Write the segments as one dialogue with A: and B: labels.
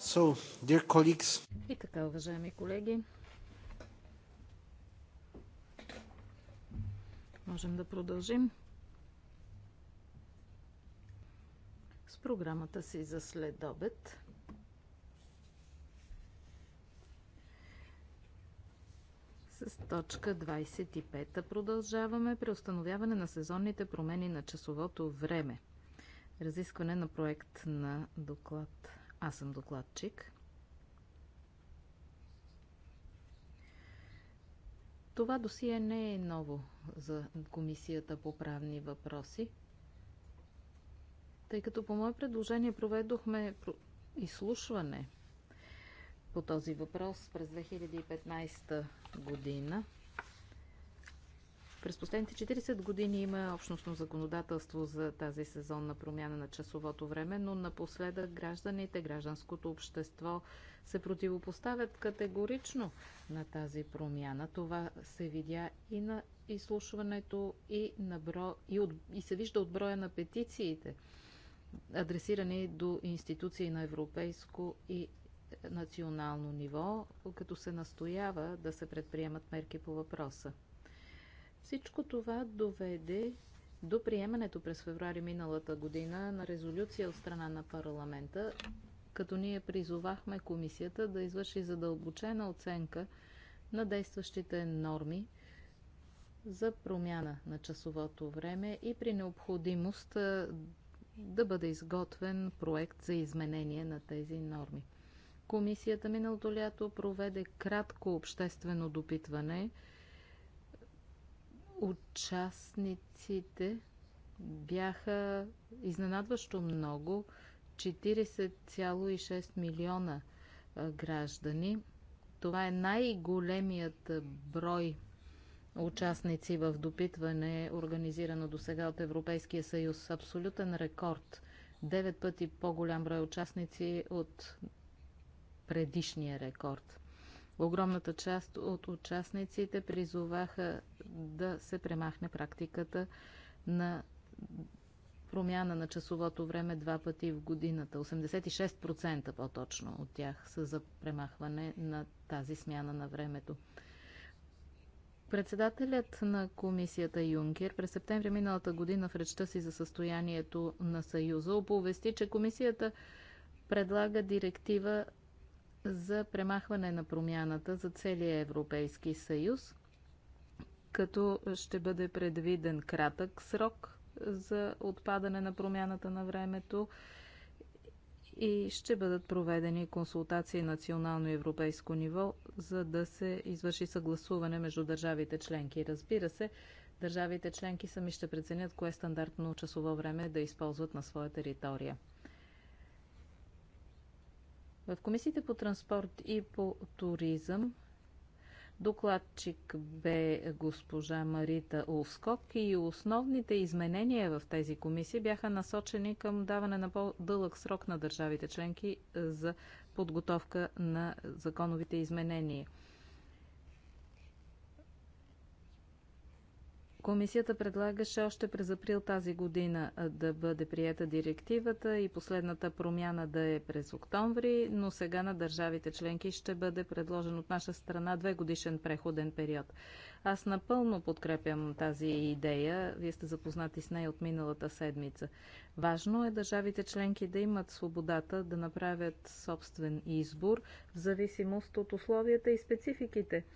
A: So, dear colleagues.
B: И така, уважаеми колеги, можем да продължим с програмата си за след обед. С точка 25 продължаваме преустановяване на сезонните промени на часовото време. Разискване на проект на доклад. Аз съм докладчик. Това досие не е ново за Комисията по правни въпроси, тъй като по мое предложение проведохме изслушване по този въпрос през 2015 година. През последните 40 години има общностно законодателство за тази сезонна промяна на часовото време, но напоследък гражданите, гражданското общество се противопоставят категорично на тази промяна. Това се видя и на изслушването, и, на бро... и, от... и се вижда от броя на петициите, адресирани до институции на европейско и национално ниво, като се настоява да се предприемат мерки по въпроса. Всичко това доведе до приемането през февруари миналата година на резолюция от страна на парламента, като ние призовахме комисията да извърши задълбочена оценка на действащите норми за промяна на часовото време и при необходимост да бъде изготвен проект за изменение на тези норми. Комисията миналото лято проведе кратко обществено допитване Участниците бяха изненадващо много 40,6 милиона граждани. Това е най-големият брой участници в допитване, организирано до сега от Европейския съюз. Абсолютен рекорд. Девет пъти по-голям брой участници от предишния рекорд. Огромната част от участниците призоваха да се премахне практиката на промяна на часовото време два пъти в годината. 86% по-точно от тях са за премахване на тази смяна на времето. Председателят на комисията Юнкер през септември миналата година в речта си за състоянието на Съюза оповести, че комисията предлага директива за премахване на промяната за целия Европейски съюз, като ще бъде предвиден кратък срок за отпадане на промяната на времето и ще бъдат проведени консултации национално и европейско ниво, за да се извърши съгласуване между държавите членки. Разбира се, държавите членки сами ще преценят кое стандартно часово време е да използват на своя територия. В комисиите по транспорт и по туризъм докладчик бе госпожа Марита Олскок и основните изменения в тези комисии бяха насочени към даване на по-дълъг срок на държавите членки за подготовка на законовите изменения. Комисията предлагаше още през април тази година да бъде приета директивата и последната промяна да е през октомври, но сега на държавите членки ще бъде предложен от наша страна две годишен преходен период. Аз напълно подкрепям тази идея. Вие сте запознати с нея от миналата седмица. Важно е държавите членки да имат свободата да направят собствен избор в зависимост от условията и спецификите –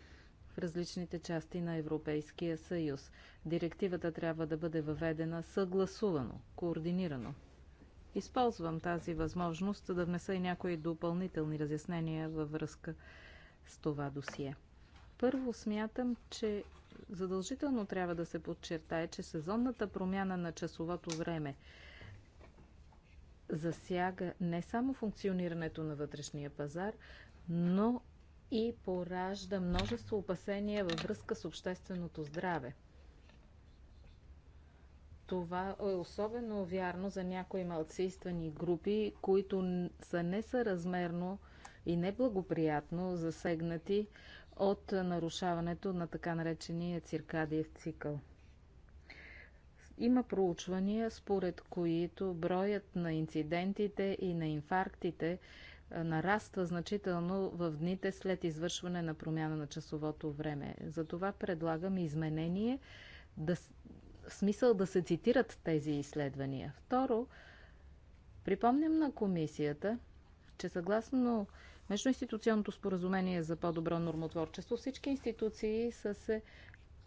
B: в различните части на Европейския съюз. Директивата трябва да бъде въведена съгласувано, координирано. Използвам тази възможност да внеса и някои допълнителни разяснения във връзка с това досие. Първо смятам, че задължително трябва да се подчертае, че сезонната промяна на часовото време засяга не само функционирането на вътрешния пазар, но и поражда множество опасения във връзка с общественото здраве. Това е особено вярно за някои малцинствени групи, които са несъразмерно и неблагоприятно засегнати от нарушаването на така наречения циркадиев цикъл. Има проучвания, според които броят на инцидентите и на инфарктите нараства значително в дните след извършване на промяна на часовото време. Затова предлагам изменение да, в смисъл да се цитират тези изследвания. Второ, припомням на комисията, че съгласно Междуинституционното споразумение за по-добро нормотворчество всички институции са се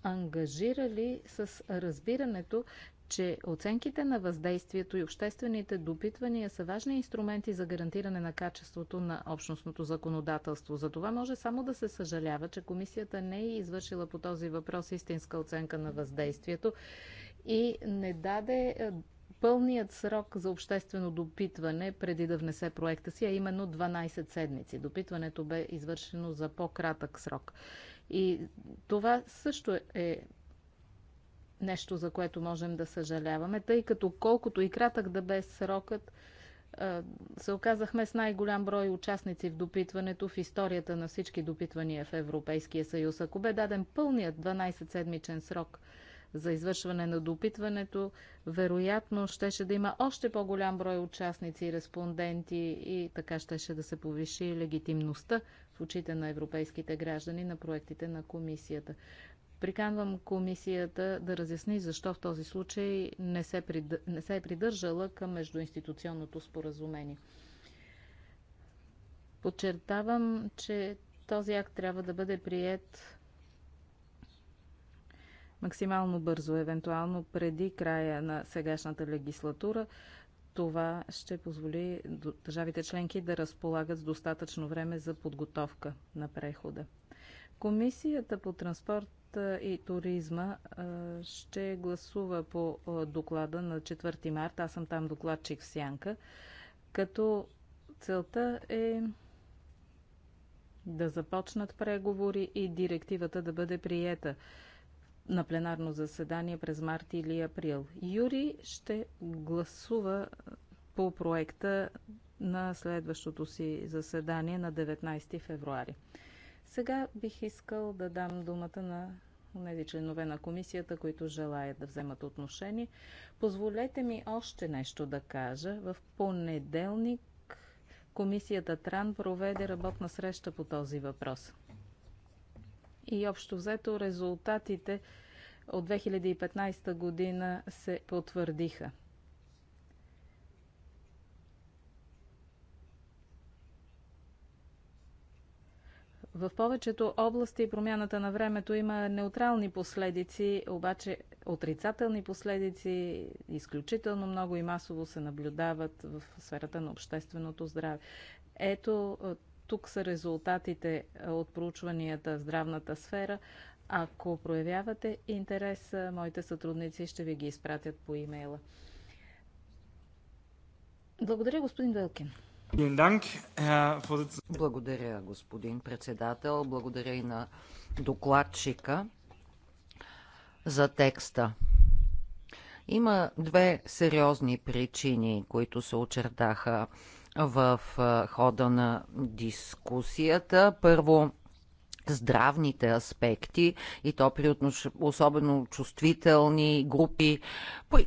B: ангажирали с разбирането, че оценките на въздействието и обществените допитвания са важни инструменти за гарантиране на качеството на общностното законодателство. За това може само да се съжалява, че комисията не е извършила по този въпрос истинска оценка на въздействието и не даде е, пълният срок за обществено допитване преди да внесе проекта си, а именно 12 седмици. Допитването бе извършено за по-кратък срок. И това също е нещо, за което можем да съжаляваме, тъй като колкото и кратък да бе срокът, се оказахме с най-голям брой участници в допитването в историята на всички допитвания в Европейския съюз. Ако бе даден пълният 12-седмичен срок за извършване на допитването, вероятно щеше да има още по-голям брой участници и респонденти и така щеше да се повиши легитимността в очите на европейските граждани на проектите на комисията. Приканвам комисията да разясни защо в този случай не се, придър... не се е придържала към междуинституционното споразумение. Подчертавам, че този акт трябва да бъде прият максимално бързо, евентуално преди края на сегашната легислатура, това ще позволи държавите членки да разполагат с достатъчно време за подготовка на прехода. Комисията по транспорт и туризма ще гласува по доклада на 4 марта. Аз съм там докладчик в Сянка. Като целта е да започнат преговори и директивата да бъде приета на пленарно заседание през март или април. Юри ще гласува по проекта на следващото си заседание на 19 февруари. Сега бих искал да дам думата на тези членове на комисията, които желаят да вземат отношение. Позволете ми още нещо да кажа. В понеделник комисията Тран проведе работна среща по този въпрос и общо взето резултатите от 2015 година се потвърдиха. В повечето области промяната на времето има неутрални последици, обаче отрицателни последици изключително много и масово се наблюдават в сферата на общественото здраве. Ето тук са резултатите от проучванията в здравната сфера. Ако проявявате интерес, моите сътрудници ще ви ги изпратят по имейла. Благодаря, господин Велкин.
C: Благодаря, господин председател. Благодаря и на докладчика за текста. Има две сериозни причини, които се очертаха в хода на дискусията. Първо, здравните аспекти и то при отнош... особено чувствителни групи,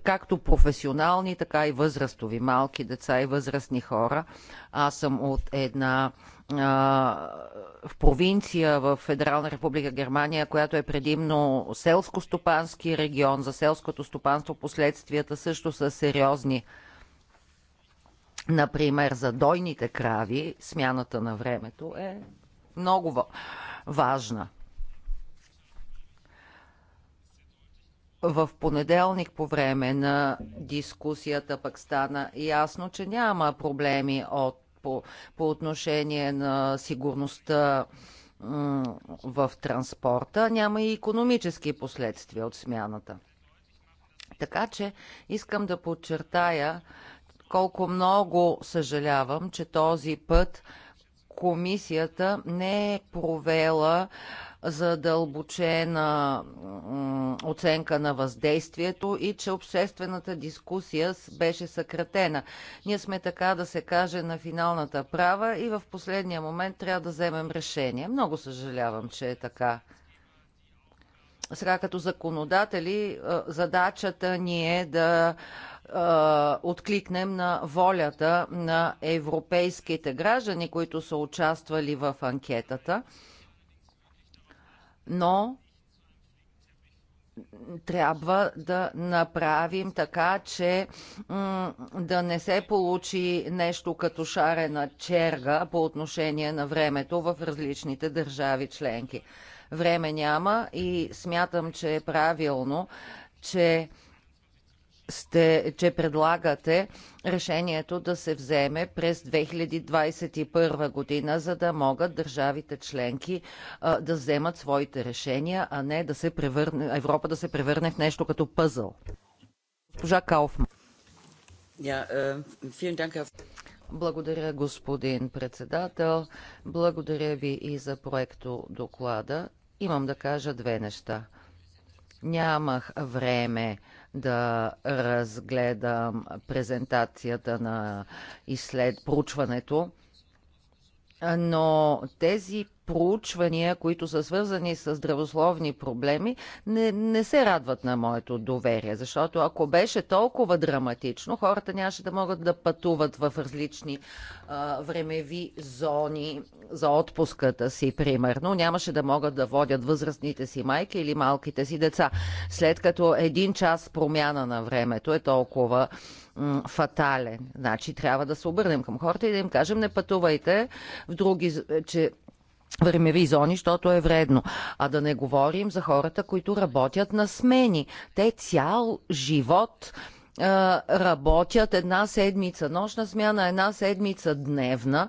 C: както професионални, така и възрастови, малки деца и възрастни хора. Аз съм от една в провинция в Федерална република Германия, която е предимно селско-стопански регион. За селското стопанство последствията също са сериозни. Например, за дойните крави смяната на времето е много важна. В понеделник по време на дискусията пък стана ясно, че няма проблеми от, по, по отношение на сигурността в транспорта, няма и економически последствия от смяната. Така че искам да подчертая, колко много съжалявам, че този път комисията не е провела задълбочена оценка на въздействието и че обществената дискусия беше съкратена. Ние сме така да се каже на финалната права и в последния момент трябва да вземем решение. Много съжалявам, че е така. Сега като законодатели задачата ни е да откликнем на волята на европейските граждани, които са участвали в анкетата. Но трябва да направим така, че да не се получи нещо като шарена черга по отношение на времето в различните държави членки. Време няма и смятам, че е правилно, че сте, че предлагате решението да се вземе през 2021 година, за да могат държавите членки а, да вземат своите решения, а не да се превърне, Европа да се превърне в нещо като пъзъл. Госпожа Кауфман. Е, благодаря, господин председател. Благодаря ви и за проекто доклада. Имам да кажа две неща. Нямах време да разгледам презентацията на изслед проучването, но тези проучвания, които са свързани с здравословни проблеми, не, не се радват на моето доверие, защото ако беше толкова драматично, хората нямаше да могат да пътуват в различни а, времеви зони за отпуската си, примерно. Нямаше да могат да водят възрастните си майки или малките си деца. След като един час промяна на времето е толкова фатален. Значи трябва да се обърнем към хората и да им кажем не пътувайте в други, че времеви зони, защото е вредно. А да не говорим за хората, които работят на смени. Те цял живот работят една седмица нощна смяна, една седмица дневна.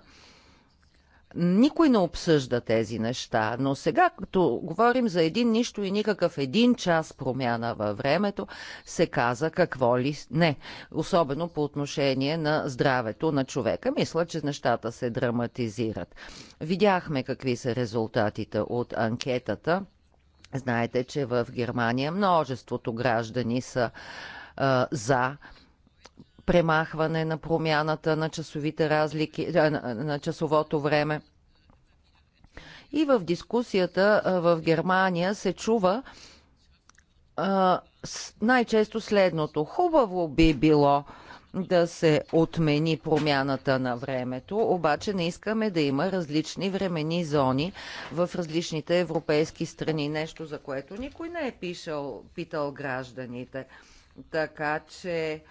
C: Никой не обсъжда тези неща, но сега, като говорим за един нищо и никакъв един час промяна във времето, се каза какво ли не, особено по отношение на здравето на човека. Мисля, че нещата се драматизират. Видяхме какви са резултатите от анкетата. Знаете, че в Германия множеството граждани са а, за премахване на промяната на часовите разлики, на часовото време. И в дискусията в Германия се чува най-често следното. Хубаво би било да се отмени промяната на времето, обаче не искаме да има различни времени зони в различните европейски страни. Нещо, за което никой не е пишал, питал гражданите. Така че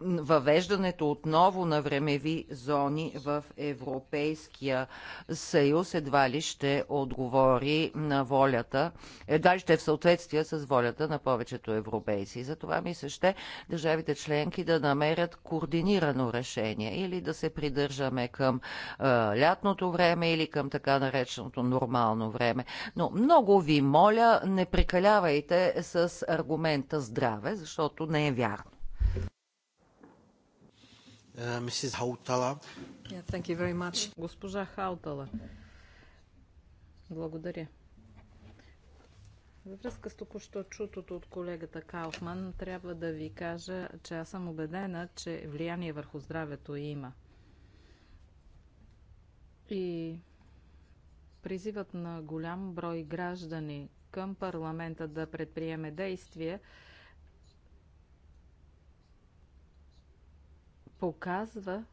C: въвеждането отново на времеви зони в Европейския съюз едва ли ще отговори на волята, едва ли ще е в съответствие с волята на повечето европейци. Затова ми се ще държавите членки да намерят координирано решение или да се придържаме към е, лятното време или към така нареченото нормално време. Но много ви моля, не прекалявайте с аргумента здраве, защото не е вярно. Uh, Mrs. Hautala.
B: Yeah, thank you very much. Госпожа Хаутала. Благодаря. Във връзка с току-що чутото от колегата Кауфман, трябва да ви кажа, че аз съм убедена, че влияние върху здравето има. И призивът на голям брой граждани към парламента да предприеме действия – показва,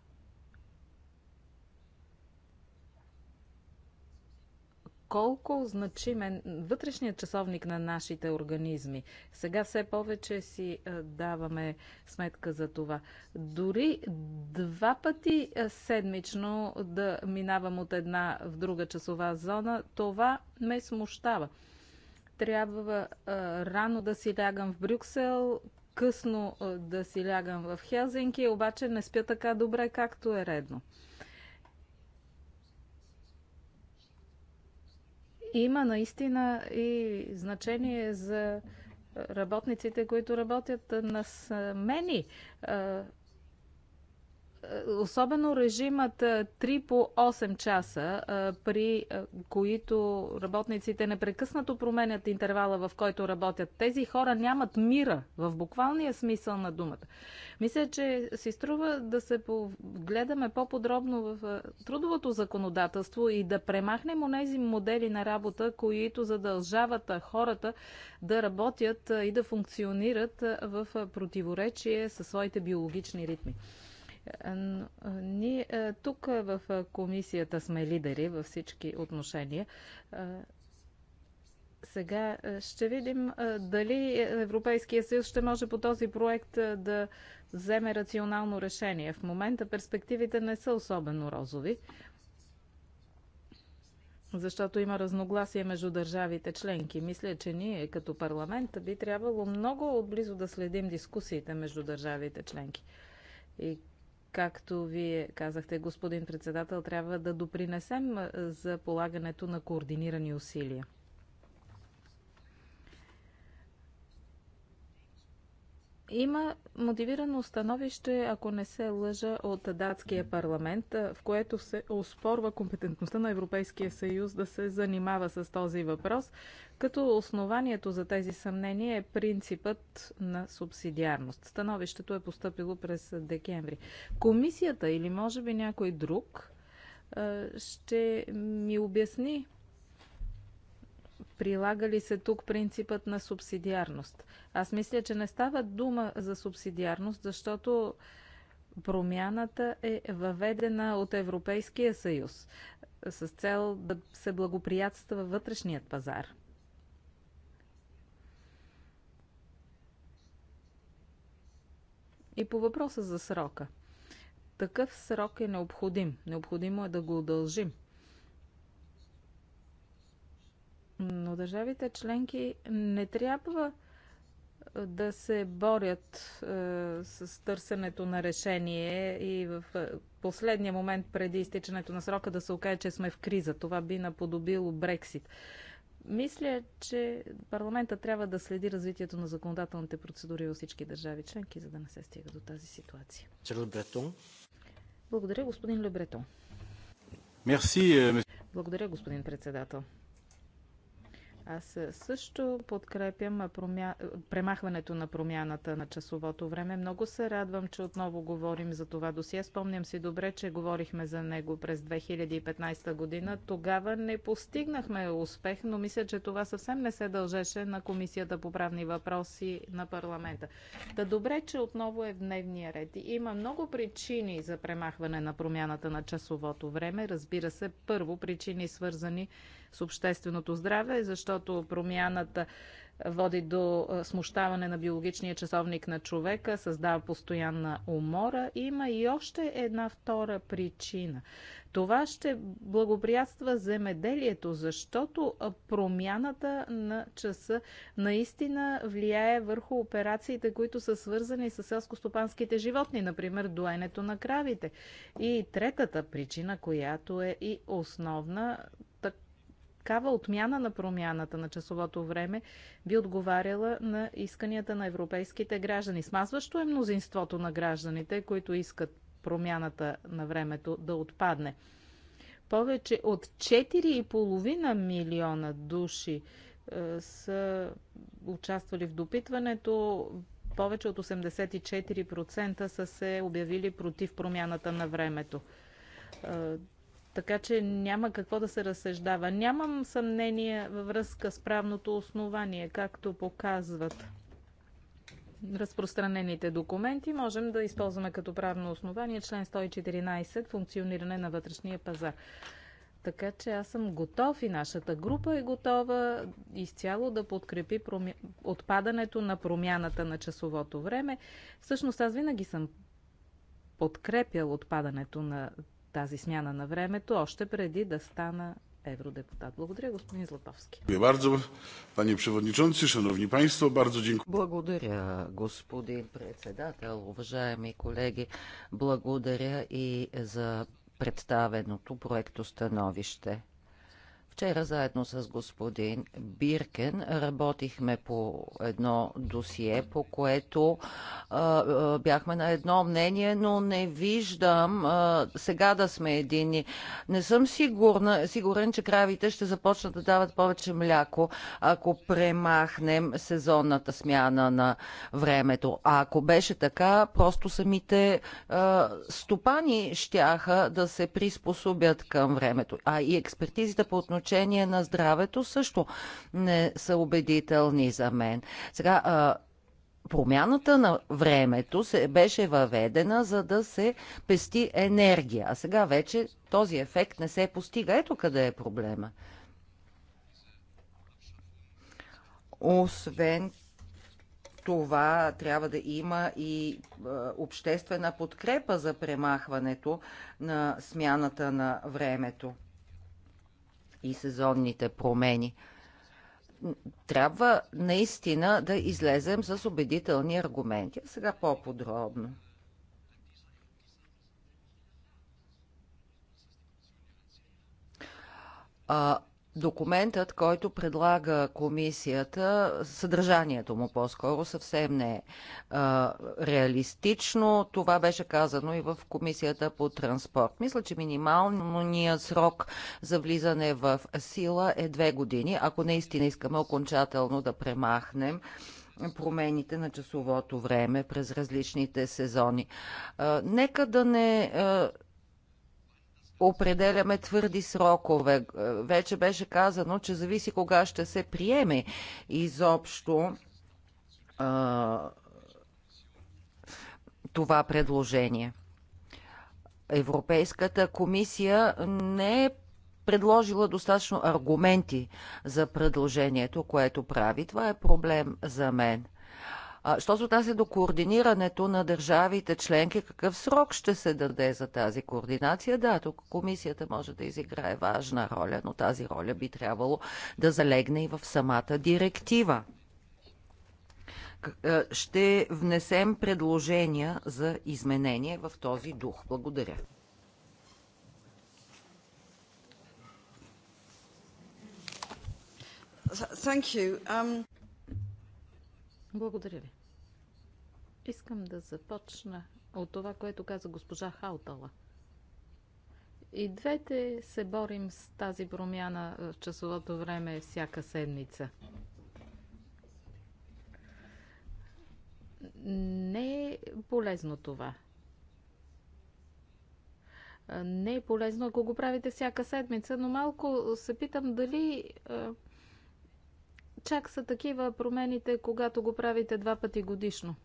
B: колко значим е вътрешният часовник на нашите организми. Сега все повече си даваме сметка за това. Дори два пъти седмично да минавам от една в друга часова зона, това ме смущава. Трябва а, рано да си лягам в Брюксел, късно да си лягам в Хелзинки, обаче не спя така добре, както е редно. Има наистина и значение за работниците, които работят на смени. Особено режимът 3 по 8 часа, при които работниците непрекъснато променят интервала, в който работят, тези хора нямат мира в буквалния смисъл на думата. Мисля, че си струва да се гледаме по-подробно в трудовото законодателство и да премахнем онези модели на работа, които задължават хората да работят и да функционират в противоречие със своите биологични ритми. Е, е, ние е, тук в комисията сме лидери във всички отношения. Сега ще видим дали Европейския съюз ще може по този проект да вземе рационално решение. В момента перспективите не са особено розови, защото има разногласие между държавите членки. Мисля, че ние като парламент би трябвало много отблизо да следим дискусиите между държавите членки. И както вие казахте, господин председател, трябва да допринесем за полагането на координирани усилия. Има мотивирано становище, ако не се лъжа, от датския парламент, в което се оспорва компетентността на Европейския съюз да се занимава с този въпрос, като основанието за тези съмнения е принципът на субсидиарност. Становището е поступило през декември. Комисията или може би някой друг ще ми обясни Прилага ли се тук принципът на субсидиарност? Аз мисля, че не става дума за субсидиарност, защото промяната е въведена от Европейския съюз с цел да се благоприятства вътрешният пазар. И по въпроса за срока. Такъв срок е необходим. Необходимо е да го удължим – Но държавите членки не трябва да се борят е, с търсенето на решение и в последния момент преди изтичането на срока да се окаже, че сме в криза. Това би наподобило Брексит. Мисля, че парламента трябва да следи развитието на законодателните процедури във всички държави членки, за да не се стига до тази ситуация. Благодаря, господин Лебретон.
A: Euh,
B: Благодаря, господин председател. Аз също подкрепям промя... премахването на промяната на часовото време. Много се радвам, че отново говорим за това досие. Спомням си добре, че говорихме за него през 2015 година. Тогава не постигнахме успех, но мисля, че това съвсем не се дължеше на Комисията по правни въпроси на парламента. Да добре, че отново е в дневния ред. И има много причини за премахване на промяната на часовото време. Разбира се, първо причини свързани с с общественото здраве, защото промяната води до смущаване на биологичния часовник на човека, създава постоянна умора. Има и още една втора причина. Това ще благоприятства земеделието, защото промяната на часа наистина влияе върху операциите, които са свързани с селскостопанските животни, например доенето на кравите. И третата причина, която е и основна, такава отмяна на промяната на часовото време би отговаряла на исканията на европейските граждани. Смазващо е мнозинството на гражданите, които искат промяната на времето да отпадне. Повече от 4,5 милиона души е, са участвали в допитването. Повече от 84% са се обявили против промяната на времето. Е, така че няма какво да се разсъждава. Нямам съмнение във връзка с правното основание, както показват разпространените документи. Можем да използваме като правно основание член 114 функциониране на вътрешния пазар. Така че аз съм готов и нашата група е готова изцяло да подкрепи промя... отпадането на промяната на часовото време. Всъщност аз винаги съм подкрепял отпадането на тази смяна на времето, още преди да стана евродепутат. Благодаря, господин Златовски.
C: Благодаря, господин председател, уважаеми колеги. Благодаря и за представеното проекто становище. Вчера заедно с господин Биркен работихме по едно досие, по което а, а, бяхме на едно мнение, но не виждам а, сега да сме едини. Не съм сигурна, сигурен, че кравите ще започнат да дават повече мляко, ако премахнем сезонната смяна на времето. А ако беше така, просто самите а, стопани щяха да се приспособят към времето. А и експертизите по отношение отношение на здравето също не са убедителни за мен. Сега, промяната на времето се беше въведена, за да се пести енергия. А сега вече този ефект не се постига. Ето къде е проблема. Освен това, трябва да има и обществена подкрепа за премахването на смяната на времето и сезонните промени. Трябва наистина да излезем с убедителни аргументи. сега по-подробно. А, документът, който предлага комисията, съдържанието му по-скоро съвсем не е а, реалистично. Това беше казано и в комисията по транспорт. Мисля, че минималният срок за влизане в сила е две години, ако наистина искаме окончателно да премахнем промените на часовото време през различните сезони. А, нека да не а, определяме твърди срокове. Вече беше казано, че зависи кога ще се приеме изобщо а, това предложение. Европейската комисия не е предложила достатъчно аргументи за предложението, което прави. Това е проблем за мен що се отнася до координирането на държавите членки, какъв срок ще се даде за тази координация? Да, тук комисията може да изиграе важна роля, но тази роля би трябвало да залегне и в самата директива. Ще внесем предложения за изменение в този дух. Благодаря.
B: Um... Благодаря ви. Искам да започна от това, което каза госпожа Хаутала. И двете се борим с тази промяна в часовото време всяка седмица. Не е полезно това. Не е полезно, ако го правите всяка седмица, но малко се питам дали Чак са такива промените, когато го правите два пъти годишно.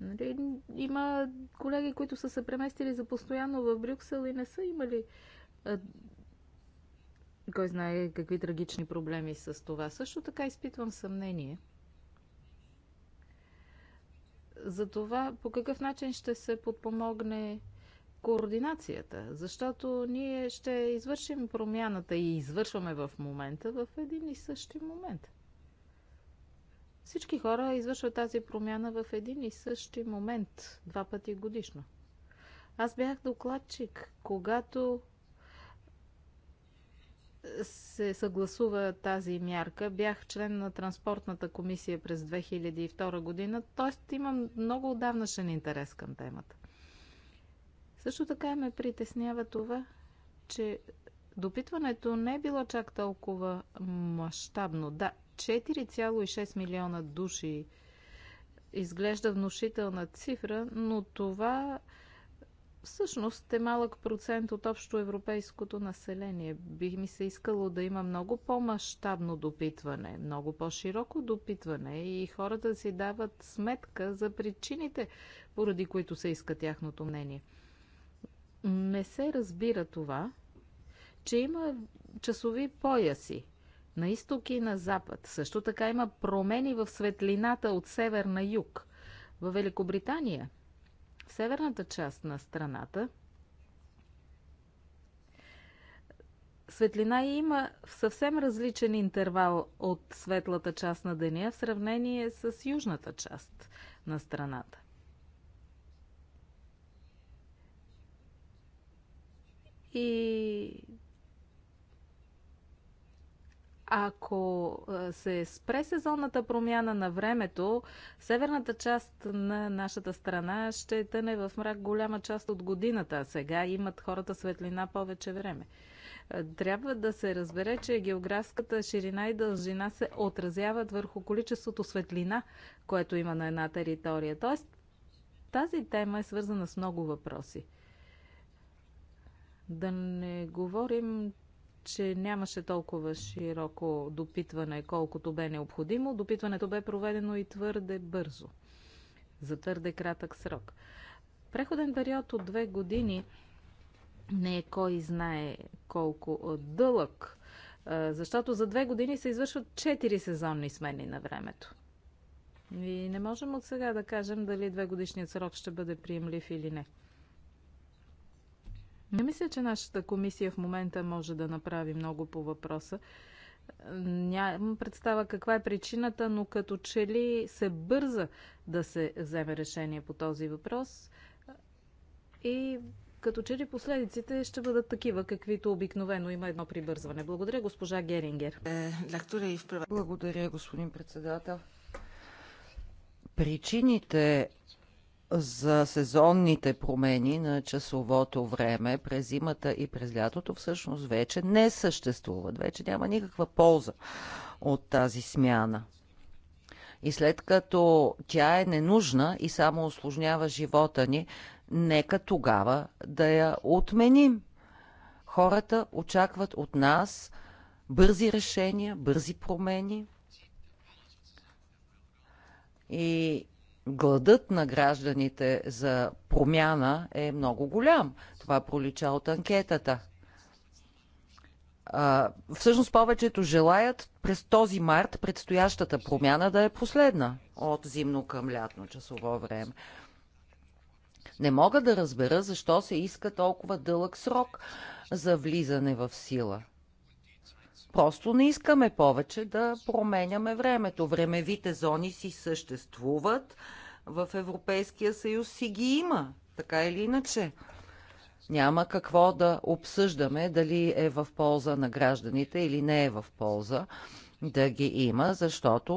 B: Нали, има колеги, които са се преместили за постоянно в Брюксел и не са имали а, кой знае какви трагични проблеми с това. Също така изпитвам съмнение за това по какъв начин ще се подпомогне координацията, защото ние ще извършим промяната и извършваме в момента в един и същи момент. Всички хора извършват тази промяна в един и същи момент, два пъти годишно. Аз бях докладчик, когато се съгласува тази мярка. Бях член на Транспортната комисия през 2002 година, т.е. имам много отдавнашен интерес към темата. Също така ме притеснява това, че допитването не е било чак толкова мащабно. Да, 4,6 милиона души изглежда внушителна цифра, но това всъщност е малък процент от общо европейското население. Бих ми се искало да има много по-масштабно допитване, много по-широко допитване и хората си дават сметка за причините, поради които се иска тяхното мнение – не се разбира това, че има часови пояси на изток и на запад. Също така има промени в светлината от север на юг. В Великобритания, в северната част на страната, светлина има в съвсем различен интервал от светлата част на деня в сравнение с южната част на страната. И ако се спре сезонната промяна на времето, северната част на нашата страна ще тъне в мрак голяма част от годината. Сега имат хората светлина повече време. Трябва да се разбере, че географската ширина и дължина се отразяват върху количеството светлина, което има на една територия. Тоест, тази тема е свързана с много въпроси. Да не говорим, че нямаше толкова широко допитване, колкото бе необходимо. Допитването бе проведено и твърде бързо, за твърде кратък срок. Преходен период от две години не е кой знае колко дълъг, защото за две години се извършват четири сезонни смени на времето. И не можем от сега да кажем дали две годишният срок ще бъде приемлив или не. Не мисля, че нашата комисия в момента може да направи много по въпроса. Нямам представа каква е причината, но като че ли се бърза да се вземе решение по този въпрос и като че ли последиците ще бъдат такива, каквито обикновено има едно прибързване. Благодаря, госпожа Герингер. Е, Благодаря, господин председател.
C: Причините за сезонните промени на часовото време през зимата и през лятото всъщност вече не съществуват. Вече няма никаква полза от тази смяна. И след като тя е ненужна и само осложнява живота ни, нека тогава да я отменим. Хората очакват от нас бързи решения, бързи промени. И гладът на гражданите за промяна е много голям. Това пролича от анкетата. А, всъщност повечето желаят през този март предстоящата промяна да е последна от зимно към лятно часово време. Не мога да разбера защо се иска толкова дълъг срок за влизане в сила. Просто не искаме повече да променяме времето. Времевите зони си съществуват. В Европейския съюз си ги има, така или иначе. Няма какво да обсъждаме дали е в полза на гражданите или не е в полза да ги има, защото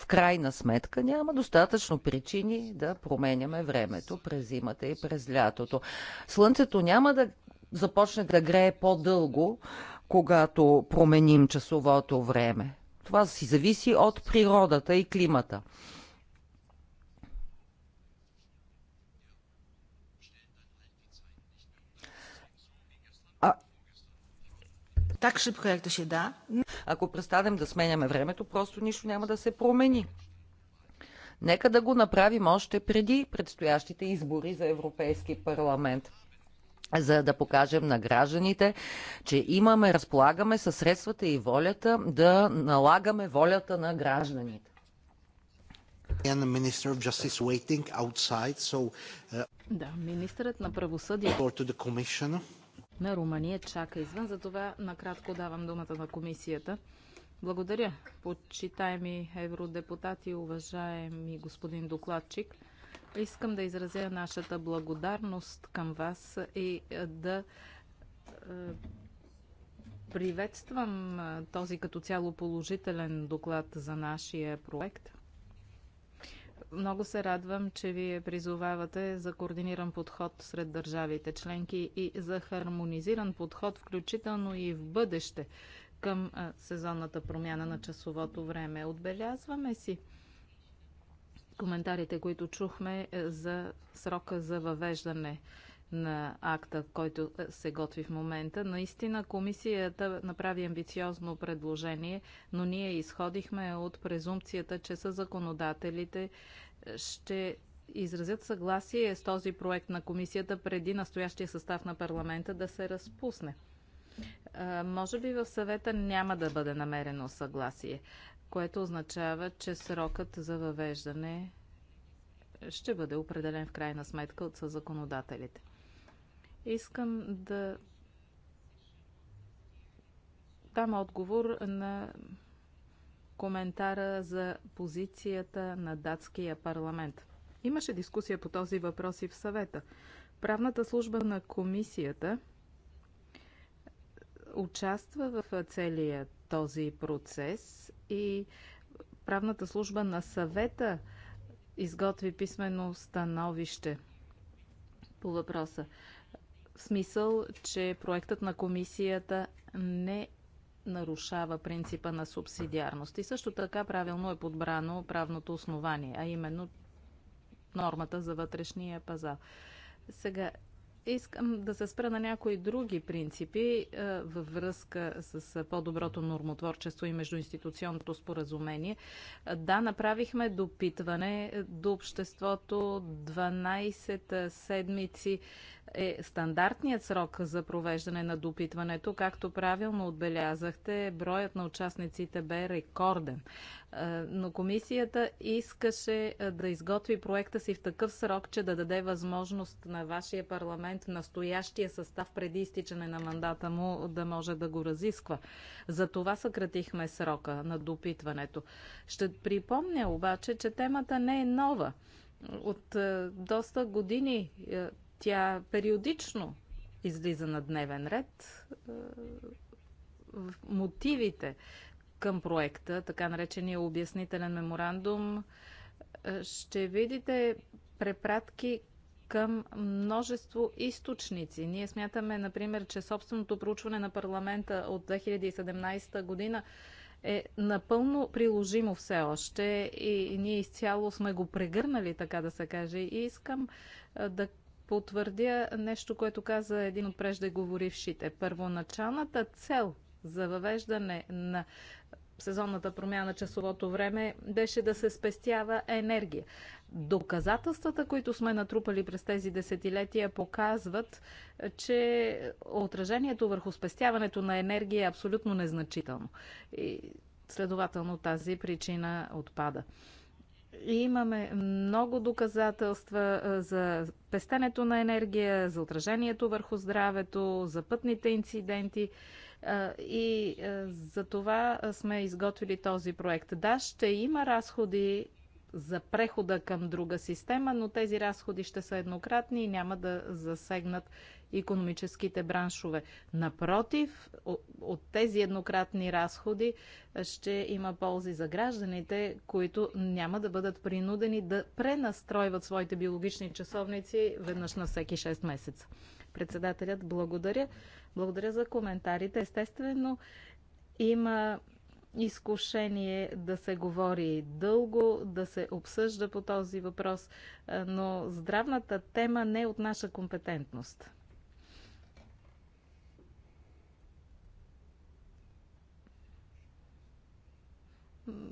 C: в крайна сметка няма достатъчно причини да променяме времето през зимата и през лятото. Слънцето няма да започне да грее по-дълго, когато променим часовото време. Това си зависи от природата и климата. Так шибко, както ще да. Ако престанем да сменяме времето, просто нищо няма да се промени. Нека да го направим още преди предстоящите избори за Европейски парламент за да покажем на гражданите, че имаме, разполагаме със средствата и волята да налагаме волята на гражданите.
A: Uh,
B: да, министърът на правосъдие. на Румъния чака извън, затова накратко давам думата на комисията. Благодаря, почитаеми евродепутати, уважаеми господин докладчик. Искам да изразя нашата благодарност към вас и е, да е, приветствам е, този като цяло положителен доклад за нашия проект. Много се радвам, че вие призовавате за координиран подход сред държавите членки и за хармонизиран подход, включително и в бъдеще към сезонната промяна на часовото време. Отбелязваме си коментарите, които чухме е, за срока за въвеждане на акта, който е, се готви в момента. Наистина комисията направи амбициозно предложение, но ние изходихме от презумпцията, че са законодателите е, ще изразят съгласие с този проект на комисията преди настоящия състав на парламента да се разпусне. Може би в съвета няма да бъде намерено съгласие което означава, че срокът за въвеждане ще бъде определен в крайна сметка от законодателите. Искам да дам отговор на коментара за позицията на датския парламент. Имаше дискусия по този въпрос и в съвета. Правната служба на комисията участва в целия този процес и правната служба на съвета изготви писмено становище по въпроса. В смисъл, че проектът на комисията не нарушава принципа на субсидиарност. И също така правилно е подбрано правното основание, а именно нормата за вътрешния пазар. Сега Искам да се спра на някои други принципи е, във връзка с е, по-доброто нормотворчество и междуинституционното споразумение. Е, да, направихме допитване до обществото 12 седмици е стандартният срок за провеждане на допитването. Както правилно отбелязахте, броят на участниците бе рекорден. Е, но комисията искаше е, да изготви проекта си в такъв срок, че да даде възможност на вашия парламент в настоящия състав преди изтичане на мандата му да може да го разисква. За това съкратихме срока на допитването. Ще припомня обаче, че темата не е нова. От е, доста години тя периодично излиза на дневен ред. Е, в мотивите към проекта, така наречения обяснителен меморандум, е, ще видите препратки към множество източници. Ние смятаме, например, че собственото проучване на парламента от 2017 година е напълно приложимо все още и ние изцяло сме го прегърнали, така да се каже. И искам е, да потвърдя нещо, което каза един от преждеговорившите. Първоначалната цел за въвеждане на сезонната промяна на часовото време беше да се спестява енергия. Доказателствата, които сме натрупали през тези десетилетия, показват, че отражението върху спестяването на енергия е абсолютно незначително. И следователно тази причина отпада. Имаме много доказателства за пестенето на енергия, за отражението върху здравето, за пътните инциденти и за това сме изготвили този проект. Да, ще има разходи за прехода към друга система, но тези разходи ще са еднократни и няма да засегнат економическите браншове. Напротив, от тези еднократни разходи е, ще има ползи за гражданите, които няма да бъдат принудени да пренастройват своите биологични часовници веднъж на всеки 6 месеца. Председателят, благодаря. Благодаря за коментарите. Естествено, има изкушение да се говори дълго, да се обсъжда по този въпрос, е, но здравната тема не е от наша компетентност.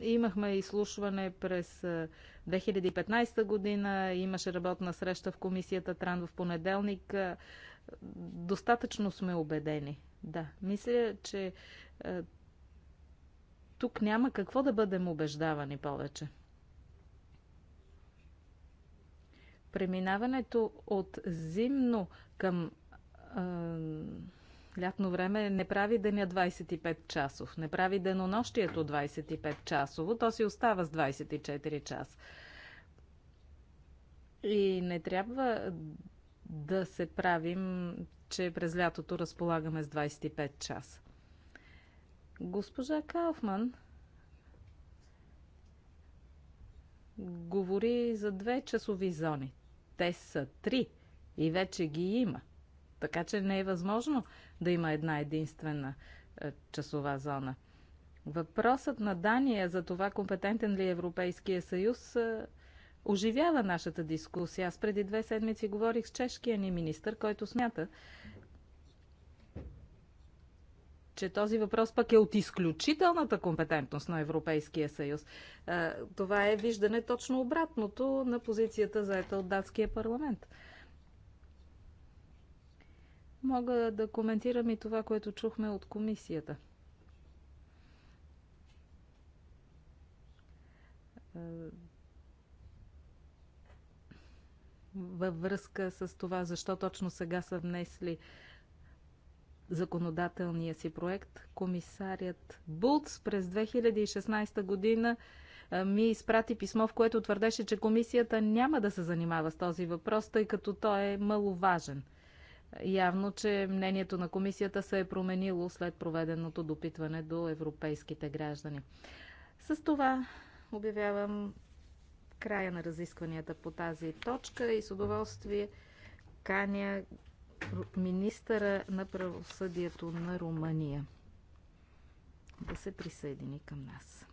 B: Имахме изслушване през 2015 е, година, имаше работна среща в комисията Тран в понеделник. Е, достатъчно сме убедени. Да, мисля, че тук няма какво да бъдем убеждавани повече. Преминаването от зимно към е, лятно време не прави деня 25 часов, не прави денонощието 25 часово, то си остава с 24 час. И не трябва да се правим, че през лятото разполагаме с 25 часа. Госпожа Кауфман говори за две часови зони. Те са три и вече ги има. Така че не е възможно да има една единствена е, часова зона. Въпросът на Дания за това компетентен ли е Европейския съюз е, оживява нашата дискусия. Аз преди две седмици говорих с чешкия ни министр, който смята, че този въпрос пък е от изключителната компетентност на Европейския съюз. Това е виждане точно обратното на позицията заета от датския парламент. Мога да коментирам и това, което чухме от комисията. Във връзка с това, защо точно сега са внесли uh, законодателния си проект. комисарят Булц през 2016 година ми изпрати писмо, в което твърдеше, че комисията няма да се занимава с този въпрос, тъй като той е маловажен. Явно, че мнението на комисията се е променило след проведеното допитване до европейските граждани. С това обявявам края на разискванията по тази точка и с удоволствие каня министъра на правосъдието на Румъния да се присъедини към нас.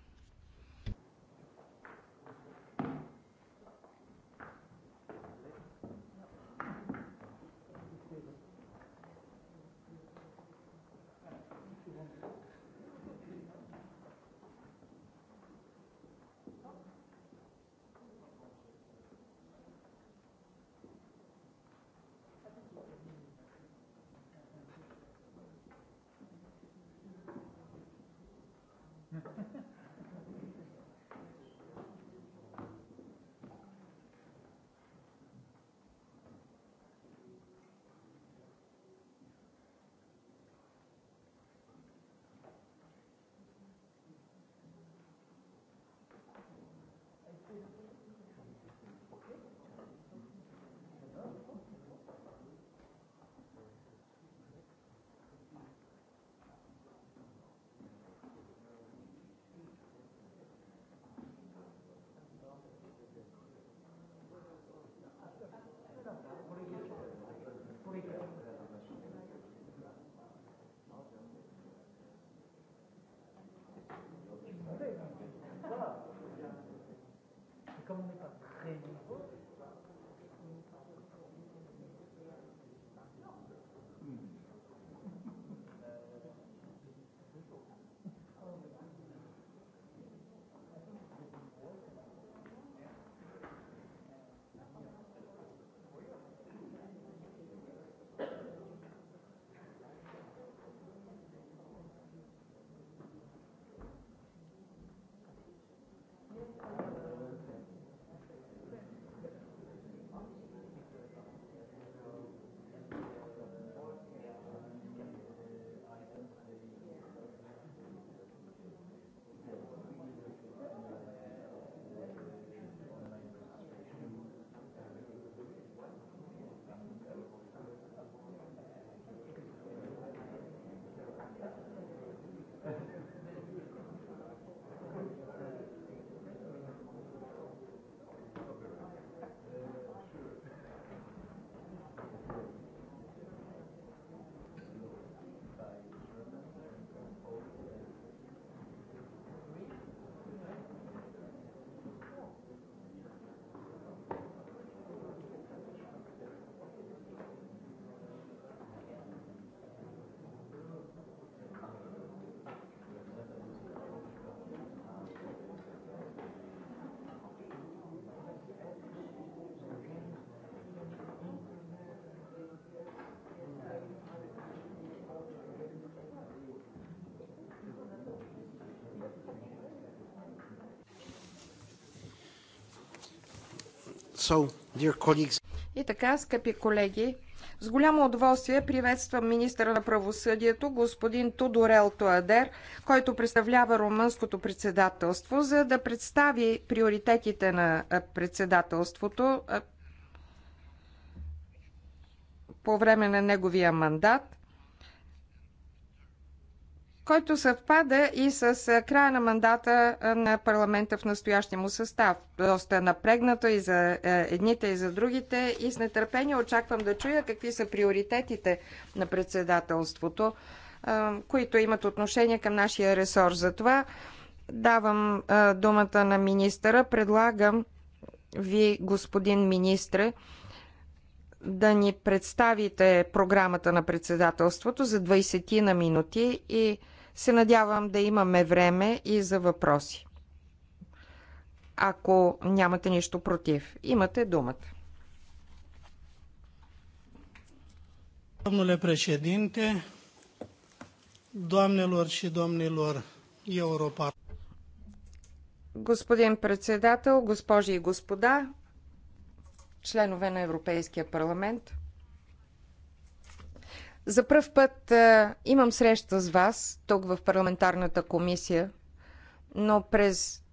A: So, dear colleagues...
D: И така, скъпи колеги, с голямо удоволствие приветствам министра на правосъдието господин Тодорел Тоадер, който представлява румънското председателство, за да представи приоритетите на председателството по време на неговия мандат – който съвпада и с края на мандата на парламента в настоящия му състав. Доста напрегнато и за едните, и за другите. И с нетърпение очаквам да чуя какви са приоритетите на председателството, които имат отношение към нашия ресор. Затова давам думата на министъра. Предлагам ви, господин министре, да ни представите програмата на председателството за 20 на минути и се надявам да имаме време и за въпроси. Ако нямате нищо против, имате думата.
E: Domnule președinte, doamnelor și domnilor Europa.
D: Господин председател, госпожи и господа, членове на Европейския парламент – за пръв път а, имам среща с вас тук в парламентарната комисия, но през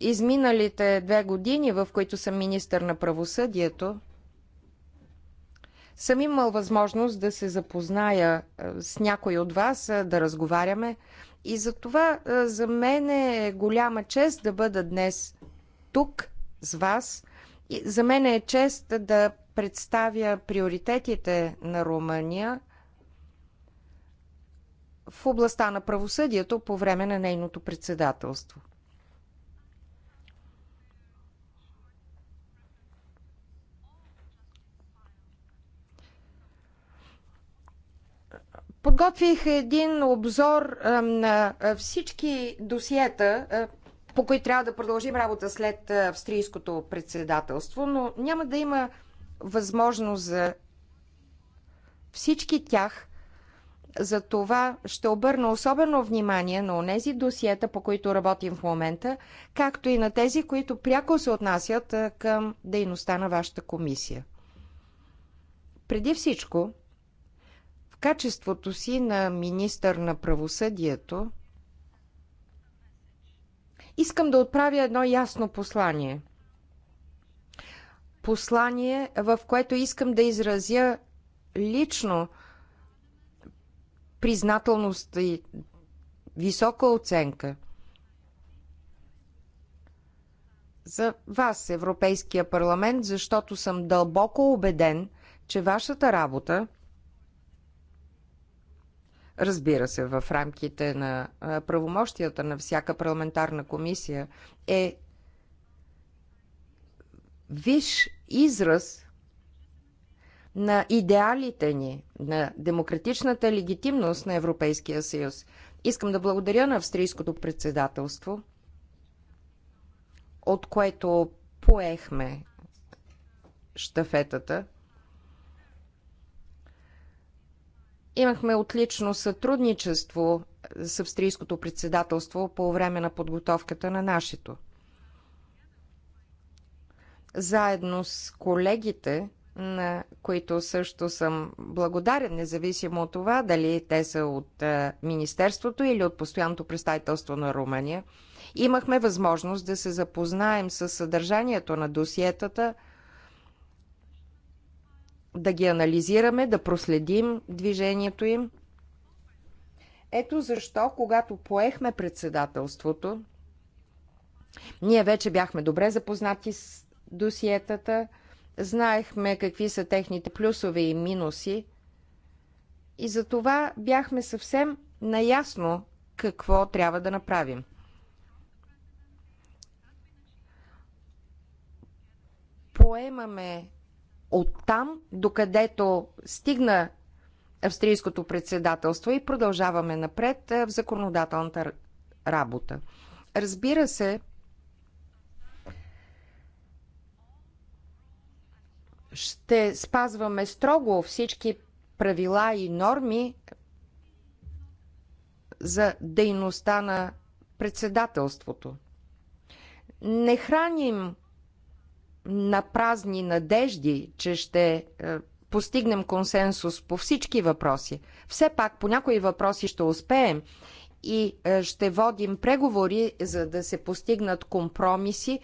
D: изминалите две години, в които съм министър на правосъдието, съм имал възможност да се запозная с някой от вас, да разговаряме. И за това за мен е голяма чест да бъда днес тук с вас. И за мен е чест да представя приоритетите на Румъния в областта на правосъдието по време на нейното председателство.
E: Подготвих
D: един обзор на всички досиета, по които трябва да продължим работа след австрийското председателство, но няма да има възможност за всички тях. За това ще обърна особено внимание на онези досиета, по които работим в момента, както и на тези, които пряко се отнасят към дейността на вашата комисия. Преди всичко, в качеството си на министър на правосъдието, искам да отправя едно ясно послание – послание, в което искам да изразя лично признателност и висока оценка за вас, Европейския парламент, защото съм дълбоко убеден, че вашата работа, разбира се, в рамките на правомощията на всяка парламентарна комисия, е виж израз на идеалите ни, на демократичната легитимност на Европейския съюз. Искам да благодаря на австрийското председателство, от което поехме штафетата. Имахме отлично сътрудничество с австрийското председателство по време на подготовката на нашето заедно с колегите, на които също съм благодарен, независимо от това дали те са от Министерството или от Постоянното представителство на Румъния. Имахме възможност да се запознаем с съдържанието на досиетата, да ги анализираме, да проследим движението им. Ето защо, когато поехме председателството, ние вече бяхме добре запознати с досиетата, знаехме какви са техните плюсове и минуси и за това бяхме съвсем наясно какво трябва да направим. Поемаме от там, докъдето стигна австрийското председателство и продължаваме напред в законодателната работа. Разбира се, ще спазваме строго всички правила и норми за дейността на председателството. Не храним на празни надежди, че ще е, постигнем консенсус по всички въпроси. Все пак по някои въпроси ще успеем и е, ще водим преговори, за да се постигнат компромиси,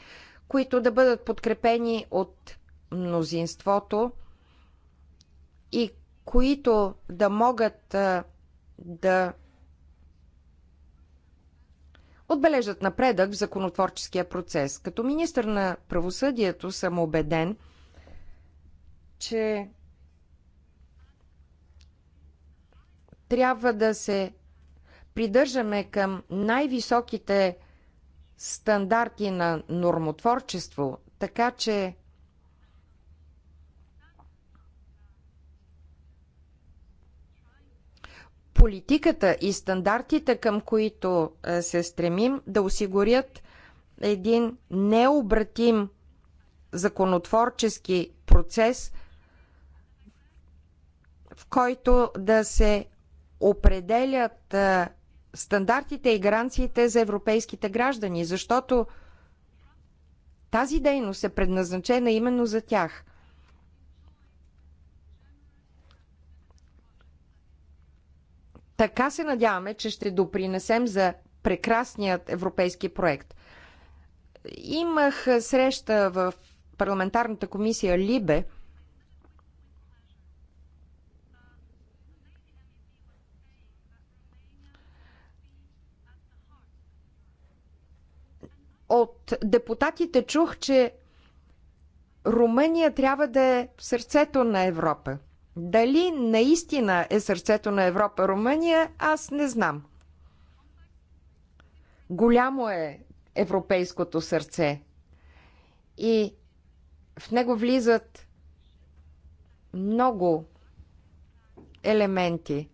D: които да бъдат подкрепени от мнозинството и които да могат да отбележат напредък в законотворческия процес. Като министр на правосъдието съм убеден, че трябва да се придържаме към най-високите стандарти на нормотворчество, така че политиката и стандартите, към които е, се стремим, да осигурят един необратим законотворчески процес, в който да се определят е, стандартите и гаранциите за европейските граждани, защото тази дейност е предназначена именно за тях. Така се надяваме, че ще допринесем за прекрасният европейски проект. Имах среща в парламентарната комисия Либе. От депутатите чух, че Румъния трябва да е в сърцето на Европа – дали наистина е сърцето на Европа Румъния, аз не знам. Голямо е европейското сърце. И в него влизат много елементи.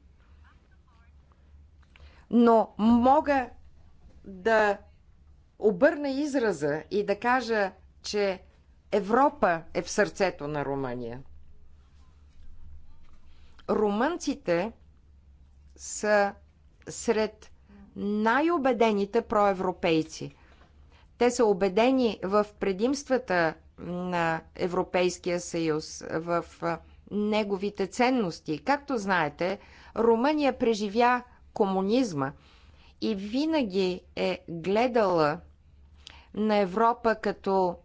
D: Но мога да обърна израза и да кажа, че Европа е в сърцето на Румъния. Румънците са сред най-убедените проевропейци. Те са убедени в предимствата на Европейския съюз, в неговите ценности. Както знаете, Румъния преживя комунизма и винаги е гледала на Европа като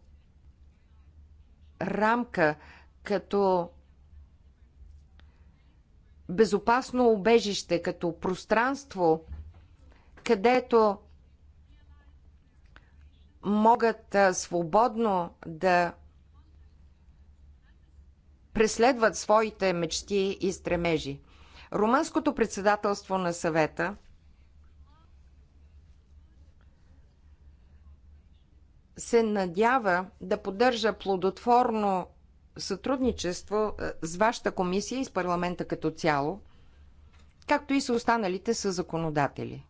D: рамка, като безопасно убежище, като пространство, където могат свободно да преследват своите мечти и стремежи. Румънското председателство на съвета се надява да поддържа плодотворно сътрудничество е, с вашата комисия и с парламента като цяло, както и с останалите са законодатели.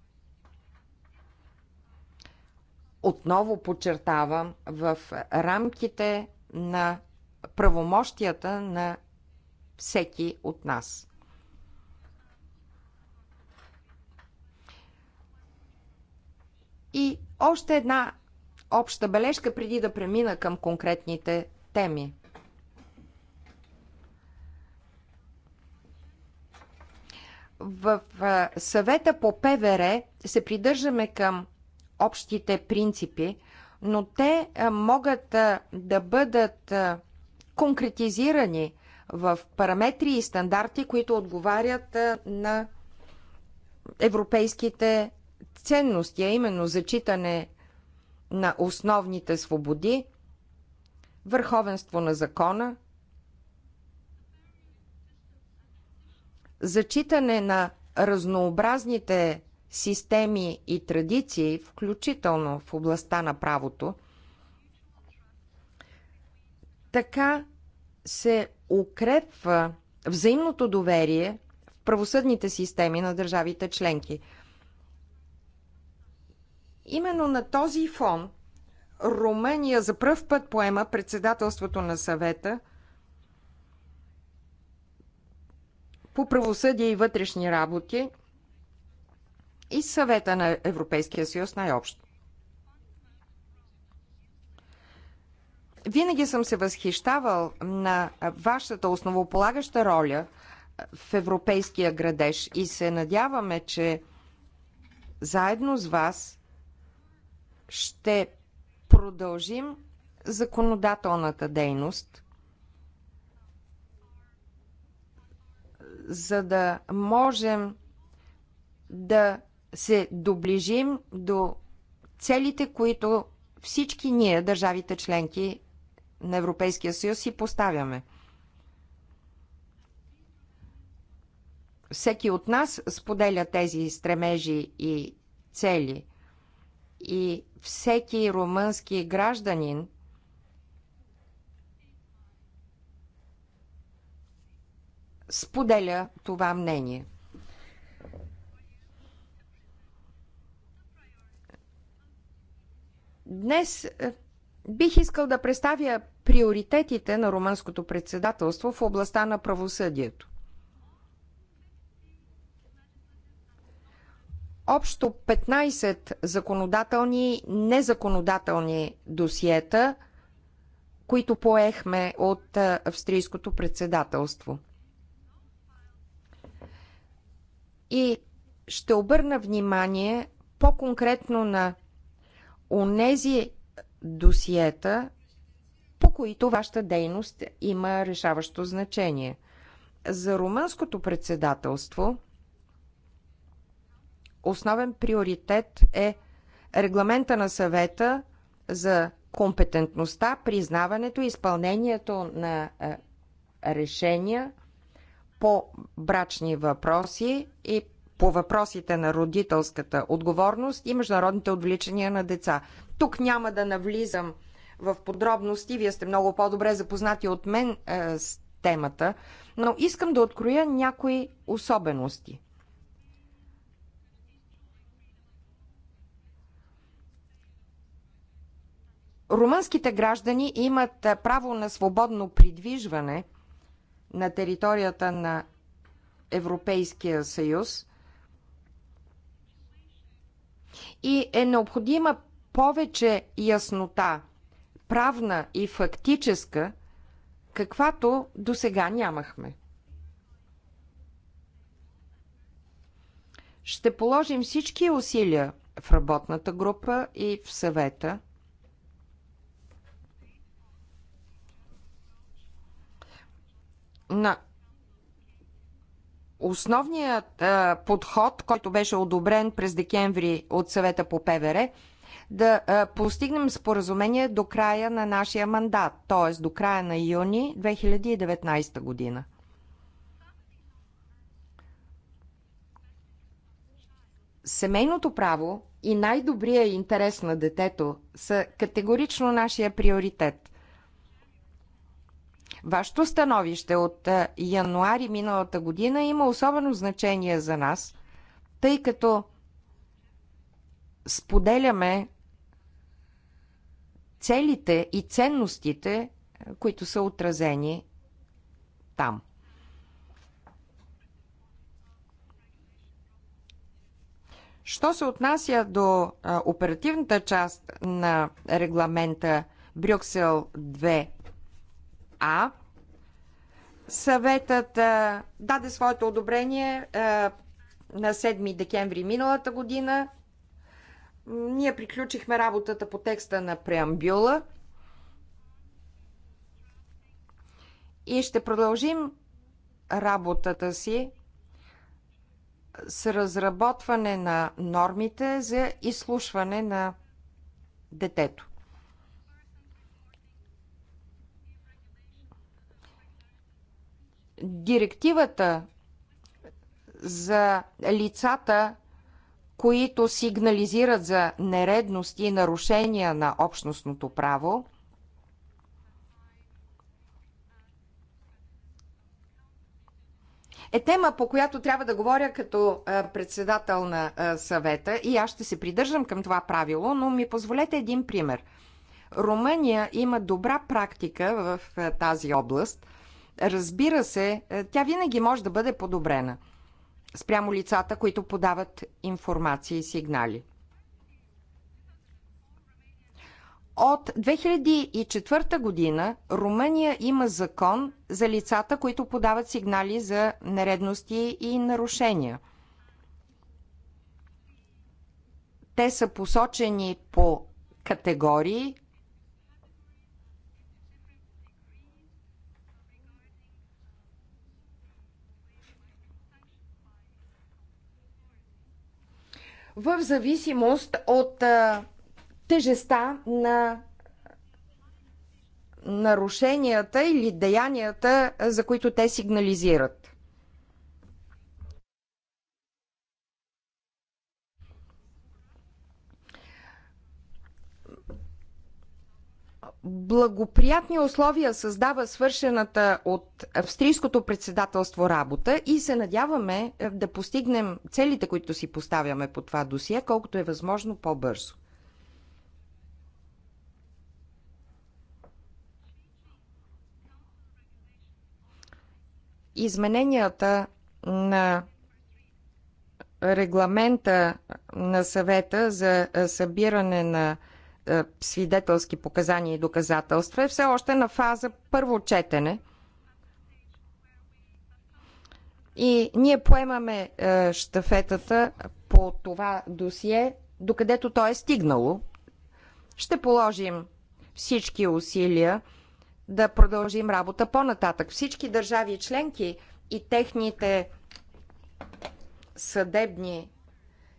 D: Отново подчертавам, в рамките на правомощията на всеки от нас. И още една обща бележка преди да премина към конкретните теми. В съвета по ПВР се придържаме към общите принципи, но те могат да бъдат конкретизирани в параметри и стандарти, които отговарят на европейските ценности, а именно зачитане на основните свободи, върховенство на закона, зачитане на разнообразните системи и традиции, включително в областта на правото, така се укрепва взаимното доверие в правосъдните системи на държавите членки. Именно на този фон Румъния за пръв път поема председателството на съвета – по правосъдие и вътрешни работи и съвета на Европейския съюз най-общо. Винаги съм се възхищавал на вашата основополагаща роля в европейския градеж и се надяваме, че заедно с вас ще продължим законодателната дейност за да можем да се доближим до целите, които всички ние, държавите членки на Европейския съюз, си поставяме. Всеки от нас споделя тези стремежи и цели. И всеки румънски гражданин – споделя това мнение. Днес е, бих искал да представя приоритетите на румънското председателство в областта на правосъдието. Общо 15 законодателни и незаконодателни досиета, които поехме от е, австрийското председателство – и ще обърна внимание по-конкретно на онези досиета, по които вашата дейност има решаващо значение. За румънското председателство основен приоритет е регламента на съвета за компетентността, признаването и изпълнението на решения по брачни въпроси и по въпросите на родителската отговорност и международните отвличания на деца. Тук няма да навлизам в подробности, вие сте много по-добре запознати от мен е, с темата, но искам да откроя някои особености. Румънските граждани имат е, право на свободно придвижване – на територията на Европейския съюз и е необходима повече яснота, правна и фактическа, каквато до сега нямахме. Ще положим всички усилия в работната група и в съвета – на основният а, подход, който беше одобрен през декември от съвета по ПВР, да а, постигнем споразумение до края на нашия мандат, т.е. до края на юни 2019 година. Семейното право и най-добрия интерес на детето са категорично нашия приоритет. Вашето становище от е, януари миналата година има особено значение за нас, тъй като споделяме целите и ценностите, е, които са отразени там. Що се отнася до е, оперативната част на регламента Брюксел 2 а. Съветът а, даде своето одобрение а, на 7 декември миналата година. Ние приключихме работата по текста на преамбюла и ще продължим работата си с разработване на нормите за изслушване на детето. директивата за лицата, които сигнализират за нередности и нарушения на общностното право, е тема, по която трябва да говоря като председател на съвета и аз ще се придържам към това правило, но ми позволете един пример. Румъния има добра практика в тази област – Разбира се, е, тя винаги може да бъде подобрена спрямо лицата, които подават информация и сигнали. От 2004 година Румъния има закон за лицата, които подават сигнали за нередности и нарушения. Те са посочени по категории в зависимост от а, тежеста на нарушенията или деянията, за които те сигнализират. благоприятни условия създава свършената от австрийското председателство работа и се надяваме е, да постигнем целите, които си поставяме по това досие, колкото е възможно по-бързо. Измененията на регламента на съвета за е, събиране на е, свидетелски показания и доказателства е все още на фаза първо четене. И ние поемаме штафетата е, по това досие, докъдето то е стигнало. Ще положим всички усилия да продължим работа по-нататък. Всички държави членки и техните съдебни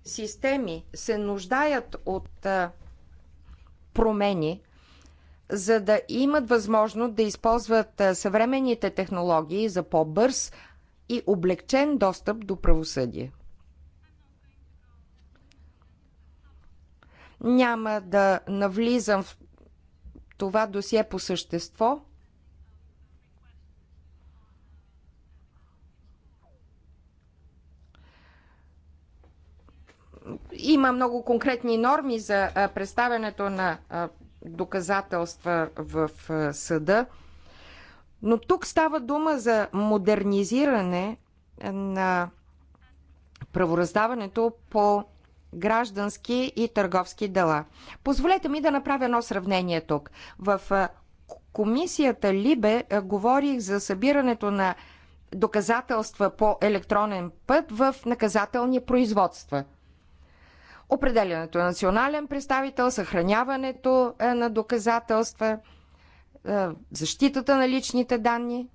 D: системи се нуждаят от а, е, промени, за да имат възможност да използват съвременните технологии за по-бърз и облегчен достъп до правосъдие. Няма да навлизам в това досие по същество – Има много конкретни норми за представянето на доказателства в съда, но тук става дума за модернизиране на правораздаването по граждански и търговски дела. Позволете ми да направя едно сравнение тук. В комисията Либе говорих за събирането на доказателства по електронен път в наказателни производства определянето на национален представител, съхраняването е, на доказателства, е, защитата на личните данни.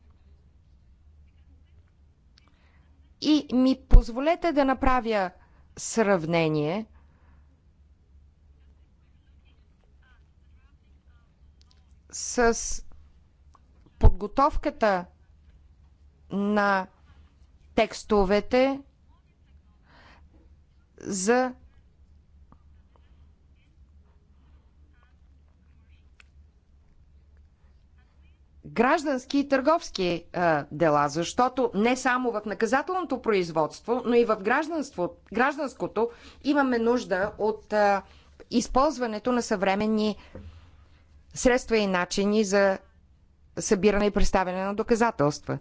D: И ми позволете да направя сравнение – с подготовката на текстовете за граждански и търговски а, е, дела, защото не само в наказателното производство, но и в гражданското имаме нужда от а, е, използването на съвременни средства и начини за събиране и представяне на доказателства.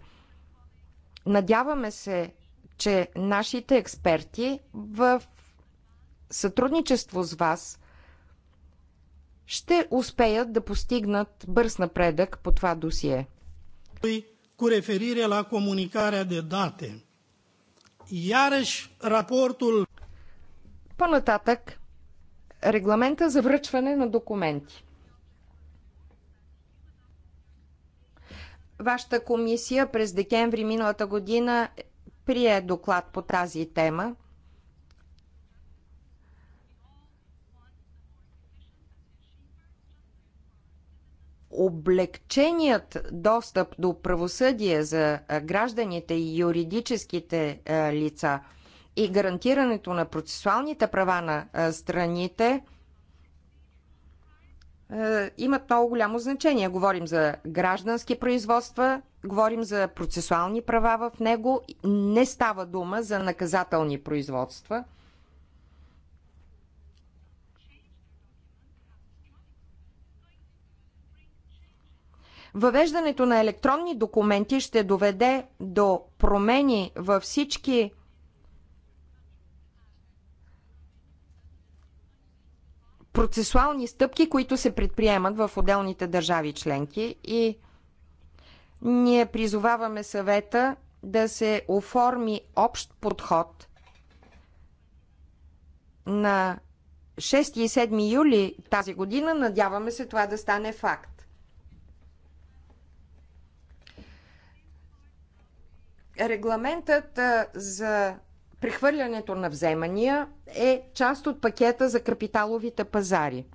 D: Надяваме се, че нашите експерти в сътрудничество с вас – ще успеят да постигнат бърз напредък по това досие.
E: Cu referire la comunicarea de date. Iarăși, raportul... По-нататък, регламента за връчване на документи.
D: Вашата комисия през декември миналата година прие доклад по тази тема – облегченият достъп до правосъдие за гражданите и юридическите лица и гарантирането на процесуалните права на страните имат много голямо значение. Говорим за граждански производства, говорим за процесуални права в него. Не става дума за наказателни производства – Въвеждането на електронни документи ще доведе до промени във всички процесуални стъпки, които се предприемат в отделните държави членки и ние призоваваме съвета да се оформи общ подход на 6 и 7 юли тази година. Надяваме се това да стане факт. Регламентът за прехвърлянето на вземания е част от пакета за капиталовите пазари.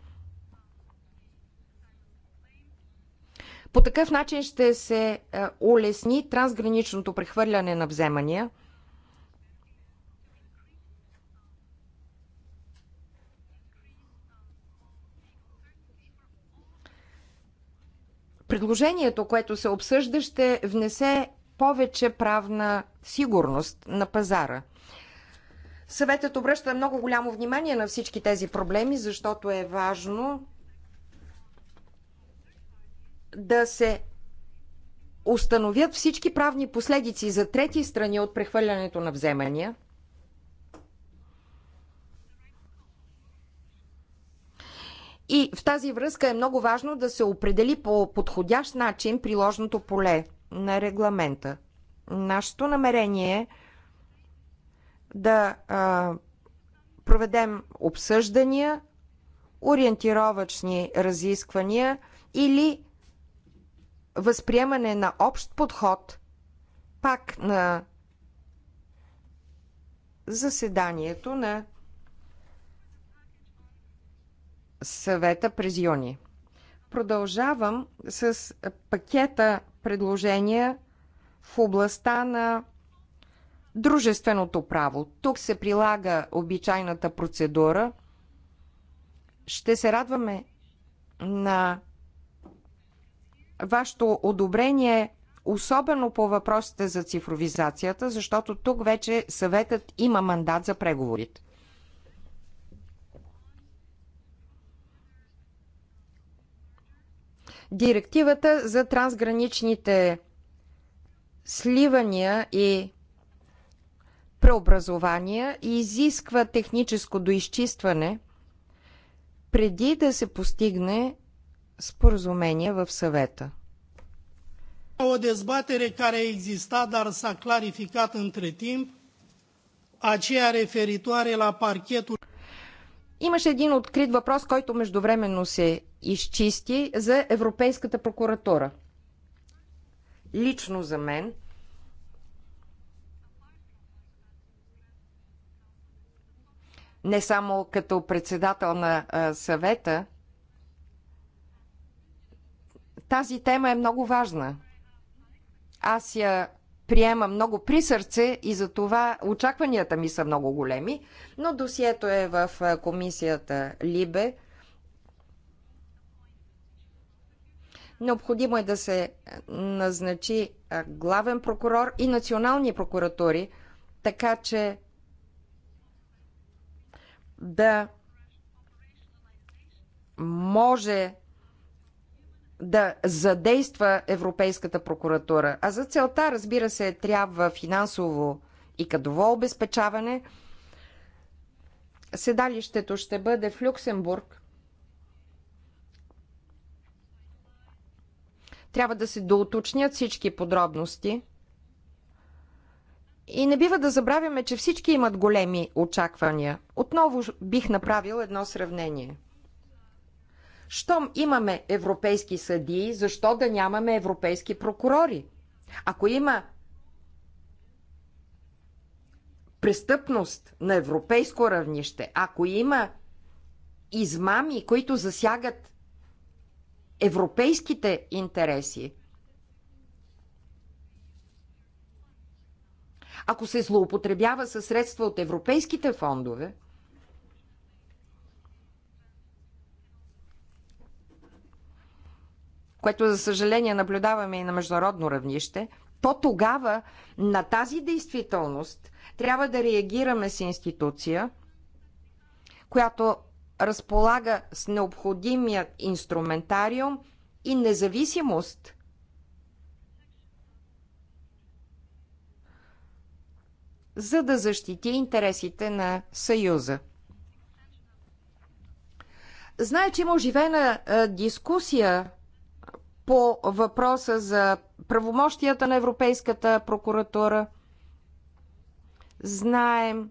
D: По такъв начин ще се улесни трансграничното прехвърляне на вземания. Предложението, което се обсъжда, ще внесе повече правна сигурност на пазара. Съветът обръща много голямо внимание на всички тези проблеми, защото е важно да се установят всички правни последици за трети страни от прехвърлянето на вземания. И в тази връзка е много важно да се определи по подходящ начин приложното поле – на регламента. Нашето намерение е да а, проведем обсъждания, ориентировачни разисквания или възприемане на общ подход пак на заседанието на съвета през юни. Продължавам с пакета предложения в областта на дружественото право. Тук се прилага обичайната процедура. Ще се радваме на вашето одобрение, особено по въпросите за цифровизацията, защото тук вече съветът има мандат за преговорите. Директивата за трансграничните сливания и преобразования изисква техническо доизчистване преди да се постигне споразумение в съвета.
E: O dezbatere care exista, dar s-a clarificat între timp, aceea referitoare la parchetul Имаше един открит въпрос, който междувременно се
D: изчисти за Европейската прокуратура. Лично за мен не само като председател на съвета, тази тема е много важна. Аз я приема много при сърце и за това очакванията ми са много големи, но досието е в комисията Либе. Необходимо е да се назначи главен прокурор и национални прокуратури, така че да може да задейства Европейската прокуратура. А за целта, разбира се, трябва финансово и кадово обезпечаване. Седалището ще бъде в Люксембург. Трябва да се доуточнят всички подробности. И не бива да забравяме, че всички имат големи очаквания. Отново бих направил едно сравнение – щом имаме европейски съдии, защо да нямаме европейски прокурори? Ако има престъпност на европейско равнище, ако има измами, които засягат европейските интереси, ако се злоупотребява със средства от европейските фондове, което за съжаление наблюдаваме и на международно равнище, то тогава на тази действителност трябва да реагираме с институция, която разполага с необходимия инструментариум и независимост за да защити интересите на Съюза. Знае, че има оживена дискусия по въпроса за правомощията на Европейската прокуратура. Знаем,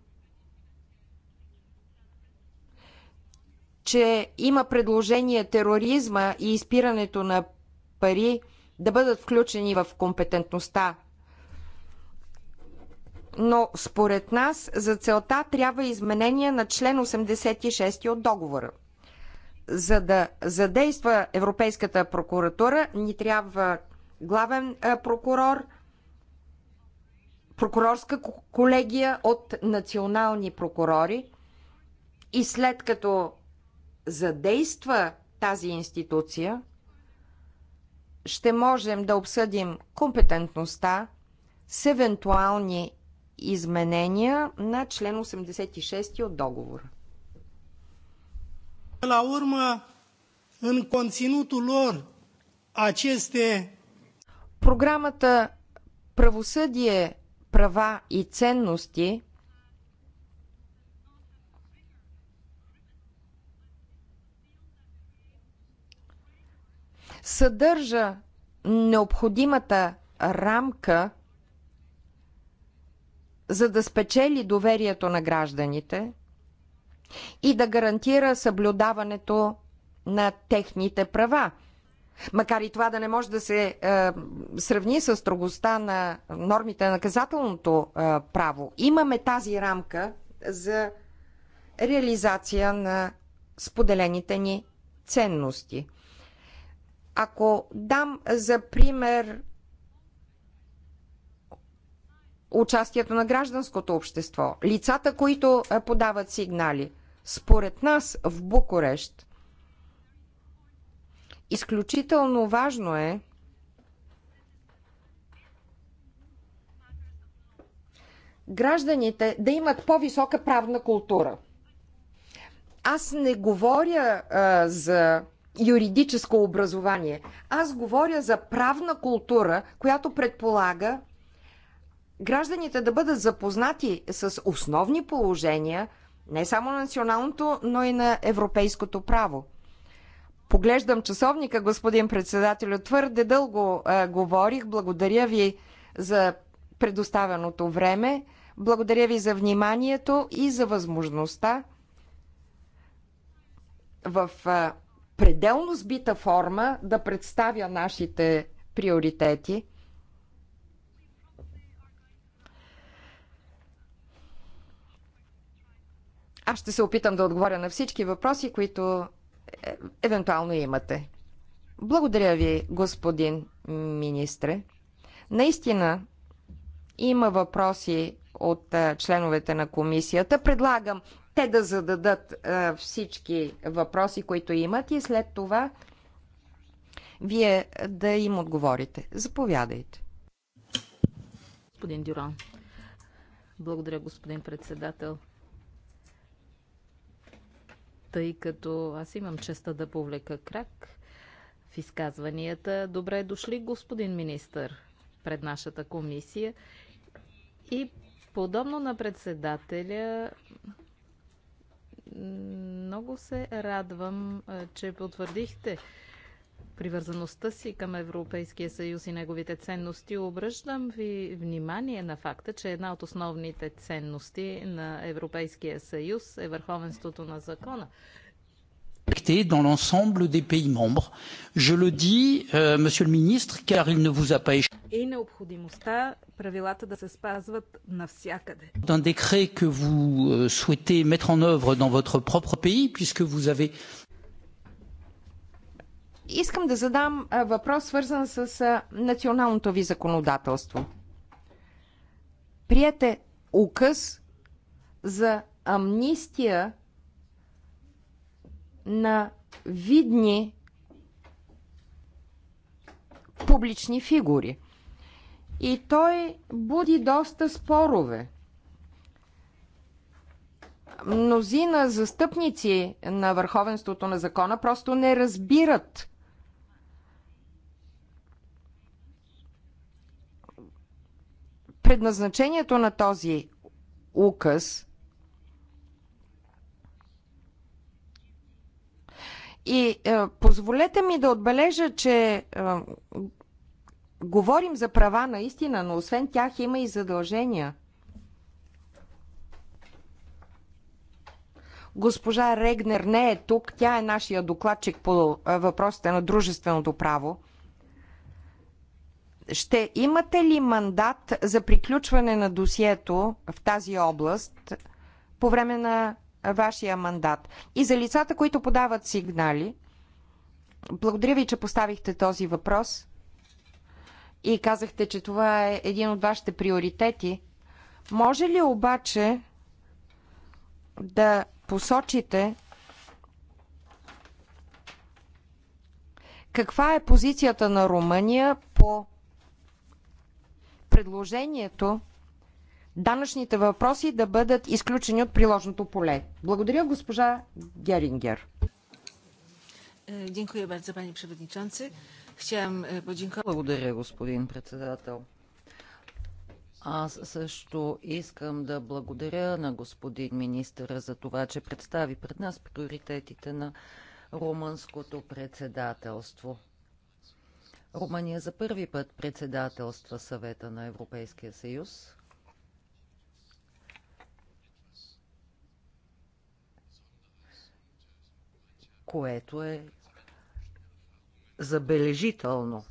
D: че има предложение тероризма и изпирането на пари да бъдат включени в компетентността. Но според нас за целта трябва изменение на член 86 от договора за да задейства Европейската прокуратура, ни трябва главен прокурор, прокурорска колегия от национални прокурори и след като задейства тази институция, ще можем да обсъдим компетентността с евентуални изменения на член 86 от
E: договора. La urmă, în conținutul lor, aceste... Програмата
D: Правосъдие, права и ценности съдържа необходимата рамка, за да спечели доверието на гражданите – и да гарантира съблюдаването на техните права. Макар и това да не може да се е, сравни с строгостта на нормите на наказателното е, право, имаме тази рамка за реализация на споделените ни ценности. Ако дам за пример участието на гражданското общество, лицата, които е, подават сигнали – според нас в Букурещ изключително важно е гражданите да имат по-висока правна култура. Аз не говоря а, за юридическо образование. Аз говоря за правна култура, която предполага гражданите да бъдат запознати с основни положения – не само на националното, но и на европейското право. Поглеждам часовника, господин председател, Твърде дълго а, говорих. Благодаря ви за предоставеното време. Благодаря ви за вниманието и за възможността в а, пределно сбита форма да представя нашите приоритети. Аз ще се опитам да отговоря на всички въпроси, които е, евентуално имате. Благодаря ви, господин министре. Наистина има въпроси от е, членовете на комисията. Предлагам те да зададат е, всички въпроси, които имат и след това вие да им отговорите. Заповядайте.
B: Господин Дюран. Благодаря, господин председател тъй като аз имам честа да повлека крак в изказванията. Добре дошли, господин министър, пред нашата комисия. И подобно на председателя, много се радвам, че потвърдихте привързаността си към Европейския съюз и неговите ценности, обръщам ви внимание на факта, че една от основните ценности на Европейския съюз е върховенството на закона
A: dans l'ensemble des pays membres. Je le dis, euh, Monsieur le Ministre, car il ne vous a pas échappé. D'un décret que vous souhaitez mettre en œuvre dans votre propre pays, puisque vous avez euh,
D: Искам да задам въпрос, свързан с националното ви законодателство. Приете указ за амнистия на видни публични фигури. И той буди доста спорове. Мнозина застъпници на върховенството на закона просто не разбират предназначението на този указ И е, позволете ми да отбележа, че е, говорим за права наистина, но освен тях има и задължения. Госпожа Регнер не е тук. Тя е нашия докладчик по е, въпросите на дружественото право. Ще имате ли мандат за приключване на досието в тази област по време на вашия мандат? И за лицата, които подават сигнали, благодаря ви, че поставихте този въпрос и казахте, че това е един от вашите приоритети. Може ли обаче да посочите каква е позицията на Румъния по предложението данъчните въпроси да бъдат изключени от приложното поле.
C: Благодаря, госпожа Герингер.
B: Е, е,
C: благодаря, господин председател. Аз също искам да благодаря на господин министъра за това, че представи пред нас приоритетите на румънското председателство. Румъния за първи път председателства съвета на Европейския съюз. което е забележително.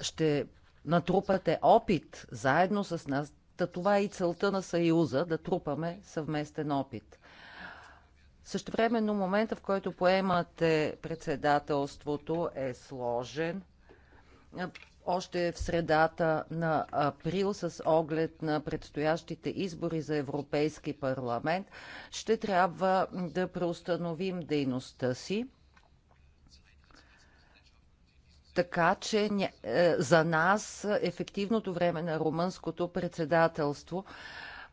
C: Ще натрупате опит заедно с нас. Та това е и целта на Съюза, да трупаме съвместен опит. Същевременно момента, в който поемате председателството е сложен. Е, още в средата на април с оглед на предстоящите избори за Европейски парламент, ще трябва да преустановим дейността си. Така че е, за нас ефективното време на румънското председателство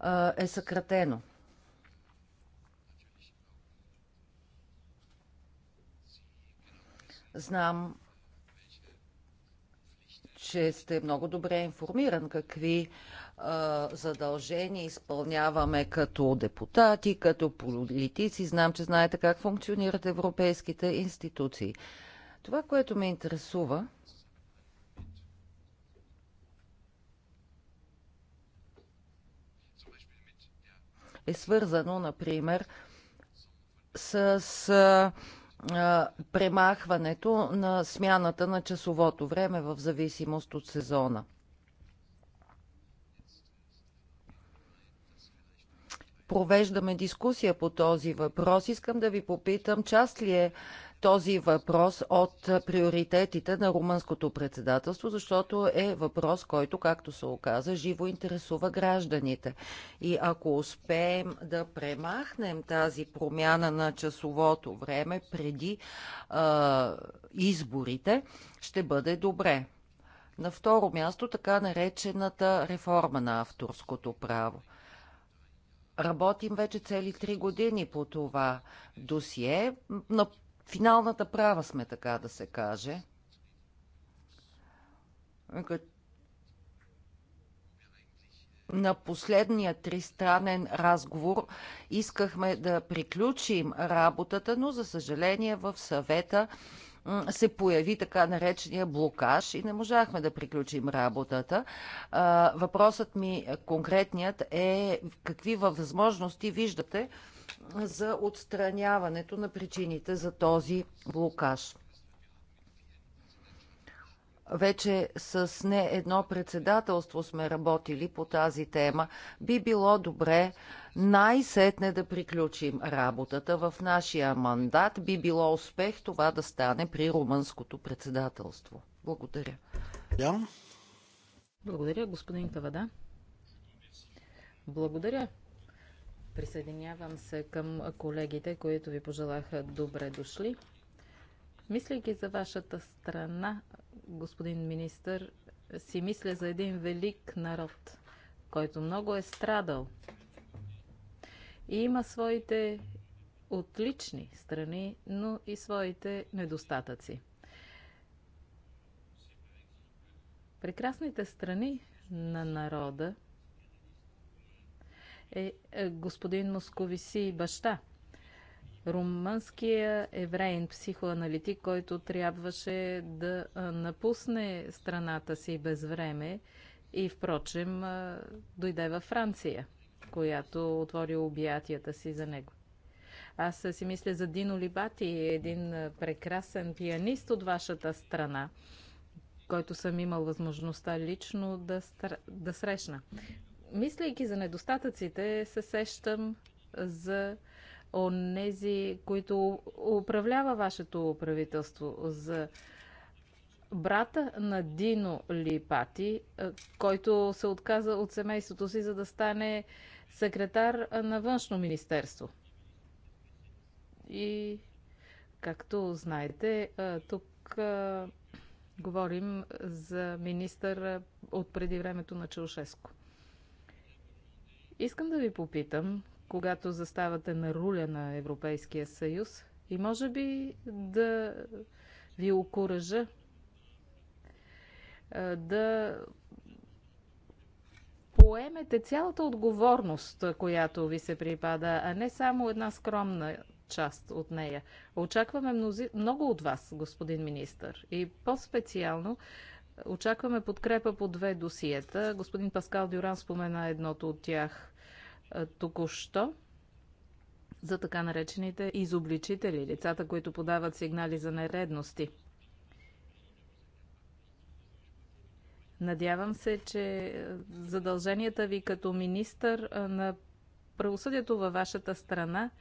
C: е, е съкратено. Знам, че сте много добре информиран какви а, задължения изпълняваме като депутати, като политици. Знам, че знаете как функционират европейските институции. Това, което ме интересува, е свързано, например, с премахването на смяната на часовото време в зависимост от сезона. Провеждаме дискусия по този въпрос. Искам да ви попитам, част ли е този въпрос от приоритетите на румънското председателство, защото е въпрос, който, както се оказа, живо интересува гражданите. И ако успеем да премахнем тази промяна на часовото време преди а, изборите, ще бъде добре. На второ място така наречената реформа на авторското право. Работим вече цели три години по това досие. на финалната права сме, така да се каже. На последния тристранен разговор искахме да приключим работата, но за съжаление в съвета се появи така наречения блокаж и не можахме да приключим работата. Въпросът ми конкретният е какви възможности виждате за отстраняването на причините за този блокаж. Вече с не едно председателство сме работили по тази тема. Би било добре най-сетне да приключим работата в нашия мандат. Би било успех това да стане при румънското
B: председателство. Благодаря. Благодаря, господин Кавада. Благодаря. Присъединявам се към колегите, които ви пожелаха добре дошли. Мислейки за вашата страна, господин министър, си мисля за един велик народ, който много е страдал и има своите отлични страни, но и своите недостатъци. Прекрасните страни на народа – е, е господин Московиси баща. Румънския евреин психоаналитик, който трябваше да напусне страната си без време и впрочем дойде във Франция, която отвори обятията си за него. Аз си мисля за Дино Либати, един прекрасен пианист от вашата страна, който съм имал възможността лично да, стр... да срещна. Мислейки за недостатъците, се сещам за онези, които управлява вашето правителство, за брата на Дино Липати, е, който се отказа от семейството си, за да стане секретар на външно министерство. И, както знаете, е, тук е, говорим за министър от преди времето на Челшеско. Искам да ви попитам, когато заставате на руля на Европейския съюз и може би да ви окоръжа да поемете цялата отговорност, която ви се припада, а не само една скромна част от нея. Очакваме много от вас, господин министр, и по-специално Очакваме подкрепа по две досиета. Господин Паскал Дюран спомена едното от тях току-що за така наречените изобличители, лицата, които подават сигнали за нередности. Надявам се, че задълженията ви като министър на правосъдието във вашата страна –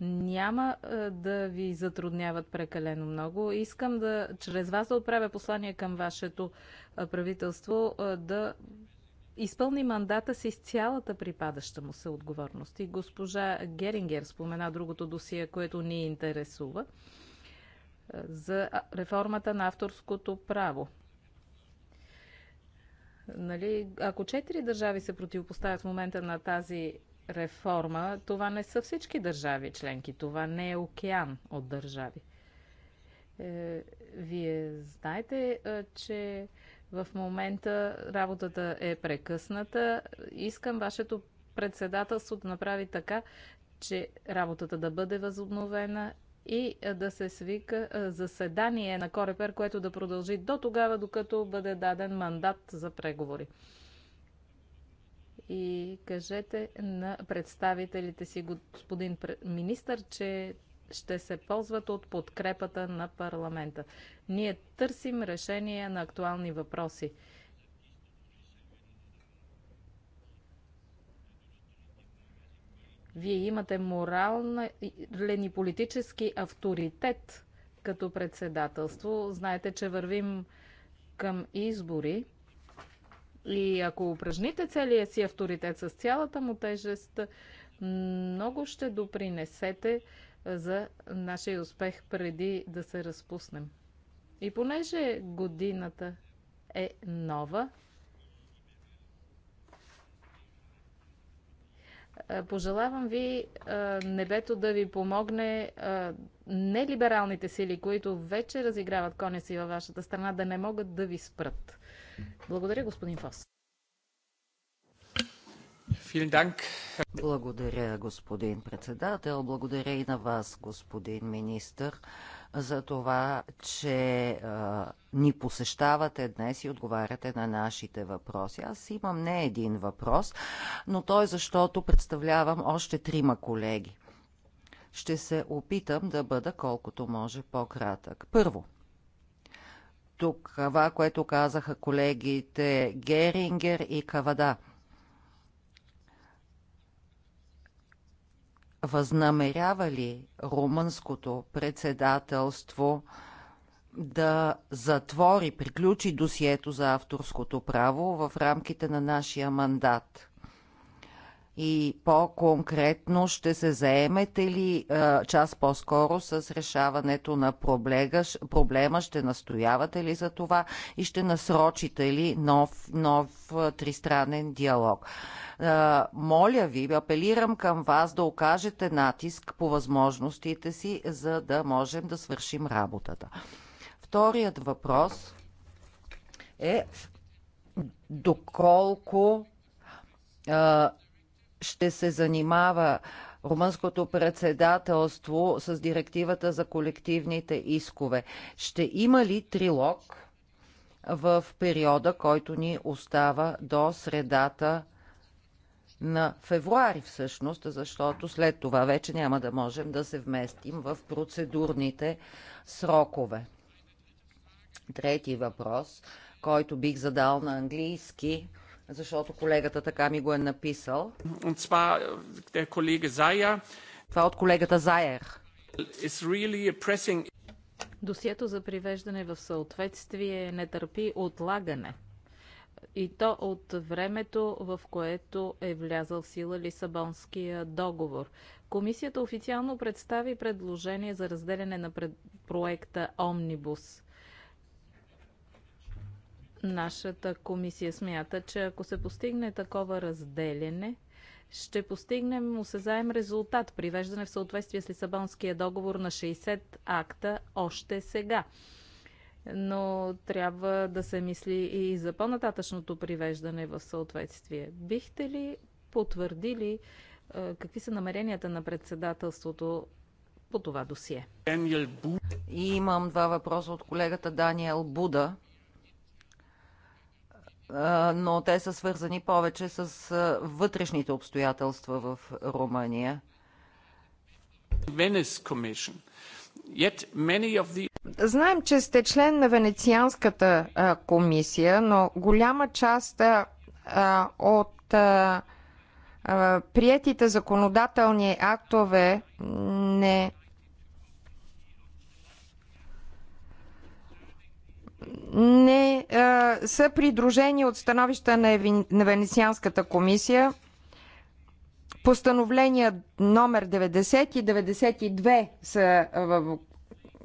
B: няма е, да ви затрудняват прекалено много. Искам да, чрез вас да отправя послание към вашето е, правителство е, да изпълни мандата си с цялата припадаща му се отговорност. И госпожа Герингер спомена другото досие, което ни интересува за реформата на авторското право. Нали, ако четири държави се противопоставят в момента на тази реформа, това не са всички държави членки. Това не е океан от държави. Е, вие знаете, е, че в момента работата е прекъсната. Искам вашето председателство да направи така, че работата да бъде възобновена и е, да се свика заседание на Корепер, което да продължи до тогава, докато бъде даден мандат за преговори и кажете на представителите си, господин министър, че ще се ползват от подкрепата на парламента. Ние търсим решение на актуални въпроси. Вие имате морален и политически авторитет като председателство. Знаете, че вървим към избори. И ако упражните целия си авторитет с цялата му тежест, много ще допринесете за нашия успех преди да се разпуснем. И понеже годината е нова, пожелавам ви небето да ви помогне нелибералните сили, които вече разиграват коня си във вашата страна, да не могат да ви спрат. Благодаря, господин Фос.
C: Благодаря, господин председател. Благодаря и на вас, господин министър, за това, че а, ни посещавате днес и отговаряте на нашите въпроси. Аз имам не един въпрос, но той защото представлявам още трима колеги. Ще се опитам да бъда колкото може по-кратък. Първо, тук това, което казаха колегите Герингер и Кавада. Възнамерява ли румънското председателство да затвори, приключи досието за авторското право в рамките на нашия мандат? И по-конкретно ще се заемете ли а, час по-скоро с решаването на проблема, проблема? Ще настоявате ли за това и ще насрочите ли нов, нов тристранен диалог? А, моля ви, апелирам към вас да окажете натиск по възможностите си, за да можем да свършим работата. Вторият въпрос е доколко а, ще се занимава румънското председателство с директивата за колективните искове? Ще има ли трилог в периода, който ни остава до средата на февруари всъщност, защото след това вече няма да можем да се вместим в процедурните срокове. Трети въпрос, който бих задал на английски – защото колегата така ми го е написал. Äh, Това е от колегата
B: Заер. Досието за привеждане в съответствие не търпи отлагане. И то от времето, в което е влязъл в сила Лисабонския договор. Комисията официално представи предложение за разделяне на проекта Омнибус. Нашата комисия смята, че ако се постигне такова разделене, ще постигнем осезаем резултат, привеждане в съответствие с Лисабонския договор на 60 акта още сега. Но трябва да се мисли и за по-нататъчното привеждане в съответствие. Бихте ли потвърдили е, какви са намеренията на председателството по това досие?
C: И имам два въпроса от колегата Даниел Буда но те са свързани повече с вътрешните обстоятелства в Румъния. Знаем, че сте член на
D: Венецианската комисия, но голяма част от приетите законодателни актове не не а, са придружени от становища на, Евен... на Венецианската комисия, постановления номер 90 и 92 са а,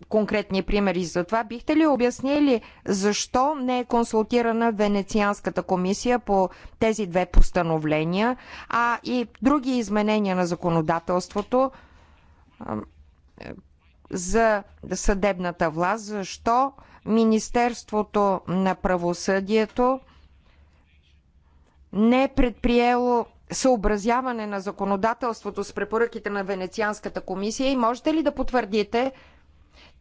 D: конкретни примери за това. Бихте ли обяснили защо не е консултирана Венецианската комисия по тези две постановления, а и други изменения на законодателството а, за съдебната власт? Защо? Министерството на правосъдието не е предприело съобразяване на законодателството с препоръките на Венецианската комисия и можете ли да потвърдите,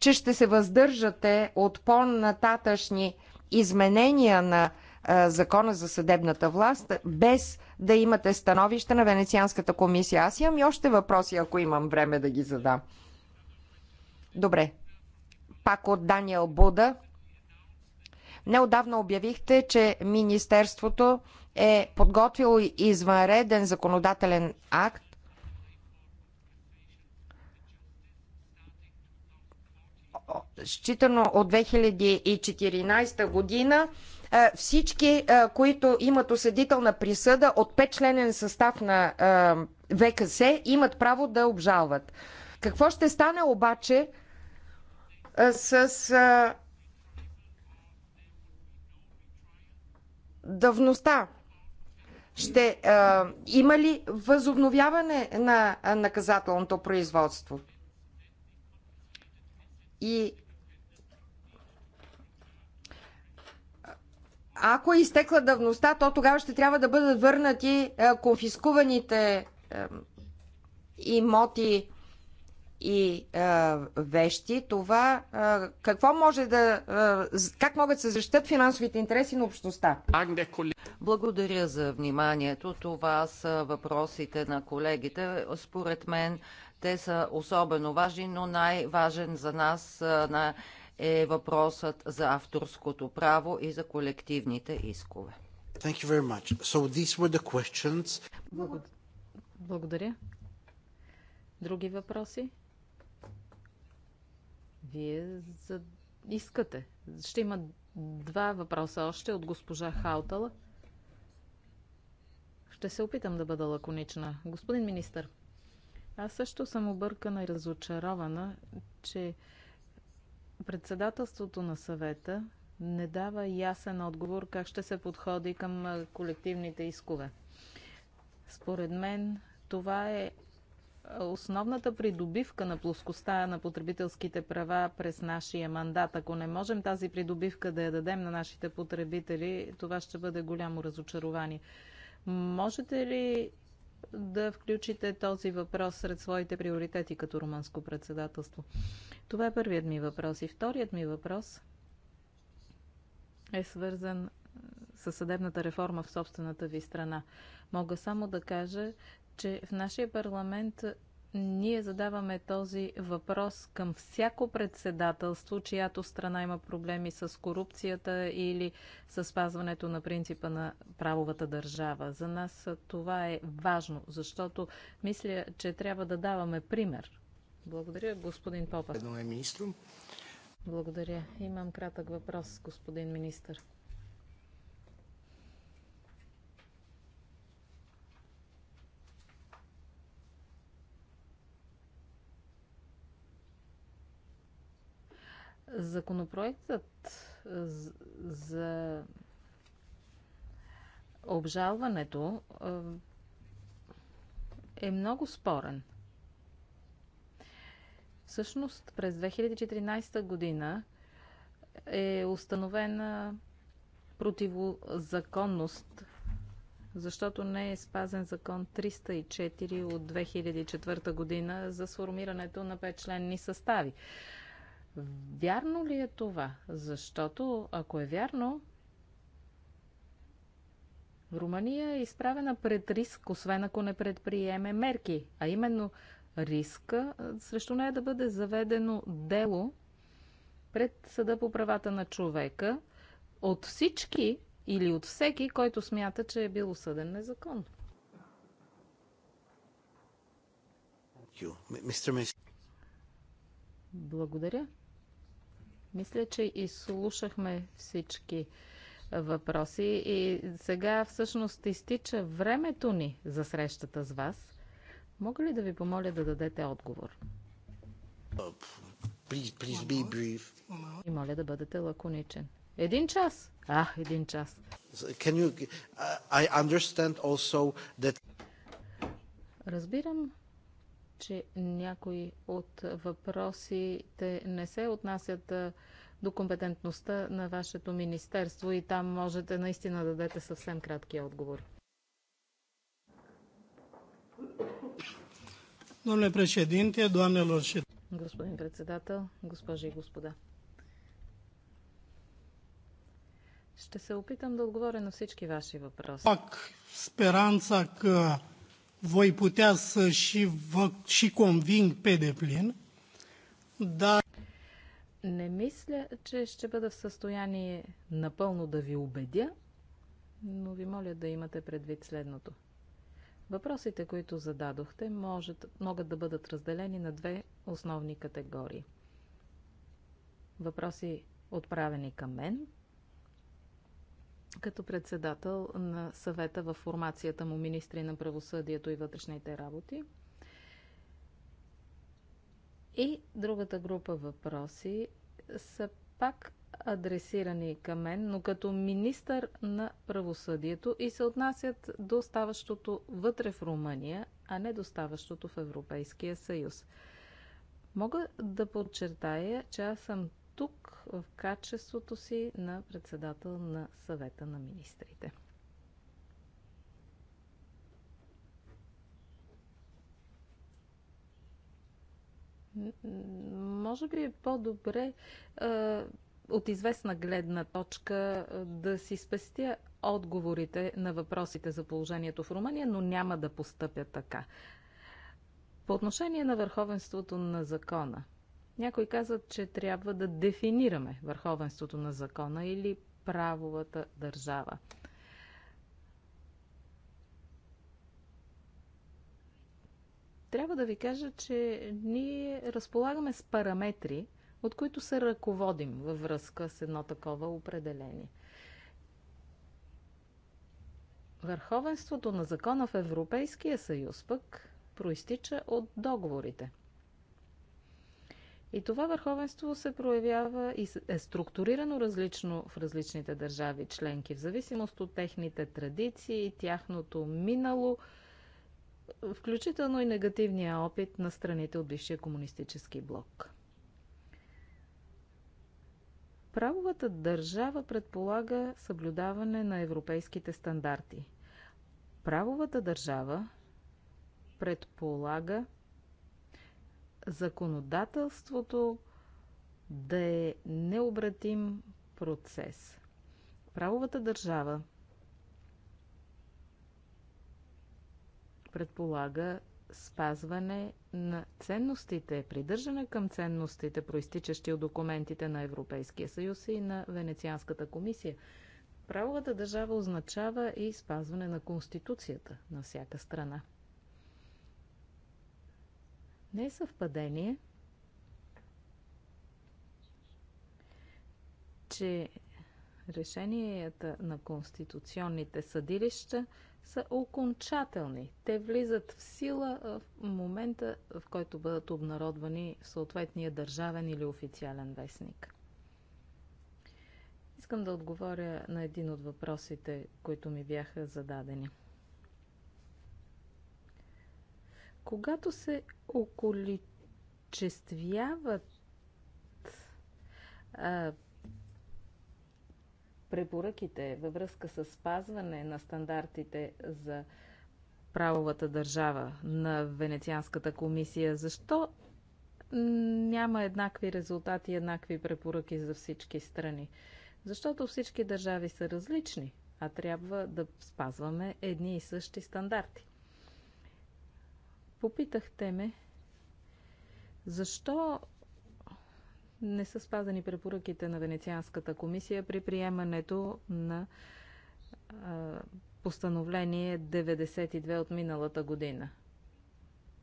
D: че ще се въздържате от по-нататъчни изменения на Закона за съдебната власт, без да имате становище на Венецианската комисия. Аз имам и още въпроси, ако имам време да ги задам. Добре пак от Даниел Буда. Неодавна обявихте, че Министерството е подготвило извънреден законодателен акт, считано от 2014 година, е, всички, е, които имат осъдителна присъда от петчленен състав на е, ВКС, имат право да обжалват. Какво ще стане обаче с давността. Ще а, има ли възобновяване на наказателното производство? И ако е изтекла давността, то тогава ще трябва да бъдат върнати а, конфискуваните а, имоти и а, вещи, това а, какво може да. А,
C: как могат да се защитят финансовите интереси на общността? Благодаря за вниманието. Това са въпросите на колегите. Според мен те са особено важни, но най-важен за нас на е въпросът за авторското право и за колективните искове.
A: Thank you very much. So these were the questions.
B: Благодаря. Други въпроси? Вие за... искате. Ще има два въпроса още от госпожа Хаутала. Ще се опитам да бъда лаконична. Господин министър, аз също съм объркана и разочарована, че председателството на съвета не дава ясен отговор как ще се подходи към колективните искове. Според мен това е основната придобивка на плоскостта на потребителските права през нашия мандат. Ако не можем тази придобивка да я дадем на нашите потребители, това ще бъде голямо разочарование. Можете ли да включите този въпрос сред своите приоритети като румънско председателство? Това е първият ми въпрос. И вторият ми въпрос е свързан със съдебната реформа в собствената ви страна. Мога само да кажа, че в нашия парламент ние задаваме този въпрос към всяко председателство, чиято страна има проблеми с корупцията или с спазването на принципа на правовата държава. За нас това е важно, защото мисля, че трябва да даваме пример. Благодаря, господин Попа. Е Благодаря. Имам кратък въпрос, господин министър. Законопроектът за обжалването е много спорен. Всъщност през 2014 година е установена противозаконност, защото не е спазен закон 304 от 2004 година за сформирането на петчленни състави. Вярно ли е това? Защото, ако е вярно, Румъния е изправена пред риск, освен ако не предприеме мерки, а именно риска срещу нея да бъде заведено дело пред Съда по правата на човека от всички или от всеки, който смята, че е бил осъден незаконно. Благодаря. Мисля, че изслушахме всички въпроси и сега всъщност изтича времето ни за срещата с вас. Мога ли да ви помоля да дадете отговор?
A: Please, please be brief.
B: И моля да бъдете лаконичен. Един час. А, един час.
A: Can you, I understand also that...
B: Разбирам че някои от въпросите не се отнасят до компетентността на вашето министерство и там можете наистина да дадете съвсем кратки отговори. Господин председател, госпожи и господа. Ще се опитам да отговоря на всички ваши въпроси. Пак
E: сперанца къ voi putea să și, vă și conving pe
B: deplin, dar... Не мисля, че ще бъда в състояние напълно да ви убедя, но ви моля да имате предвид следното. Въпросите, които зададохте, може, могат да бъдат разделени на две основни категории. Въпроси отправени към мен, като председател на съвета в формацията му министри на правосъдието и вътрешните работи. И другата група въпроси са пак адресирани към мен, но като министър на правосъдието и се отнасят до ставащото вътре в Румъния, а не до ставащото в Европейския съюз. Мога да подчертая, че аз съм тук в качеството си на председател на съвета на министрите. Може би е по-добре от известна гледна точка да си спестя отговорите на въпросите за положението в Румъния, но няма да постъпя така. По отношение на върховенството на закона, някои казват, че трябва да дефинираме върховенството на закона или правовата държава. Трябва да ви кажа, че ние разполагаме с параметри, от които се ръководим във връзка с едно такова определение. Върховенството на закона в Европейския съюз пък проистича от договорите – и това върховенство се проявява и е структурирано различно в различните държави членки, в зависимост от техните традиции, тяхното минало, включително и негативния опит на страните от бившия комунистически блок. Правовата държава предполага съблюдаване на европейските стандарти. Правовата държава предполага законодателството да е необратим процес. Правовата държава предполага спазване на ценностите, придържане към ценностите, проистичащи от документите на Европейския съюз и на Венецианската комисия. Правовата държава означава и спазване на Конституцията на всяка страна. Не е съвпадение, че решенията на конституционните съдилища са окончателни. Те влизат в сила в момента, в който бъдат обнародвани в съответния държавен или официален вестник. Искам да отговоря на един от въпросите, които ми бяха зададени – Когато се околичествяват а, препоръките във връзка с спазване на стандартите за правовата държава на Венецианската комисия, защо няма еднакви резултати, еднакви препоръки за всички страни? Защото всички държави са различни, а трябва да спазваме едни и същи стандарти. Попитахте ме, защо не са спазени препоръките на Венецианската комисия при приемането на а, постановление 92 от миналата година?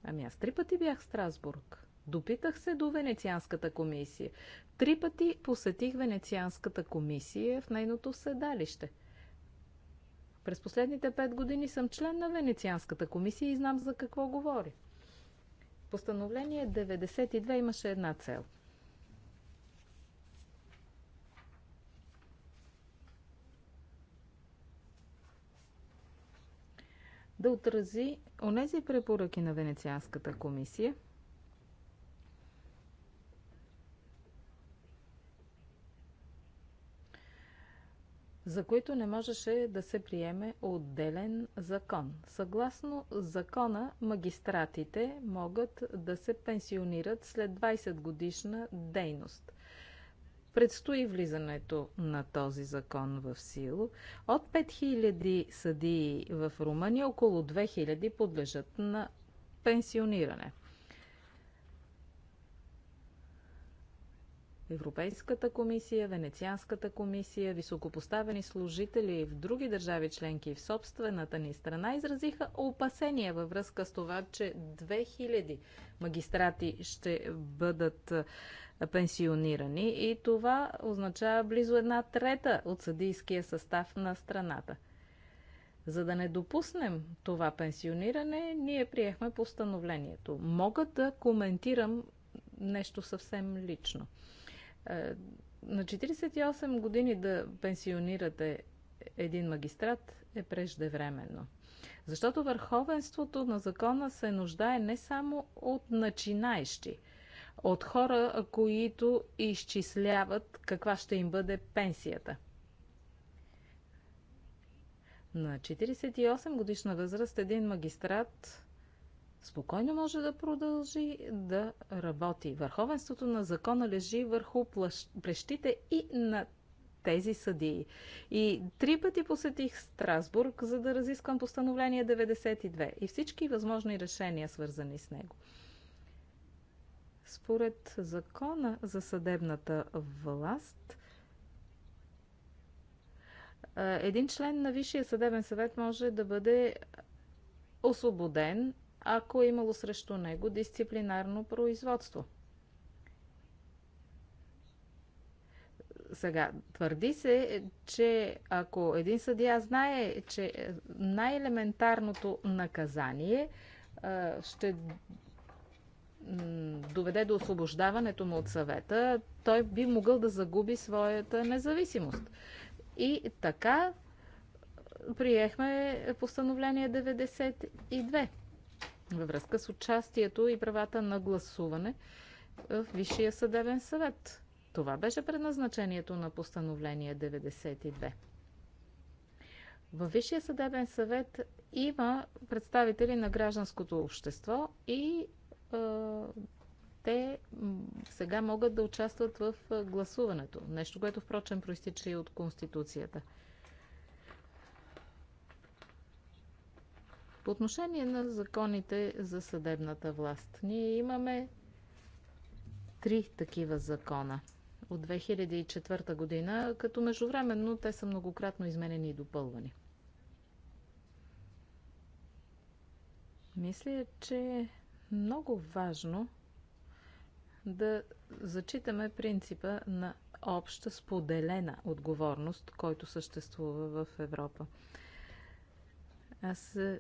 B: Ами аз три пъти бях в Страсбург. Допитах се до Венецианската комисия. Три пъти посетих Венецианската комисия в нейното седалище. През последните пет години съм член на Венецианската комисия и знам за какво говори. Постановление 92 имаше една цел. Да отрази онези препоръки на Венецианската комисия – за които не можеше да се приеме отделен закон. Съгласно закона, магистратите могат да се пенсионират след 20 годишна дейност. Предстои влизането на този закон в сила. От 5000 съдии в Румъния около 2000 подлежат на пенсиониране. Европейската комисия, Венецианската комисия, високопоставени служители в други държави членки и в собствената ни страна изразиха опасения във връзка с това, че 2000 магистрати ще бъдат пенсионирани и това означава близо една трета от съдийския състав на страната. За да не допуснем това пенсиониране, ние приехме постановлението. Мога да коментирам нещо съвсем лично. Е, на 48 години да пенсионирате един магистрат е преждевременно. Защото върховенството на закона се нуждае не само от начинаещи, от хора, които изчисляват каква ще им бъде пенсията. На 48 годишна възраст един магистрат спокойно може да продължи да работи. Върховенството на закона лежи върху плещите и на тези съдии. И три пъти посетих Страсбург, за да разисквам постановление 92 и всички възможни решения, свързани с него. Според закона за съдебната власт, един член на Висшия съдебен съвет може да бъде освободен ако е имало срещу него дисциплинарно производство. Сега, твърди се, че ако един съдия знае, че най-елементарното наказание ще доведе до освобождаването му от съвета, той би могъл да загуби своята независимост. И така приехме постановление 92 във връзка с участието и правата на гласуване в Висшия съдебен съвет. Това беше предназначението на постановление 92. Във Висшия съдебен съвет има представители на гражданското общество и е, те сега могат да участват в гласуването. Нещо, което впрочем проистича и от Конституцията. По отношение на законите за съдебната власт, ние имаме три такива закона от 2004 година, като междувременно те са многократно изменени и допълвани. Мисля, че е много важно да зачитаме принципа на обща споделена отговорност, който съществува в Европа. Аз е,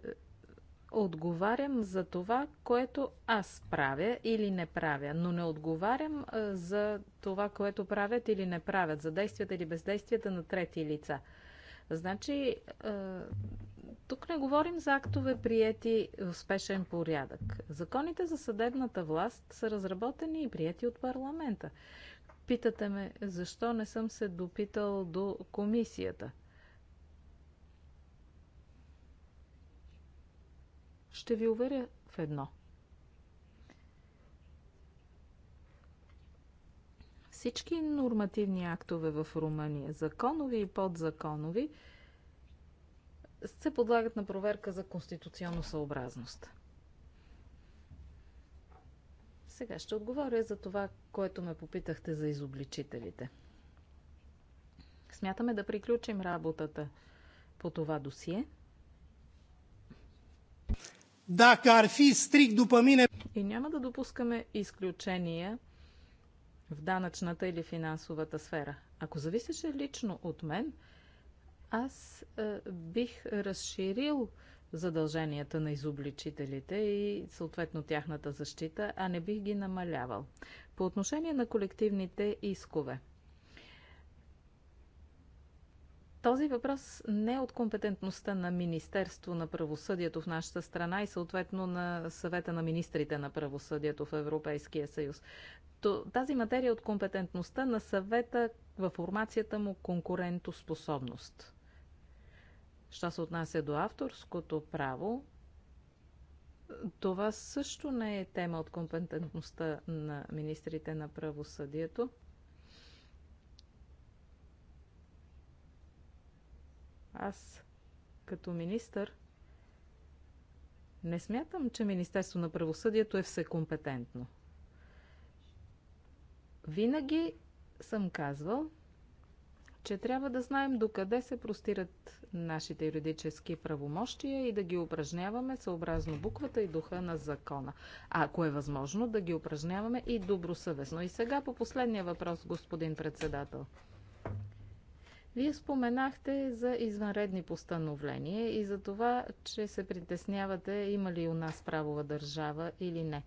B: отговарям за това, което аз правя или не правя, но не отговарям за това, което правят или не правят, за действията или бездействията на трети лица. Значи, тук не говорим за актове, приети в спешен порядък. Законите за съдебната власт са разработени и прияти от парламента. Питате ме, защо не съм се допитал до комисията. Ще ви уверя в едно. Всички нормативни актове в Румъния, законови и подзаконови, се подлагат на проверка за конституционно съобразност. Сега ще отговоря за това, което ме попитахте за изобличителите. Смятаме да приключим работата по това досие – Dacă ar fi strict după mine... И няма да допускаме изключения в данъчната или финансовата сфера. Ако зависеше лично от мен, аз е, бих разширил задълженията на изобличителите и съответно тяхната защита, а не бих ги намалявал. По отношение на колективните искове. Този въпрос не е от компетентността на Министерство на правосъдието в нашата страна и съответно на съвета на министрите на правосъдието в Европейския съюз. Тази материя е от компетентността на съвета във формацията му конкурентоспособност. Що се отнася до авторското право, това също не е тема от компетентността на министрите на правосъдието. Аз като министър не смятам, че Министерство на правосъдието е всекомпетентно. Винаги съм казвал, че трябва да знаем докъде се простират нашите юридически правомощия и да ги упражняваме съобразно буквата и духа на закона. ако е възможно, да ги упражняваме и добросъвестно. И сега по последния въпрос, господин председател. Вие споменахте за извънредни постановления и за това, че се притеснявате има ли у нас правова държава или не.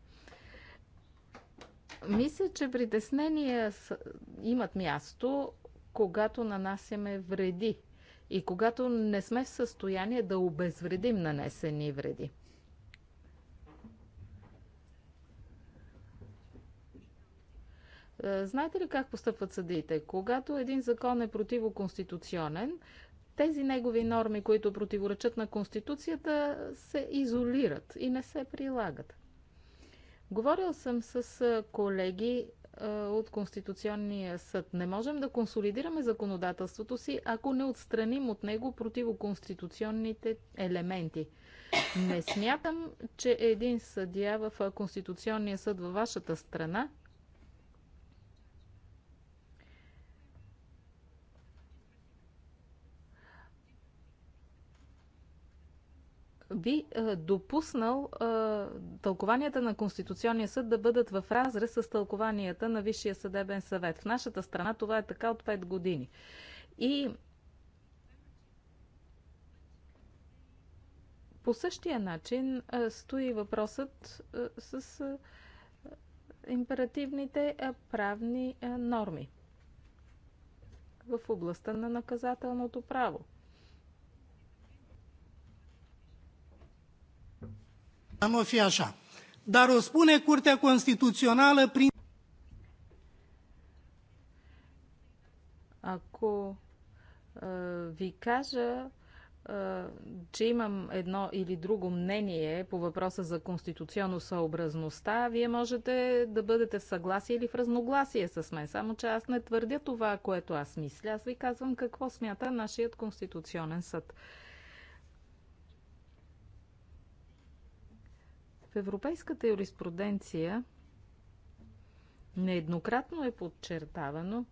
B: Мисля, че притеснения имат място, когато нанасяме вреди и когато не сме в състояние да обезвредим нанесени вреди. Е, знаете ли как постъпват съдиите? Когато един закон е противоконституционен, тези негови норми, които противоречат на Конституцията, се изолират и не се прилагат. Говорил съм с е, колеги е, от Конституционния съд. Не можем да консолидираме законодателството си, ако не отстраним от него противоконституционните елементи. Не смятам, че един съдия в Конституционния съд във вашата страна би е, допуснал е, тълкованията на Конституционния съд да бъдат в разрез с тълкованията на Висшия съдебен съвет. В нашата страна това е така от 5 години. И по същия начин е, стои въпросът с императивните правни норми в областта на наказателното право.
E: dar nu o fi așa. Dar o spune Curtea Constituțională prin...
B: Ако ви кажа, че имам едно или друго мнение по въпроса за конституционно съобразността, вие можете да бъдете в съгласие или в разногласие с мен. Само, че аз не твърдя това, което аз мисля. Аз ви казвам какво смята нашият конституционен съд. В европейската юриспруденция нееднократно е подчертавано,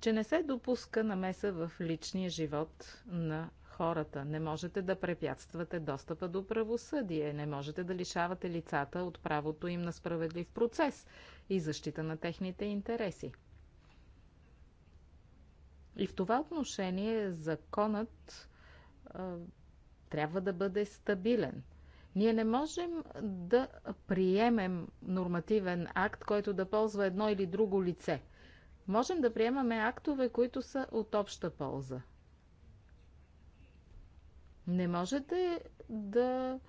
B: че не се допуска намеса в личния живот на хората. Не можете да препятствате достъпа до правосъдие, не можете да лишавате лицата от правото им на справедлив процес и защита на техните интереси. И в това отношение законът а, трябва да бъде стабилен – ние не можем да приемем нормативен акт, който да ползва едно или друго лице. Можем да приемаме актове, които са от обща полза. Не можете да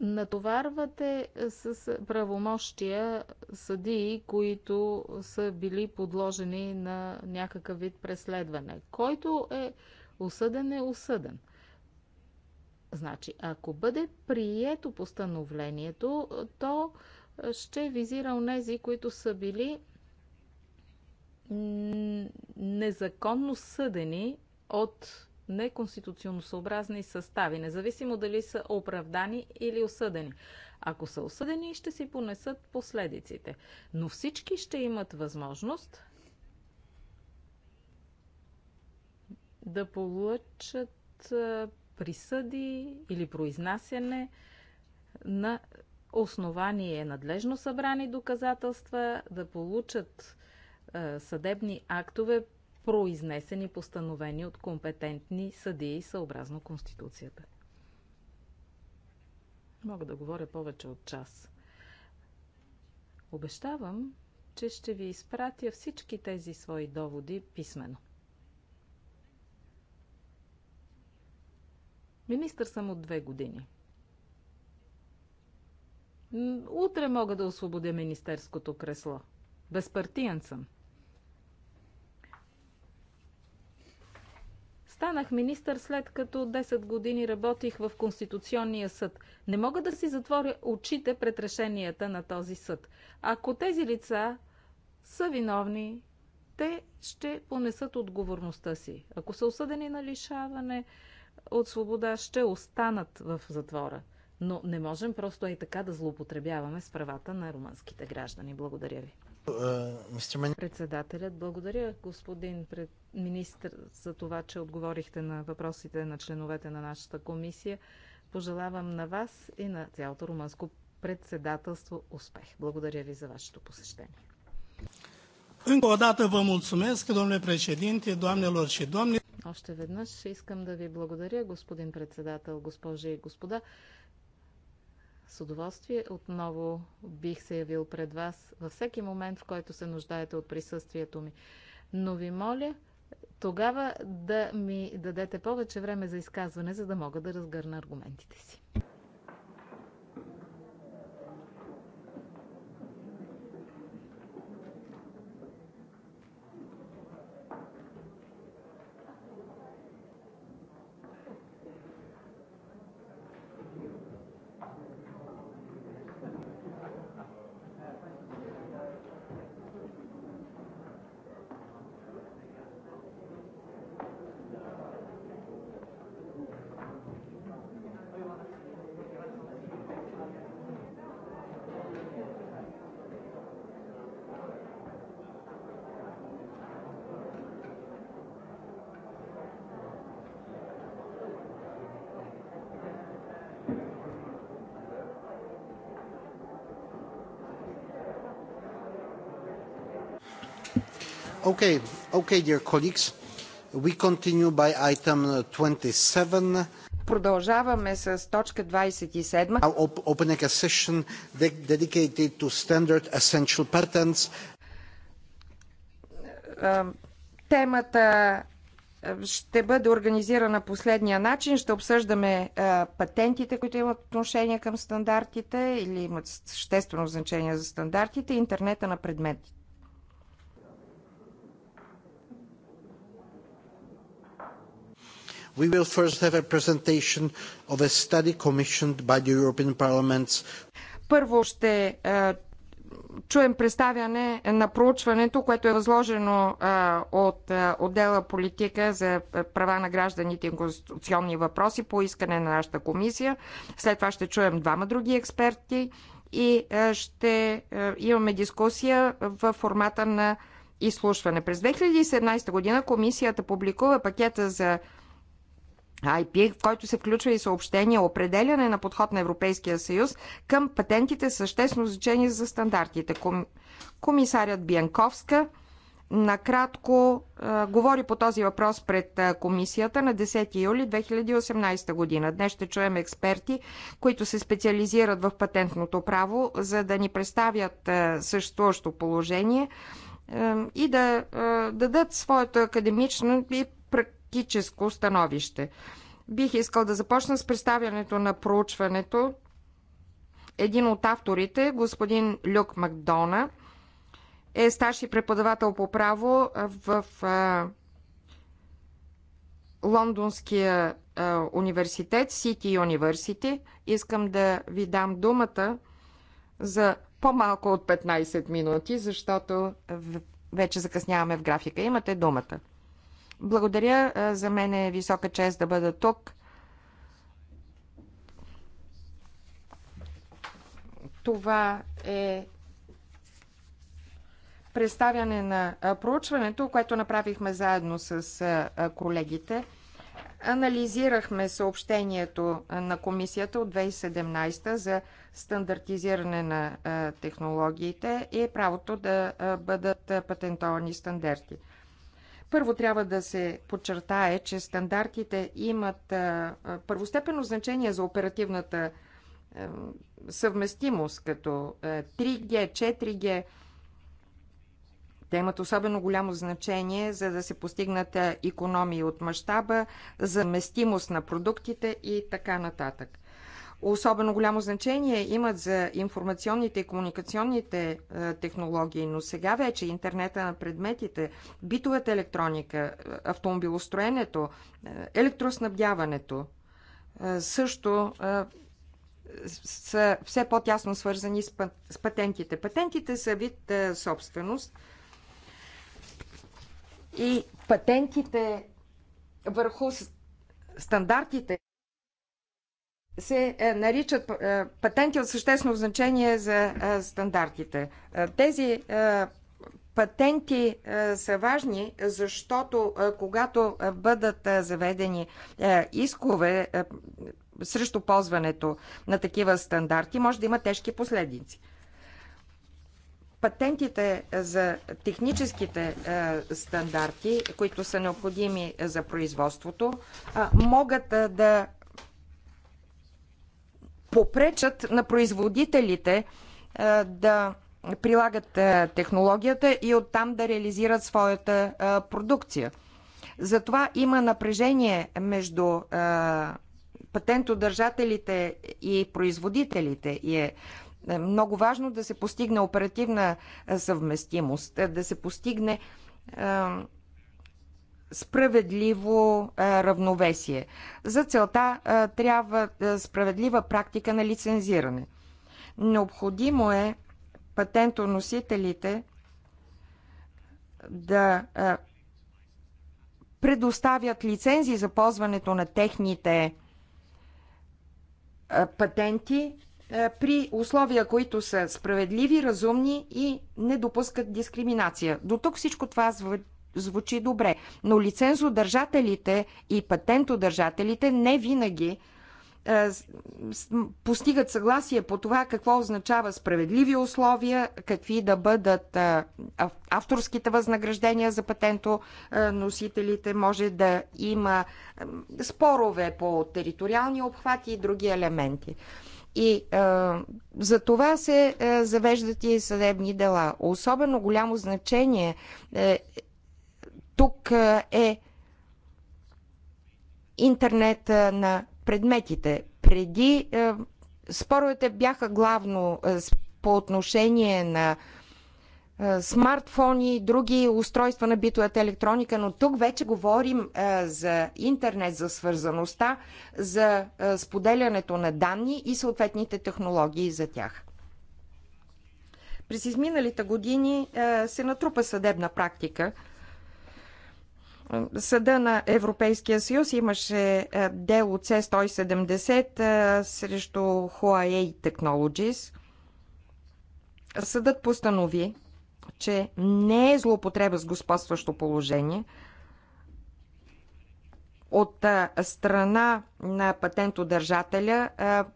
B: натоварвате с правомощия съдии, които са били подложени на някакъв вид преследване. Който е осъден, е осъден. Значи, ако бъде прието постановлението, то ще визира онези, които са били незаконно съдени от съобразни състави, независимо дали са оправдани или осъдени. Ако са осъдени, ще си понесат последиците. Но всички ще имат възможност да получат присъди или произнасяне на основание надлежно събрани доказателства да получат е, съдебни актове, произнесени, постановени от компетентни съдии съобразно Конституцията. Мога да говоря повече от час. Обещавам, че ще ви изпратя всички тези свои доводи писменно. Министър съм от две години. Утре мога да освободя министерското кресло. Безпартиян съм. Станах министър след като 10 години работих в Конституционния съд. Не мога да си затворя очите пред решенията на този съд. Ако тези лица са виновни, те ще понесат отговорността си. Ако са осъдени на лишаване, от свобода ще останат в затвора. Но не можем просто и така да злоупотребяваме с правата на румънските граждани. Благодаря ви. Е, Председателят, благодаря господин пред... министр за това, че отговорихте на въпросите на членовете на нашата комисия. Пожелавам на вас и на цялото румънско председателство успех. Благодаря ви за вашето посещение.
E: Încă o dată vă mulțumesc, domnule președinte, doamnelor și domnilor.
B: Още веднъж искам да ви благодаря, господин председател, госпожи и господа. С удоволствие отново бих се явил пред вас във всеки момент, в който се нуждаете от присъствието ми. Но ви моля тогава да ми дадете повече време за изказване, за да мога да разгърна аргументите си.
A: Okay, okay, dear colleagues, we continue by item 27. Uh,
D: Продължаваме с точка 27.
A: Opening a session dedicated to standard essential patents.
D: Темата ще бъде организирана последния начин. Ще обсъждаме патентите, които имат отношение към стандартите или имат съществено значение за стандартите, интернета на предметите.
A: we will first have a presentation of a study commissioned by the European Parliament's
D: Първо ще е, чуем представяне на проучването, което е възложено е, от е, отдела политика за е, права на гражданите и конституционни въпроси по искане на нашата комисия. След това ще чуем двама други експерти и ще имаме дискусия в формата на изслушване. През 2017 година комисията публикува пакета за IP, в който се включва и съобщение определяне на подход на Европейския съюз към патентите с съществено значение за стандартите. Ком... Комисарят Бянковска накратко а, говори по този въпрос пред а, комисията на 10 юли 2018 година. Днес ще чуем експерти, които се специализират в патентното право, за да ни представят а, съществуващо положение и да дадат своето академично и скептическо становище. Бих искал да започна с представянето на проучването. Един от авторите, господин Люк Макдона, е старши преподавател по право в Лондонския университет, City University. Искам да ви дам думата за по-малко от 15 минути, защото вече закъсняваме в графика. Имате думата. Благодаря. Е, за мен е висока чест да бъда тук. Това е представяне на е, проучването, което направихме заедно с е, колегите. Анализирахме съобщението на комисията от 2017 за стандартизиране на технологиите и правото да бъдат патентовани стандарти. Първо трябва да се подчертае, че стандартите имат първостепенно значение за оперативната съвместимост, като 3G, 4G. Те имат особено голямо значение, за да се постигнат економии от мащаба, заместимост на продуктите и така нататък особено голямо значение имат за информационните и комуникационните е, технологии, но сега вече интернета на предметите, битовата електроника, е, автомобилостроенето, е, електроснабдяването също са все по-тясно свързани с патентите. Патентите са вид собственост и патентите върху стандартите се е, наричат е, патенти от съществено значение за е, стандартите. Тези патенти са важни, защото когато бъдат заведени искове срещу ползването на такива стандарти, може да има тежки последици. Патентите за техническите стандарти, които са необходими за производството, могат да попречат на производителите е, да прилагат е, технологията и оттам да реализират своята е, продукция. Затова има напрежение между патентодържателите и производителите и е много важно да се постигне оперативна съвместимост, да се постигне справедливо равновесие. За целта трябва справедлива практика на лицензиране. Необходимо е патентоносителите да предоставят лицензии за ползването на техните патенти при условия, които са справедливи, разумни и не допускат дискриминация. До тук всичко това звучи звучи добре, но лицензодържателите и патентодържателите не винаги е, постигат съгласие по това какво означава справедливи условия, какви да бъдат е, авторските възнаграждения за патенто носителите, може да има е, спорове по териториални обхвати и други елементи. И е, за това се е, завеждат и съдебни дела. Особено голямо значение е, тук е, е интернет е, на предметите. Преди е, споровете бяха главно по отношение на смартфони и други устройства на битовата електроника, но тук вече говорим за интернет, за свързаността, за споделянето на данни и съответните технологии за тях. През изминалите години се натрупа съдебна практика – Съда на Европейския съюз имаше е, дело C-170 е, срещу Huawei Technologies. Съдът постанови, че не е злоупотреба с господстващо положение от е, страна на патентодържателя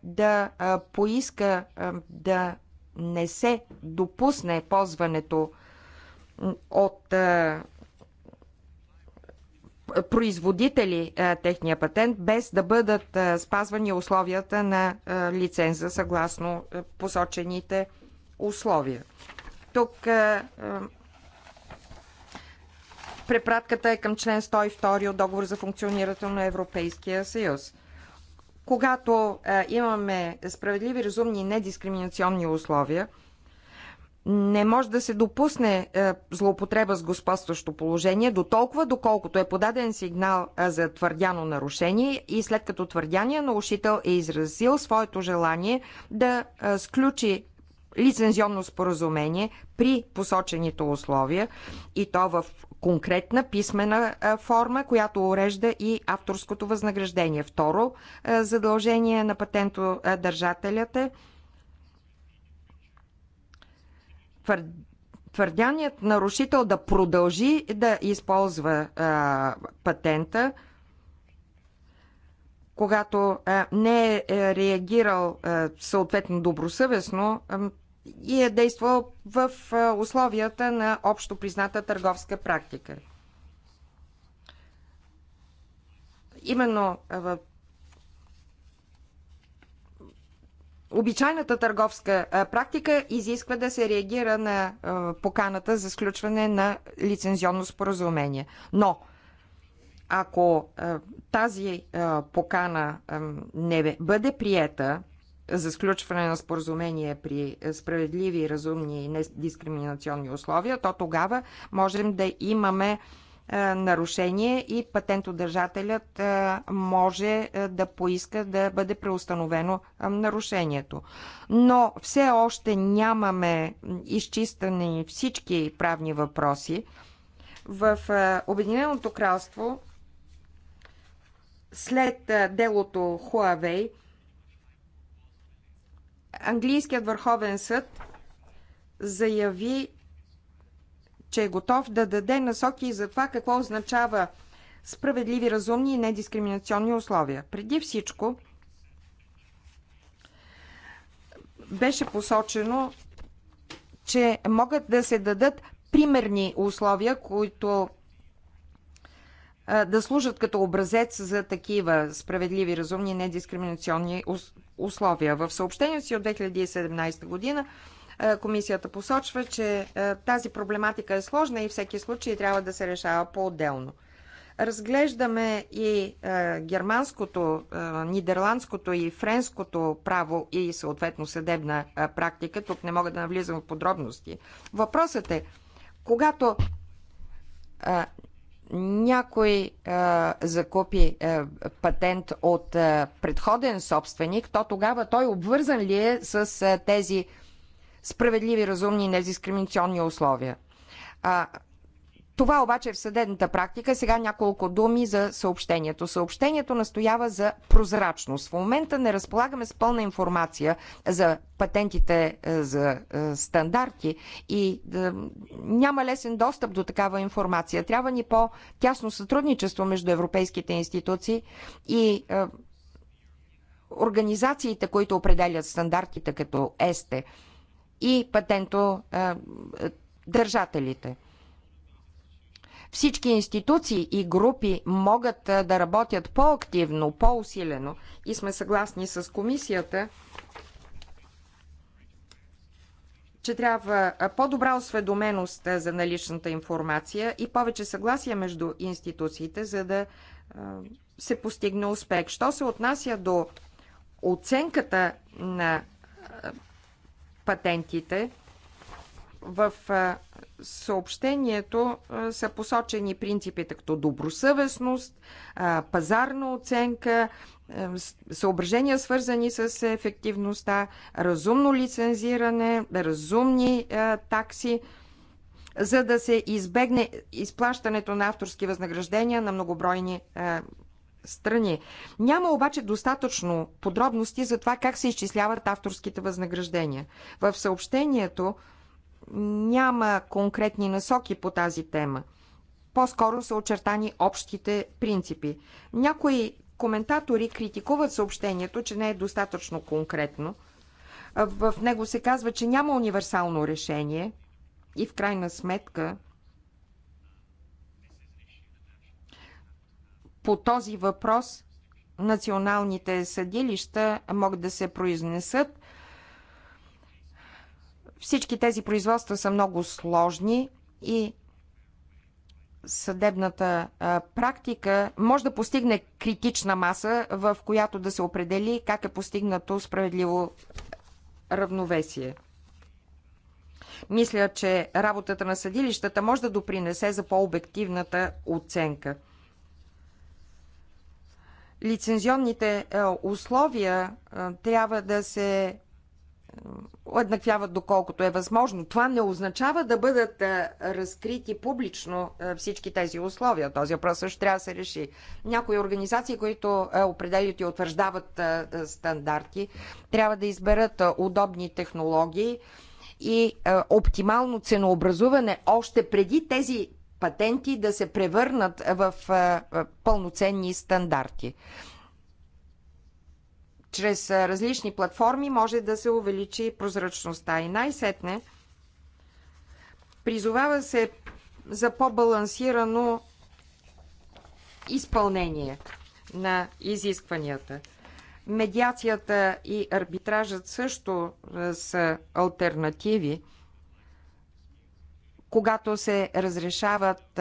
D: да поиска да не се допусне ползването от производители е, техния патент, без да бъдат е, спазвани условията на е, лиценза съгласно посочените условия. Тук препратката е към член 102 от договор за функционирането на Европейския съюз. Когато имаме справедливи, разумни и недискриминационни условия, не може да се допусне е, злоупотреба с господстващо положение до толкова, доколкото е подаден сигнал е, за твърдяно нарушение и след като твърдяния нарушител е изразил своето желание да е, сключи лицензионно споразумение при посочените условия и то в конкретна писмена форма, която урежда и авторското възнаграждение. Второ задължение на патентодържателят е твърдяният нарушител да продължи да използва а, патента, когато а, не е, е реагирал а, съответно добросъвестно а, и е действал в а, условията на общо призната търговска практика. Именно в обичайната търговска практика изисква да се реагира на поканата за сключване на лицензионно споразумение. Но ако тази покана не бъде приета за сключване на споразумение при справедливи, разумни и недискриминационни условия, то тогава можем да имаме е, нарушение и патентодържателят е, може е, да поиска да бъде преустановено нарушението. Но все още нямаме изчистени всички правни въпроси. В Обединеното кралство след делото Хуавей английският върховен съд заяви, че е готов да даде насоки за това какво означава справедливи, разумни и недискриминационни условия. Преди всичко беше посочено, че могат да се дадат примерни условия, които да служат като образец за такива справедливи, разумни, и недискриминационни условия. В съобщението си от 2017 година е, комисията посочва, че е, тази проблематика е сложна и всеки случай трябва да се решава по-отделно. Разглеждаме и е, германското, нидерландското и френското право и съответно съдебна практика. Тук не мога да навлизам в подробности. Въпросът е, когато някой а, закупи а, патент от а, предходен собственик, то тогава той обвързан ли е с а, тези справедливи, разумни и недискриминационни условия. А, това обаче е в съдебната практика. Сега няколко думи за съобщението. Съобщението настоява за прозрачност. В момента не разполагаме с пълна информация за патентите е, за е, стандарти и е, няма лесен достъп до такава информация. Трябва ни по-тясно сътрудничество между европейските институции и организациите, които определят стандартите като ЕСТЕ и патенто държателите. Всички институции и групи могат да работят по-активно, по-усилено и сме съгласни с комисията, че трябва по-добра осведоменост за наличната информация и повече съгласие между институциите, за да се постигне успех. Що се отнася до оценката на патентите. В съобщението са посочени принципите като добросъвестност, пазарна оценка, съображения свързани с ефективността, разумно лицензиране, разумни такси, за да се избегне изплащането на авторски възнаграждения на многобройни страни. Няма обаче достатъчно подробности за това как се изчисляват авторските възнаграждения. В съобщението няма конкретни насоки по тази тема. По-скоро са очертани общите принципи. Някои коментатори критикуват съобщението, че не е достатъчно конкретно. В него се казва, че няма универсално решение и в крайна сметка по този въпрос националните съдилища могат да се произнесат. Всички тези производства са много сложни и съдебната практика може да постигне критична маса, в която да се определи как е постигнато справедливо равновесие. Мисля, че работата на съдилищата може да допринесе за по-обективната оценка лицензионните е, условия е, трябва да се е, уеднаквяват доколкото е възможно. Това не означава да бъдат разкрити публично всички тези условия. Този въпрос също трябва да се реши. Някои организации, които определят и утвърждават стандарти, трябва да изберат удобни технологии и оптимално ценообразуване още преди тези патенти да се превърнат в пълноценни стандарти. Чрез различни платформи може да се увеличи прозрачността. И най-сетне призовава се за по-балансирано изпълнение на изискванията. Медиацията и арбитражът също са альтернативи – когато се разрешават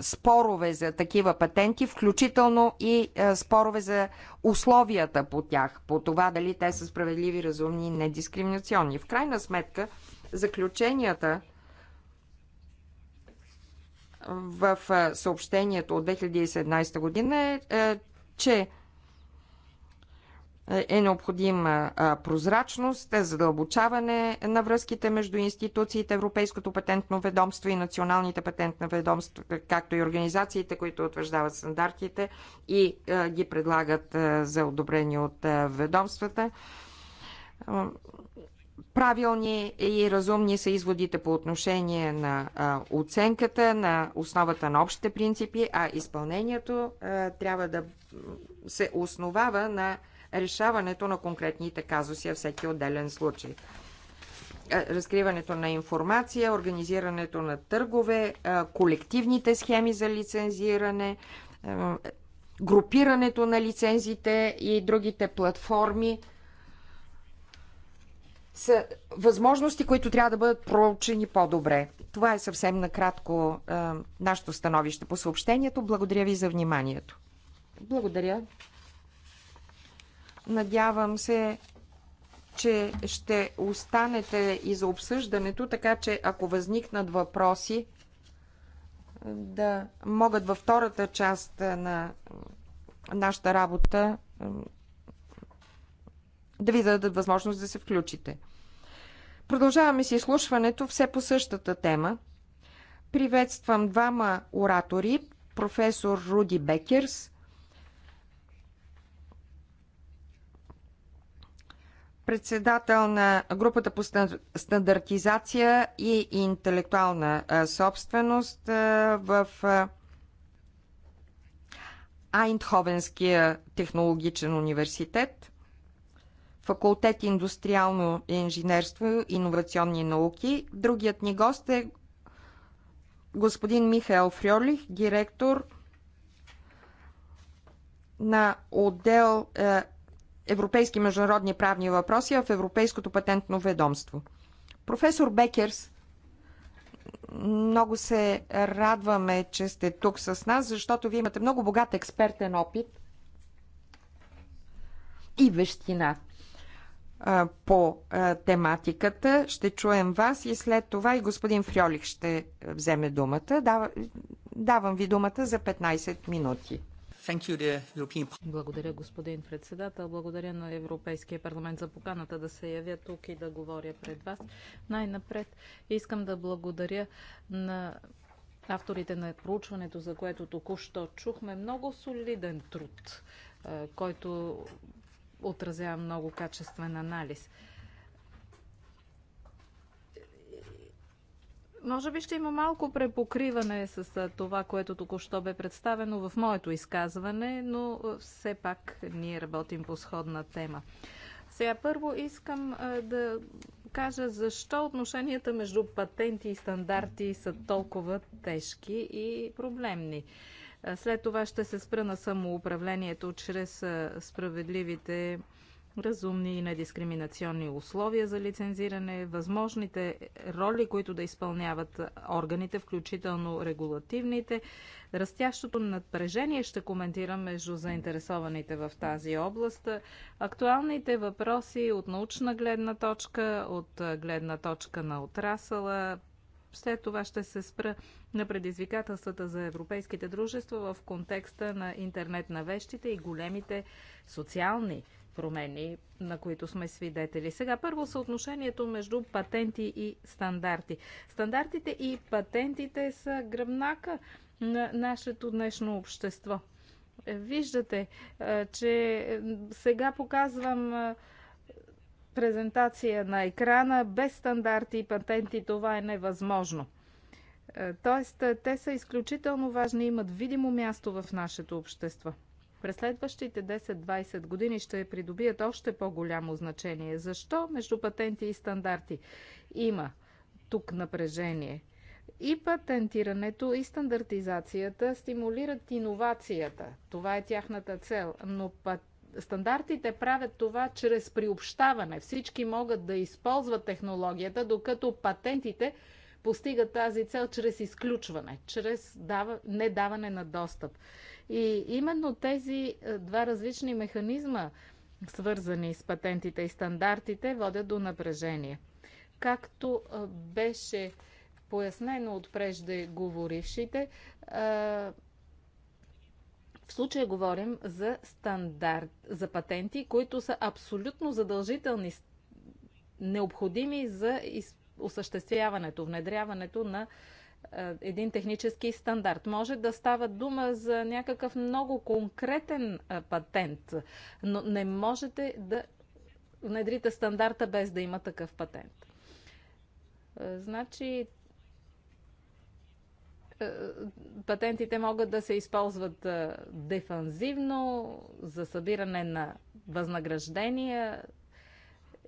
D: спорове за такива патенти, включително и спорове за условията по тях, по това дали те са справедливи, разумни и недискриминационни. В крайна сметка, заключенията в съобщението от 2017 година е, е че е необходима прозрачност, задълбочаване на връзките между институциите, Европейското патентно ведомство и националните патентни ведомства, както и организациите, които утвърждават стандартите и ги предлагат за одобрение от ведомствата. Правилни и разумни са изводите по отношение на оценката на основата на общите принципи, а изпълнението трябва да се основава на решаването на конкретните казуси в всеки отделен случай. Разкриването на информация, организирането на търгове, колективните схеми за лицензиране, групирането на лицензите и другите платформи са възможности, които трябва да бъдат проучени по-добре. Това е съвсем накратко нашето становище по съобщението. Благодаря ви за вниманието. Благодаря. Надявам се, че ще останете и за обсъждането, така че ако възникнат въпроси, да могат във втората част на нашата работа да ви дадат възможност да се включите. Продължаваме си изслушването все по същата тема. Приветствам двама оратори, професор Руди Бекерс председател на групата по стандартизация и интелектуална собственост в Айндховенския технологичен университет, факултет индустриално инженерство и инновационни науки. Другият ни гост е господин Михаел Фрьолих, директор на отдел европейски международни правни въпроси в Европейското патентно ведомство. Професор Бекерс, много се радваме, че сте тук с нас, защото вие имате много богат експертен опит и вещина по тематиката. Ще чуем вас и след това и господин Фриолих ще вземе думата. Давам ви думата за
B: 15 минути. Благодаря, господин председател. Благодаря на Европейския парламент за поканата да се явя тук и да говоря пред вас. Най-напред искам да благодаря на авторите на проучването, за което току-що чухме. Много солиден труд, който отразява много качествен анализ. Може би ще има малко препокриване с това, което току-що бе представено в моето изказване, но все пак ние работим по сходна тема. Сега първо искам да кажа защо отношенията между патенти и стандарти са толкова тежки и проблемни. След това ще се спра на самоуправлението чрез справедливите разумни и недискриминационни условия за лицензиране, възможните роли, които да изпълняват органите, включително регулативните, растящото напрежение ще коментирам между заинтересованите в тази област, актуалните въпроси от научна гледна точка, от гледна точка на отрасъла, след това ще се спра на предизвикателствата за европейските дружества в контекста на интернет на вещите и големите социални промени, на които сме свидетели. Сега първо съотношението между патенти и стандарти. Стандартите и патентите са гръбнака на нашето днешно общество. Е, виждате, е, че сега показвам е, презентация на екрана без стандарти и патенти. Това е невъзможно. Тоест, те са изключително важни, имат видимо място в нашето общество през следващите 10-20 години ще придобият още по-голямо значение. Защо между патенти и стандарти има тук напрежение? И патентирането, и стандартизацията стимулират иновацията. Това е тяхната цел. Но пат... стандартите правят това чрез приобщаване. Всички могат да използват технологията, докато патентите постигат тази цел чрез изключване, чрез дава... недаване на достъп. И именно тези е, два различни механизма, свързани с патентите и стандартите, водят до напрежение. Както е, беше пояснено от преждеговорившите, е, в случая говорим за стандарт, за патенти, които са абсолютно задължителни, необходими за осъществяването, внедряването на е, един технически стандарт. Може да става дума за някакъв много конкретен е, патент, но не можете да внедрите стандарта без да има такъв патент. Е, значи, патентите могат да се използват дефанзивно за събиране на възнаграждения,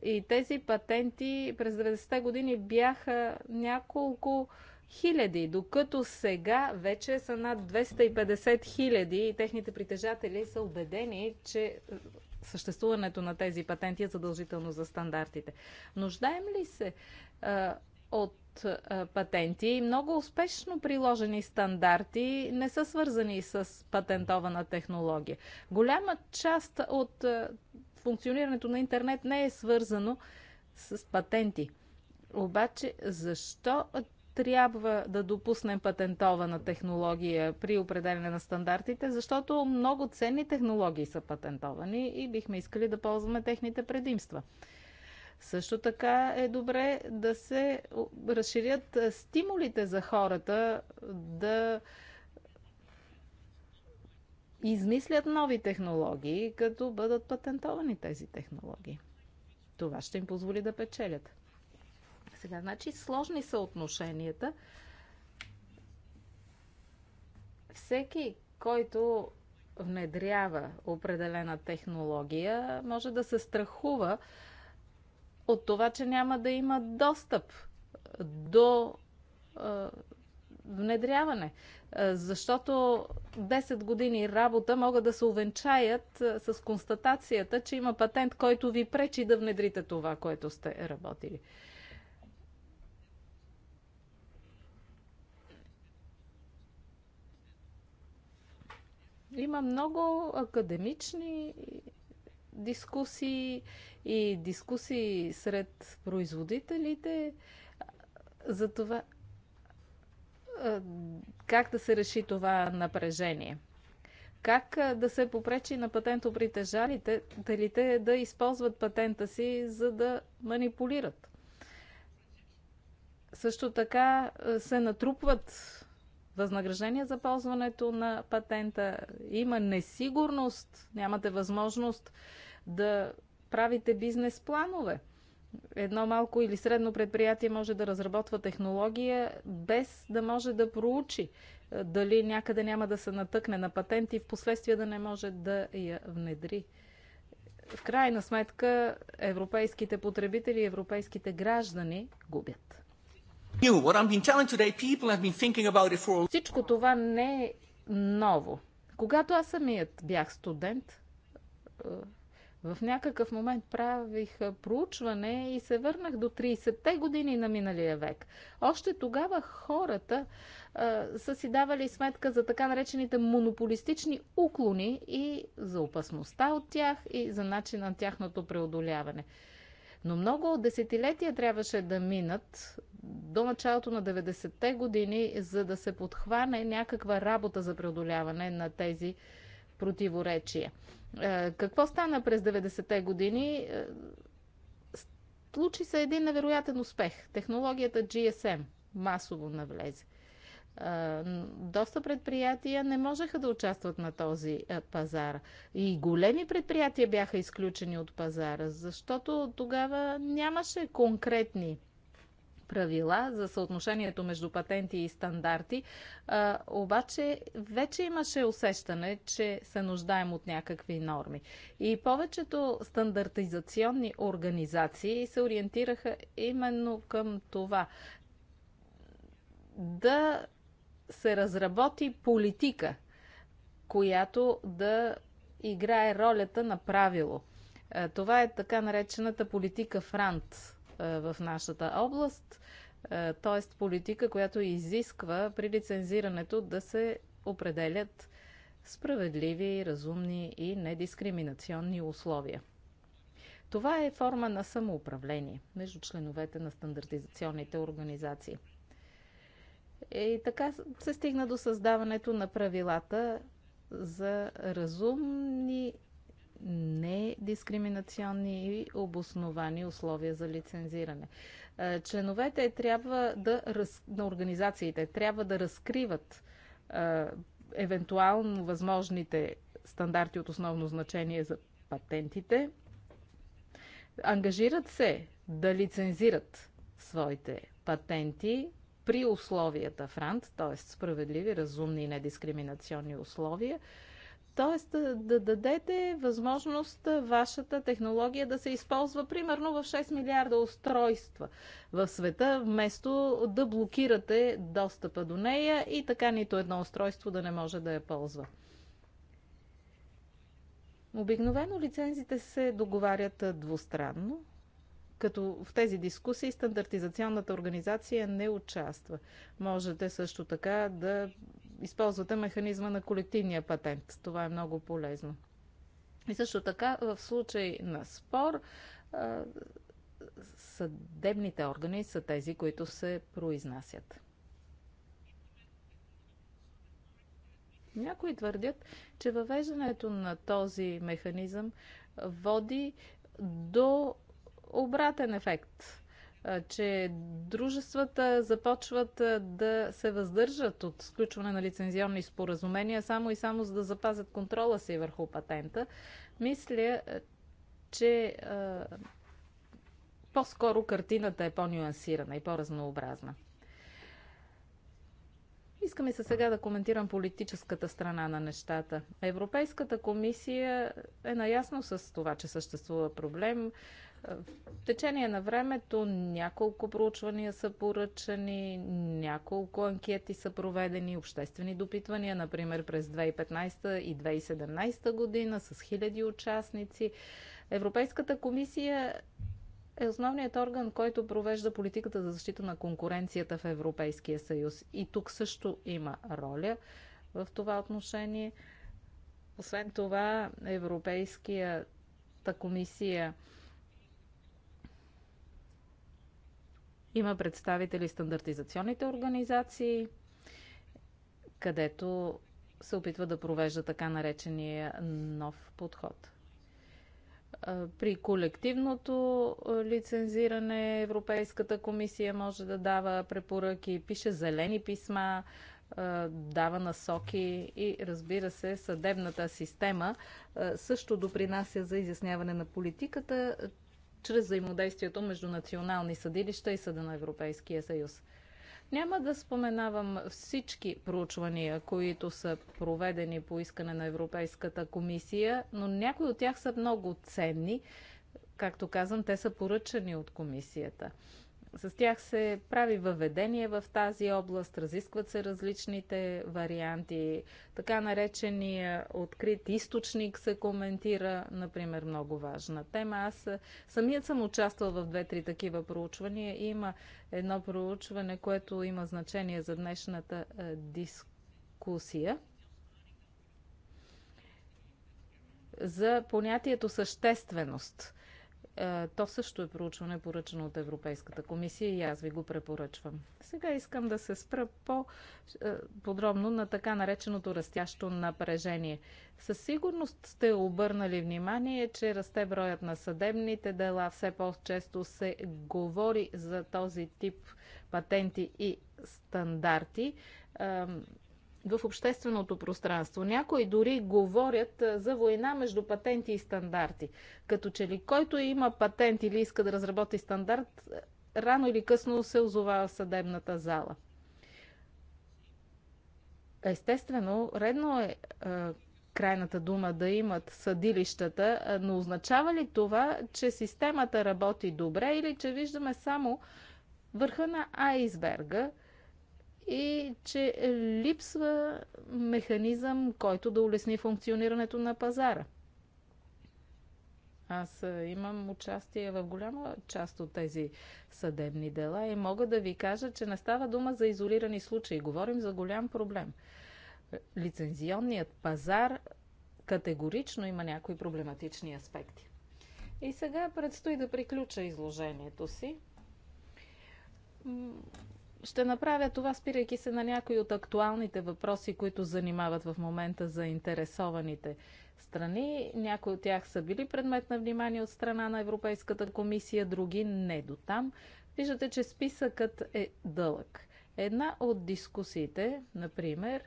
B: и тези патенти през 90-те години бяха няколко хиляди, докато сега вече са над 250 хиляди и техните притежатели са убедени, че е, съществуването на тези патенти е задължително за стандартите. Нуждаем ли се а, от а, патенти? Много успешно приложени стандарти не са свързани с патентована технология. Голяма част от а, функционирането на интернет не е свързано с патенти. Обаче, защо трябва да допуснем патентована технология при определене на стандартите, защото много ценни технологии са патентовани и бихме искали да ползваме техните предимства. Също така е добре да се разширят стимулите за хората да измислят нови технологии, като бъдат патентовани тези технологии. Това ще им позволи да печелят сега. Значи сложни са отношенията. Всеки, който внедрява определена технология, може да се страхува от това, че няма да има достъп до внедряване. Защото 10 години работа могат да се увенчаят с констатацията, че има патент, който ви пречи да внедрите това, което сте работили. Има много академични дискусии и дискусии сред производителите за това как да се реши това напрежение. Как да се попречи на патентопритежалите да използват патента си, за да манипулират. Също така се натрупват възнаграждение за ползването на патента, има несигурност, нямате възможност да правите бизнес планове. Едно малко или средно предприятие може да разработва технология без да може да проучи е, дали някъде няма да се натъкне на патент и в последствие да не може да я внедри. В крайна сметка европейските потребители и европейските граждани губят. Всичко това не е ново. Когато аз самият бях студент, е, в някакъв момент правих е, проучване и се върнах до 30-те години на миналия век. Още тогава хората а, е, са си давали сметка за така наречените монополистични уклони и за опасността от тях и за начин на тяхното преодоляване. Но много десетилетия трябваше да минат, до началото на 90-те години, за да се подхване някаква работа за преодоляване на тези противоречия. Е, какво стана през 90-те години? Е, случи се един невероятен успех. Технологията GSM масово навлезе. Е, доста предприятия не можеха да участват на този пазар. И големи предприятия бяха изключени от пазара, защото тогава нямаше конкретни правила за съотношението между патенти и стандарти, а, обаче вече имаше усещане, че се нуждаем от някакви норми. И повечето стандартизационни организации се ориентираха именно към това да се разработи политика, която да играе ролята на правило. Това е така наречената политика Франц. Е, в нашата област, т.е. политика, която изисква при лицензирането да се определят справедливи, разумни и недискриминационни условия. Това е форма на самоуправление между членовете на стандартизационните организации. И така се стигна до създаването на правилата за разумни недискриминационни и обосновани условия за лицензиране. Е, членовете трябва да, на организациите трябва да разкриват е, евентуално възможните стандарти от основно значение за патентите. Ангажират се да лицензират своите патенти при условията Франт, т.е. справедливи, разумни и недискриминационни условия, Тоест да дадете възможност вашата технология да се използва примерно в 6 милиарда устройства в света, вместо да блокирате достъпа до нея и така нито едно устройство да не може да я ползва. Обикновено лицензите се договарят двустранно, като в тези дискусии стандартизационната организация не участва. Можете също така да използвате механизма на колективния патент. Това е много полезно. И също така, в случай на спор, съдебните органи са тези, които се произнасят. Някои твърдят, че въвеждането на този механизъм води до обратен ефект че дружествата започват да се въздържат от сключване на лицензионни споразумения само и само за да запазят контрола си върху патента. Мисля, че по-скоро картината е по-нюансирана и по-разнообразна. Искаме се сега да коментирам политическата страна на нещата. Европейската комисия е наясно с това, че съществува проблем. В течение на времето няколко проучвания са поръчани, няколко анкети са проведени, обществени допитвания, например през 2015 и 2017 година с хиляди участници. Европейската комисия е основният орган, който провежда политиката за защита на конкуренцията в Европейския съюз. И тук също има роля в това отношение. Освен това, Европейската комисия Има представители стандартизационните организации, където се опитва да провежда така наречения нов подход. При колективното лицензиране Европейската комисия може да дава препоръки, пише зелени писма, дава насоки и разбира се съдебната система също допринася за изясняване на политиката чрез взаимодействието между национални съдилища и Съда на Европейския съюз. Няма да споменавам всички проучвания, които са проведени по искане на Европейската комисия, но някои от тях са много ценни. Както казвам, те са поръчани от комисията. С тях се прави въведение в тази област, разискват се различните варианти. Така наречения открит източник се коментира, например, много важна тема. Аз самият съм участвал в две-три такива проучвания. Има едно проучване, което има значение за днешната дискусия. За понятието същественост – е, то също е проучване, поръчано от Европейската комисия и аз ви го препоръчвам. Сега искам да се спра по-подробно е, на така нареченото растящо напрежение. Със сигурност сте обърнали внимание, че расте броят на съдебните дела. Все по-често се говори за този тип патенти и стандарти в общественото пространство. Някои дори говорят за война между патенти и стандарти. Като че ли който има патент или иска да разработи стандарт, рано или късно се озовава в съдебната зала. Естествено, редно е, е крайната дума да имат съдилищата, но означава ли това, че системата работи добре или че виждаме само върха на айсберга – и че липсва механизъм, който да улесни функционирането на пазара. Аз имам участие в голяма част от тези съдебни дела и мога да ви кажа, че не става дума за изолирани случаи. Говорим за голям проблем. Лицензионният пазар категорично има някои проблематични аспекти. И сега предстои да приключа изложението си. Ще направя това, спирайки се на някои от актуалните въпроси, които занимават в момента заинтересованите страни. Някои от тях са били предмет на внимание от страна на Европейската комисия, други не до там. Виждате, че списъкът е дълъг. Една от дискусиите, например,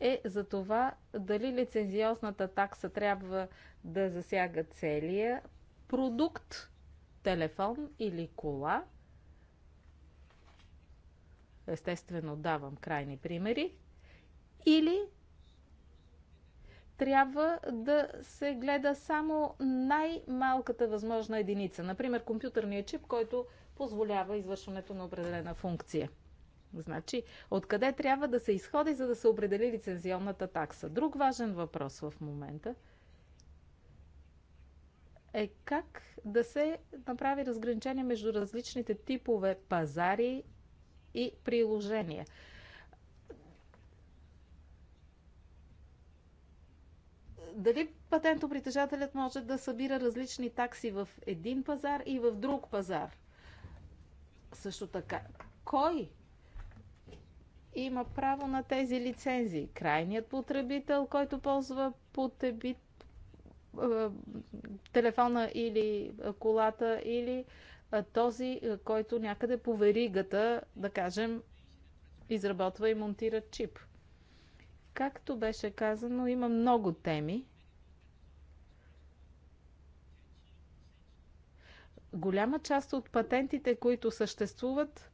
B: е за това дали лицензиозната такса трябва да засяга целия продукт, телефон или кола – естествено давам крайни примери, или трябва да се гледа само най-малката възможна единица. Например, компютърният чип, който позволява извършването на определена функция. Значи, откъде трябва да се изходи, за да се определи лицензионната такса? Друг важен въпрос в момента е как да се направи разграничение между различните типове пазари и приложения. Дали патентопритежателят може да събира различни такси в един пазар и в друг пазар? Също така, кой има право на тези лицензии? Крайният потребител, който ползва потеби, е, телефона или е, колата или този, който някъде по веригата, да кажем, изработва и монтира чип. Както беше казано, има много теми. Голяма част от патентите, които съществуват,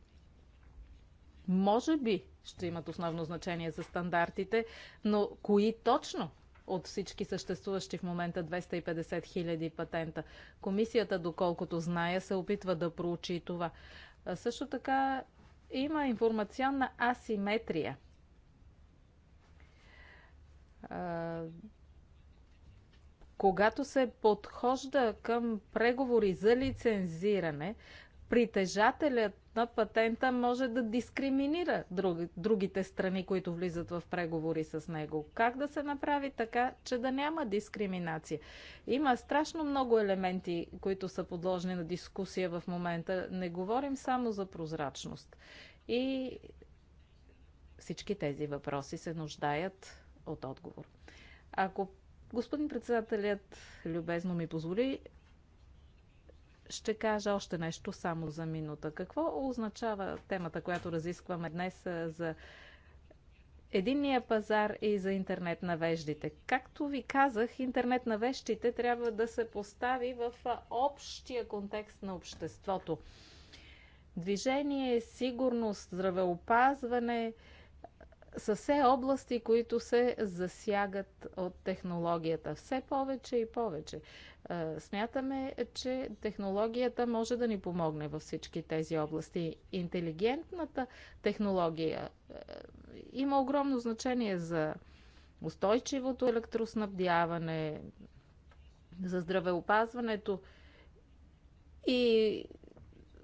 B: може би ще имат основно значение за стандартите, но кои точно от всички съществуващи в момента 250 хиляди патента. Комисията, доколкото зная, се опитва да проучи това. А също така има информационна асиметрия. А, когато се подхожда към преговори за лицензиране, притежателят на патента може да дискриминира другите страни, които влизат в преговори с него. Как да се направи така, че да няма дискриминация? Има страшно много елементи, които са подложени на дискусия в момента. Не говорим само за прозрачност. И всички тези въпроси се нуждаят от отговор. Ако господин председателят любезно ми позволи, ще кажа още нещо само за минута. Какво означава темата, която разискваме днес за единния пазар и за интернет на веждите? Както ви казах, интернет на вещите трябва да се постави в общия контекст на обществото. Движение, сигурност, здравеопазване – са все области, които се засягат от технологията. Все повече и повече. Смятаме, че технологията може да ни помогне във всички тези области. Интелигентната технология има огромно значение за устойчивото електроснабдяване, за здравеопазването и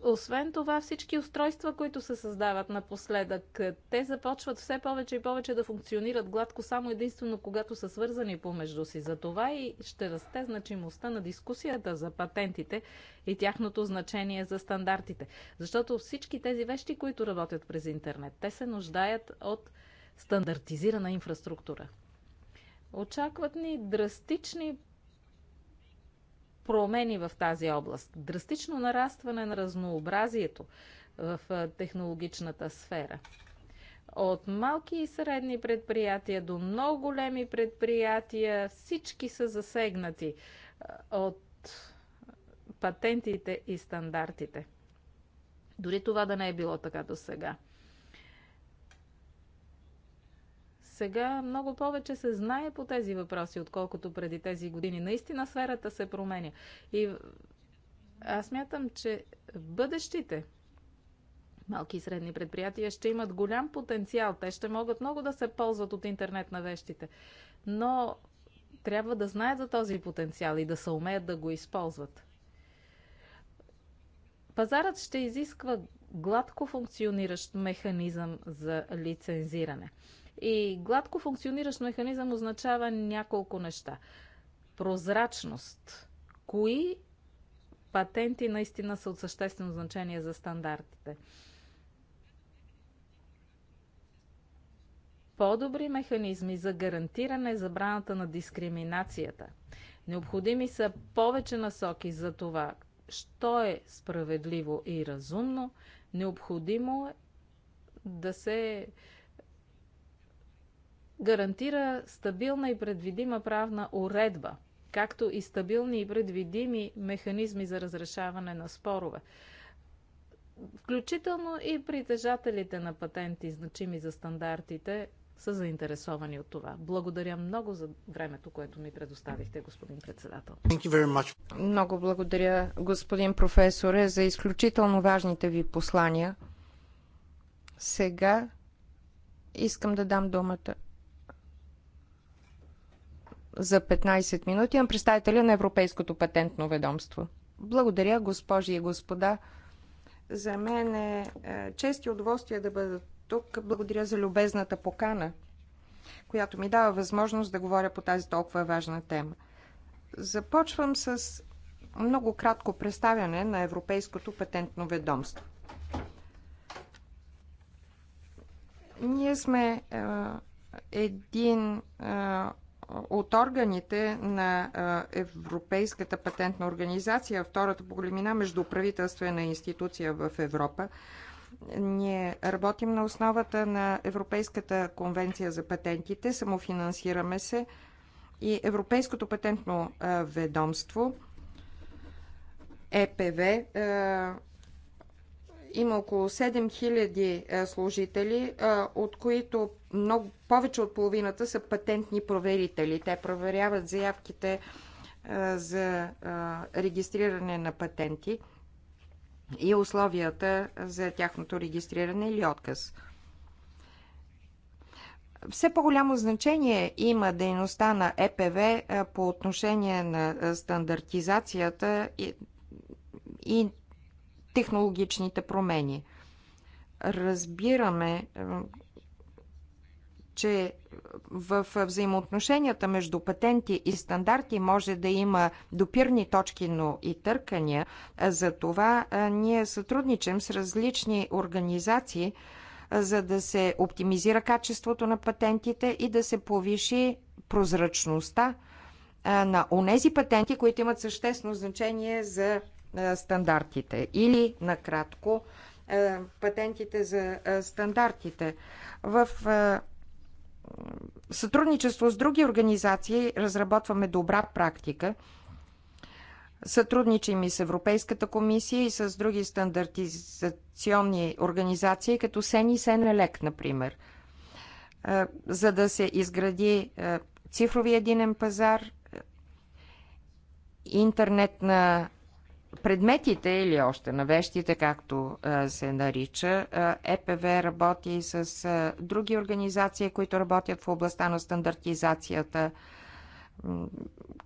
B: освен това, всички устройства, които се създават напоследък, те започват все повече и повече да функционират гладко само единствено когато са свързани помежду си. За това и ще расте значимостта на дискусията за патентите и тяхното значение за стандартите. Защото всички тези вещи, които работят през интернет, те се нуждаят от стандартизирана инфраструктура. Очакват ни драстични промени в тази област. Драстично нарастване на разнообразието в технологичната сфера. От малки и средни предприятия до много големи предприятия всички са засегнати от патентите и стандартите. Дори това да не е било така до сега. Сега много повече се знае по тези въпроси, отколкото преди тези години. Наистина сферата се променя. И аз мятам, че бъдещите малки и средни предприятия ще имат голям потенциал. Те ще могат много да се ползват от интернет на вещите. Но трябва да знаят за този потенциал и да се умеят да го използват. Пазарът ще изисква гладко функциониращ механизъм за лицензиране. И гладко функциониращ механизъм означава няколко неща. Прозрачност. Кои патенти наистина са от съществено значение за стандартите? По-добри механизми за гарантиране забраната на дискриминацията. Необходими са повече насоки за това, що е справедливо и разумно. Необходимо е да се гарантира стабилна и предвидима правна уредба, както и стабилни и предвидими механизми за разрешаване на спорове. Включително и притежателите на патенти, значими за стандартите, са заинтересовани от това. Благодаря много за времето, което ми предоставихте, господин председател.
D: Много благодаря, господин професоре, за изключително важните ви послания. Сега искам да дам думата за 15 минути на представителя на Европейското патентно ведомство. Благодаря, госпожи и господа. За мен е, е чест и удоволствие да бъда тук. Благодаря за любезната покана, която ми дава възможност да говоря по тази толкова важна тема. Започвам с много кратко представяне на Европейското патентно ведомство. Ние сме е, един е, от органите на Европейската патентна организация, втората по големина междуправителствена институция в Европа. Ние работим на основата на Европейската конвенция за патентите, самофинансираме се и Европейското патентно ведомство ЕПВ има около 7000 е, служители, е, от които много, повече от половината са патентни проверители. Те проверяват заявките е, за регистриране на патенти и условията за тяхното регистриране или отказ. Все по-голямо значение има дейността на ЕПВ по отношение на стандартизацията и технологичните промени. Разбираме, е, че в взаимоотношенията между патенти и стандарти може да има допирни точки, но и търкания. За това е, ние сътрудничим с различни организации, е, за да се оптимизира качеството на патентите и да се повиши прозрачността на онези патенти, които имат съществено значение за е, стандартите. Или, накратко, е, патентите за е, стандартите. В сътрудничество с други организации разработваме добра практика. Сътрудничим и с Европейската комисия и с други стандартизационни организации, като СЕН и СЕНЕЛЕК, например, за да се изгради цифрови единен пазар, интернет на предметите или още на вещите, както се нарича. ЕПВ работи с други организации, които работят в областта на стандартизацията,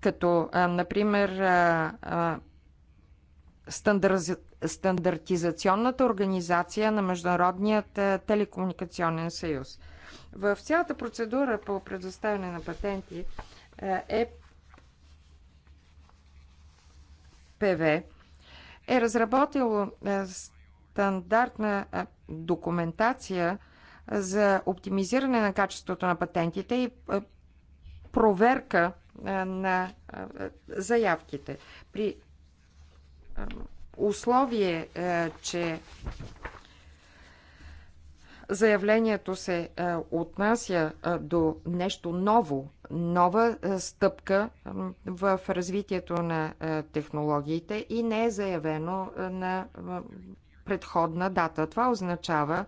D: като, например, стандарз... стандартизационната организация на Международният телекомуникационен съюз. В цялата процедура по предоставяне на патенти е ПВ е разработило е, стандартна е, документация за оптимизиране на качеството на патентите и е, проверка на заявките. При условие, че Заявлението се е, отнася е, до нещо ново, нова е, стъпка в развитието на технологиите и не е заявено на предходна дата. Това означава,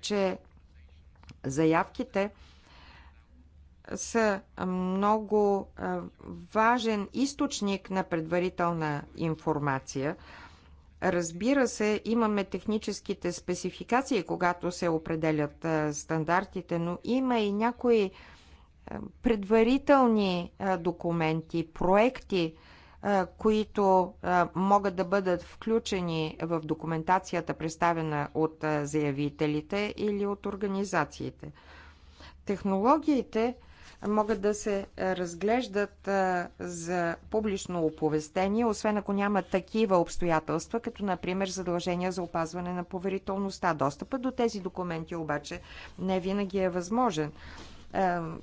D: че заявките са много важен източник на предварителна информация Разбира се, имаме техническите спецификации, когато се определят стандартите, но има и някои предварителни документи, проекти, които могат да бъдат включени в документацията, представена от заявителите или от организациите. Технологиите могат да се разглеждат за публично оповестение, освен ако няма такива обстоятелства, като например задължения за опазване на поверителността. Достъпът до тези документи обаче не винаги е възможен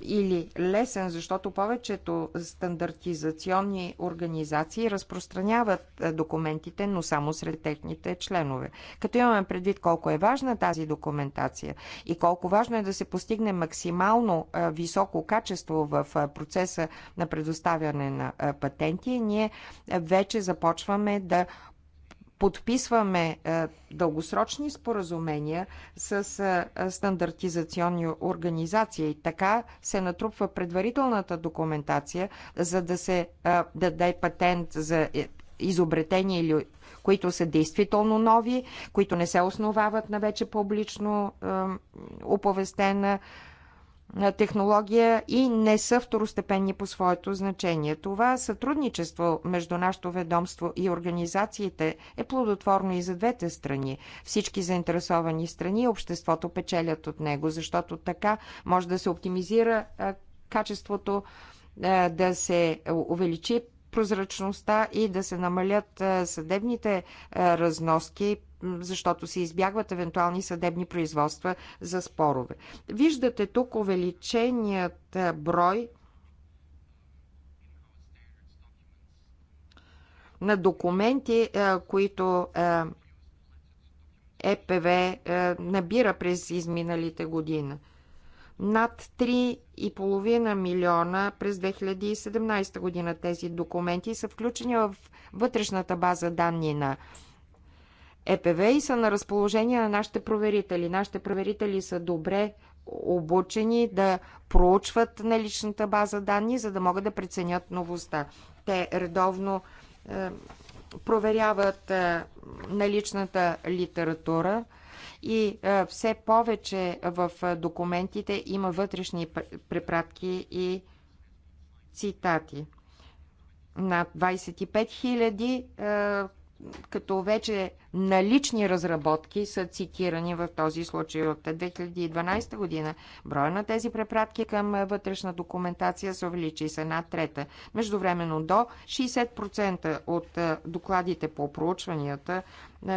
D: или лесен, защото повечето стандартизационни организации разпространяват е, документите, но само сред техните членове. Като имаме предвид колко е важна тази документация и колко важно е да се постигне максимално е, високо качество в е, процеса на предоставяне на патенти, ние вече започваме да подписваме е, дългосрочни споразумения с е, стандартизационни организации. Така се натрупва предварителната документация, за да се е, даде патент за изобретения или които са действително нови, които не се основават на вече публично оповестена технология и не са второстепенни по своето значение. Това сътрудничество между нашето ведомство и организациите е плодотворно и за двете страни. Всички заинтересовани страни и обществото печелят от него, защото така може да се оптимизира качеството, да се увеличи прозрачността и да се намалят съдебните разноски защото се избягват евентуални съдебни производства за спорове. Виждате тук увеличеният брой на документи, които ЕПВ набира през изминалите година. Над 3,5 милиона през 2017 година тези документи са включени в вътрешната база данни на ЕПВ и са на разположение на нашите проверители. Нашите проверители са добре обучени да проучват наличната база данни, за да могат да преценят новостта. Те редовно е, проверяват е, наличната литература и е, все повече в документите има вътрешни препратки и цитати. На 25 000 е, като вече налични разработки са цитирани в този случай от 2012 година. Броя на тези препратки към вътрешна документация се увеличи с една трета. Междувременно до 60% от докладите по проучванията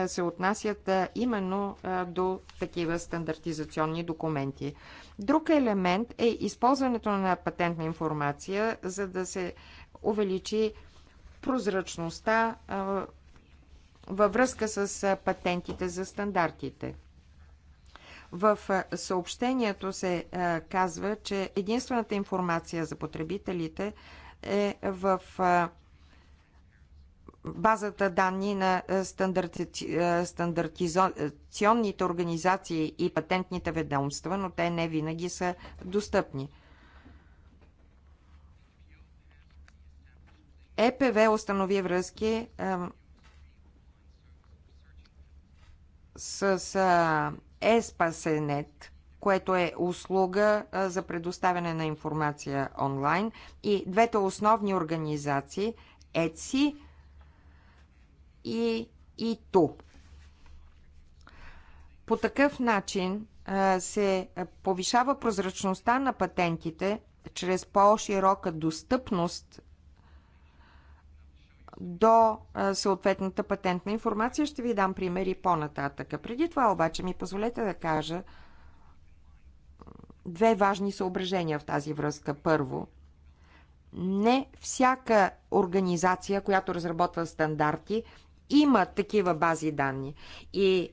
D: се отнасят именно до такива стандартизационни документи. Друг елемент е използването на патентна информация, за да се увеличи прозрачността във връзка с патентите за стандартите. В съобщението се казва, че единствената информация за потребителите е в базата данни на стандарти... стандартизационните организации и патентните ведомства, но те не винаги са достъпни. ЕПВ установи връзки с а, Еспасенет, което е услуга а, за предоставяне на информация онлайн. И двете основни организации ЕЦИ и ИТО. По такъв начин а, се повишава прозрачността на патентите чрез по-широка достъпност до съответната патентна информация. Ще ви дам примери по-нататък. Преди това обаче ми позволете да кажа две важни съображения в тази връзка. Първо, не всяка организация, която разработва стандарти, има такива бази данни. И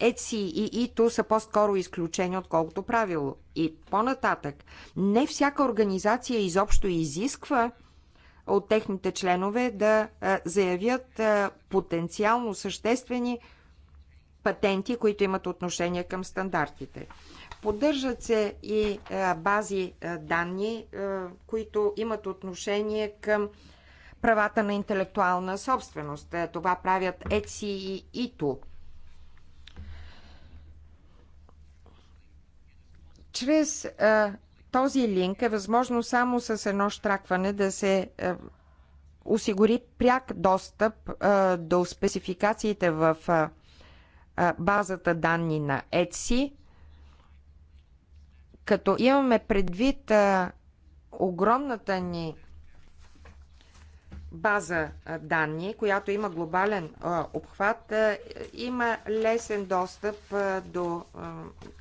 D: ЕЦИ и ИТО e са по-скоро изключени, отколкото правило. И по-нататък, не всяка организация изобщо изисква от техните членове да заявят потенциално съществени патенти, които имат отношение към стандартите. Поддържат се и бази данни, които имат отношение към правата на интелектуална собственост. Е, това правят ЕЦИ и ИТО. Чрез този линк е възможно само с едно штракване да се е, осигури пряк достъп е, до спецификациите в е, базата данни на Etsy, като имаме предвид огромната ни база данни, която има глобален обхват, има лесен достъп до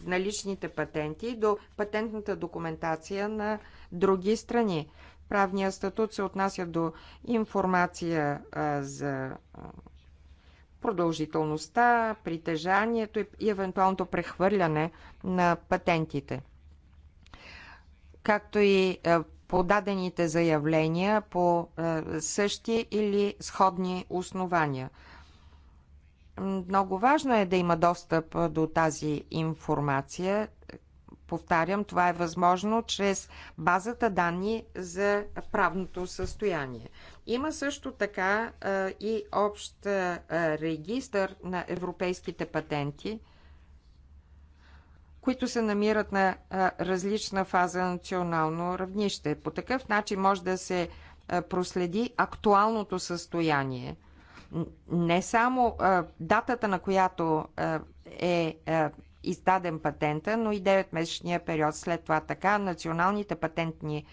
D: наличните патенти и до патентната документация на други страни. Правния статут се отнася до информация за продължителността, притежанието и евентуалното прехвърляне на патентите както и подадените заявления по е, същи или сходни основания. Много важно е да има достъп е, до тази информация. Повтарям, това е възможно чрез базата данни за правното състояние. Има също така е, и общ регистър на европейските патенти – които се намират на различна фаза на национално равнище. По такъв начин може да се проследи актуалното състояние. Не само датата, на която е издаден патента, но и 9-месечния период след това. Така националните патентни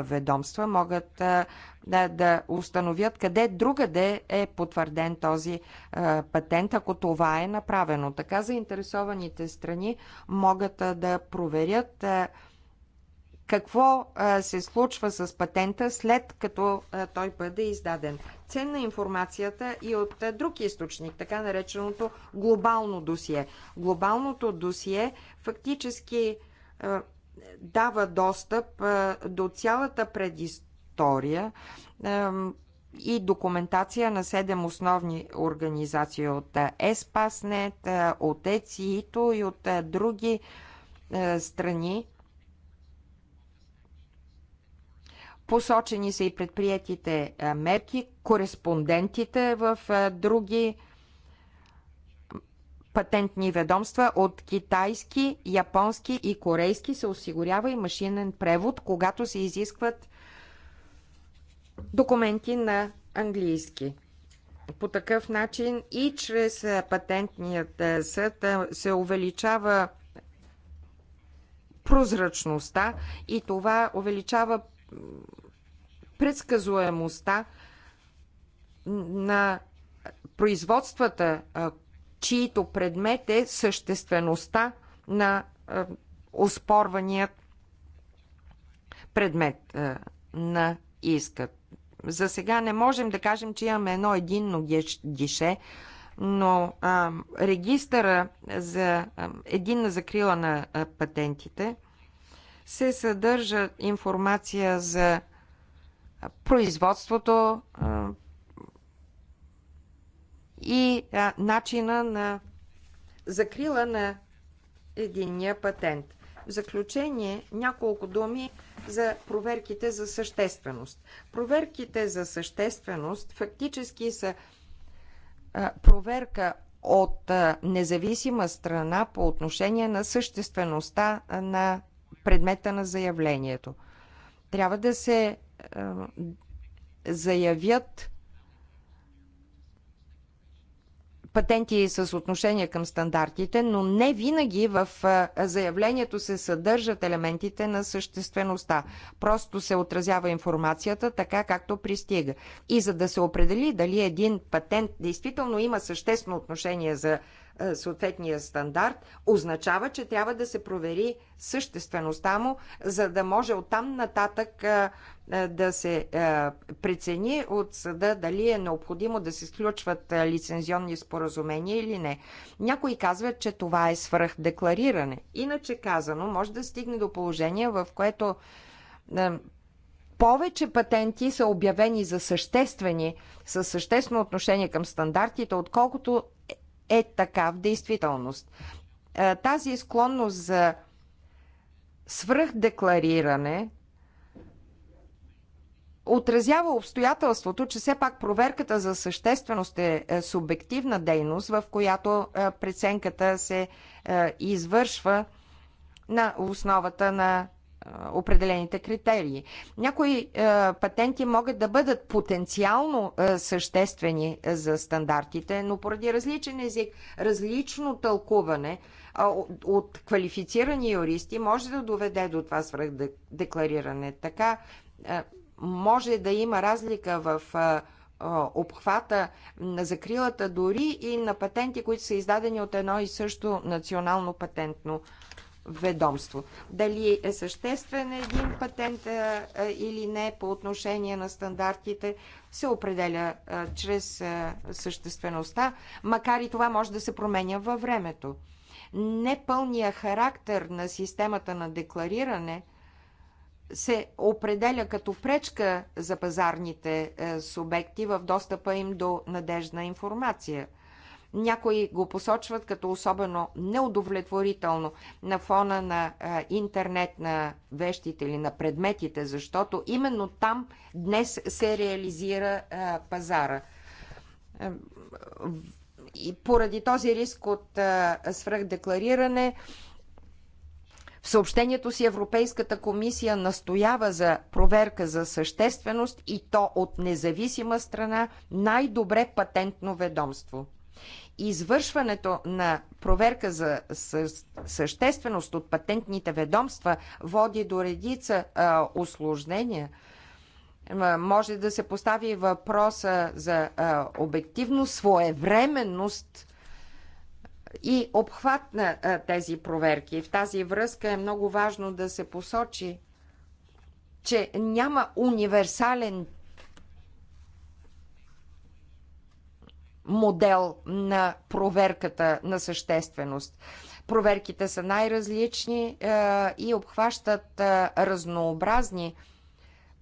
D: ведомства могат да, да установят къде другаде е потвърден този патент, ако това е направено. Така заинтересованите страни могат да проверят какво се случва с патента след като той бъде издаден ценна информацията и от друг източник, така нареченото глобално досие. Глобалното досие фактически дава достъп до цялата предистория и документация на седем основни организации от ЕСПАСНЕТ, от ЕЦИИТО и от други страни Посочени са и предприятите мерки, кореспондентите в други патентни ведомства от китайски, японски и корейски се осигурява и машинен превод, когато се изискват документи на английски. По такъв начин и чрез патентният съд се увеличава прозрачността и това увеличава предсказуемостта на производствата, чието предмет е съществеността на оспорваният предмет на иска. За сега не можем да кажем, че имаме едно единно гише, но а, регистъра за а, единна закрила на а, патентите се съдържа информация за производството и начина на закрила на единния патент. В заключение няколко думи за проверките за същественост. Проверките за същественост фактически са проверка от независима страна по отношение на съществеността на предмета на заявлението. Трябва да се заявят патенти с отношение към стандартите, но не винаги в заявлението се съдържат елементите на съществеността. Просто се отразява информацията така, както пристига. И за да се определи дали един патент действително има съществено отношение за е, съответния стандарт, означава, че трябва да се провери съществеността му, за да може оттам нататък е, е, да се прецени от съда дали е необходимо да се сключват лицензионни споразумения или не. Някои казват, че това е свръхдеклариране. Иначе казано, може да стигне до положение, в което повече патенти са обявени за съществени, със съществено отношение към стандартите, отколкото е така в действителност. Е, тази склонност за свръхдеклариране отразява обстоятелството, че все пак проверката за същественост е, е субективна дейност, в която е, преценката се извършва на основата на определените критерии. Някои патенти могат да бъдат потенциално съществени за стандартите, но поради различен език, различно тълкуване от квалифицирани юристи може да доведе до това свръхдеклариране. Така може да има разлика в обхвата на закрилата дори и на патенти, които са издадени от едно и също национално патентно ведомство. Дали е съществен един патент а, или не по отношение на стандартите, се определя а, чрез а, съществеността, макар и това може да се променя във времето. Непълният характер на системата на деклариране се определя като пречка за пазарните а, е, субекти в достъпа им до надежна информация – някои го посочват като особено неудовлетворително на фона на интернет на вещите или на предметите, защото именно там днес се реализира пазара. И поради този риск от свръхдеклариране, в съобщението си Европейската комисия настоява за проверка за същественост и то от независима страна най-добре патентно ведомство извършването на проверка за същественост от патентните ведомства води до редица а, осложнения. Може да се постави въпроса за а, обективност, своевременност и обхват на а, тези проверки. В тази връзка е много важно да се посочи, че няма универсален модел на проверката на същественост. Проверките са най-различни е, и обхващат е, разнообразни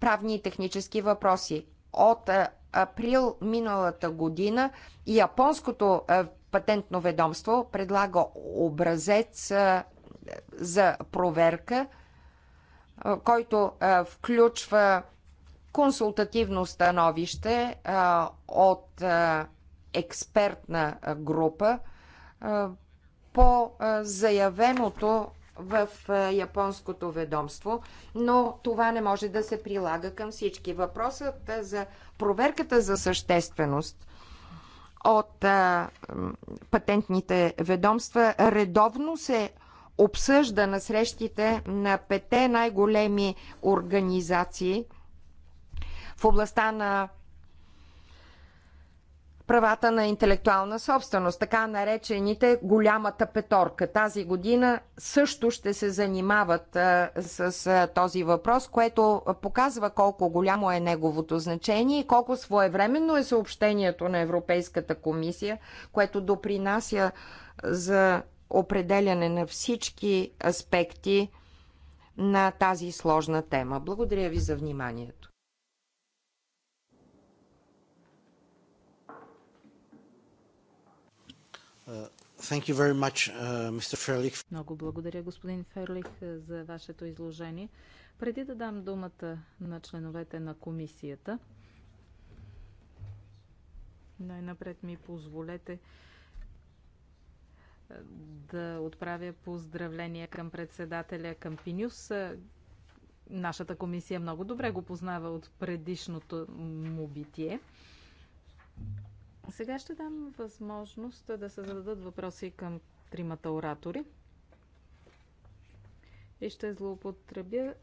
D: правни и технически въпроси. От е, април миналата година японското патентно ведомство предлага образец за проверка, който включва консултативно становище от експертна група по заявеното в японското ведомство, но това не може да се прилага към всички. Въпросът за проверката за същественост от патентните ведомства редовно се обсъжда на срещите на пете най-големи организации в областта на правата на интелектуална собственост, така наречените голямата петорка. Тази година също ще се занимават а, с а, този въпрос, което показва колко голямо е неговото значение и колко своевременно е съобщението на Европейската комисия, което допринася за определяне на всички аспекти на тази сложна тема. Благодаря ви за вниманието. Thank you very much, uh,
A: Mr.
B: Много благодаря, господин Ферлих, е, за вашето изложение. Преди да дам думата на членовете на комисията, най-напред ми позволете е, да отправя поздравления към председателя Кампинюс. Е, нашата комисия много добре го познава от предишното му битие. Сега ще дам възможност да се зададат въпроси към тримата оратори и ще злоупотребя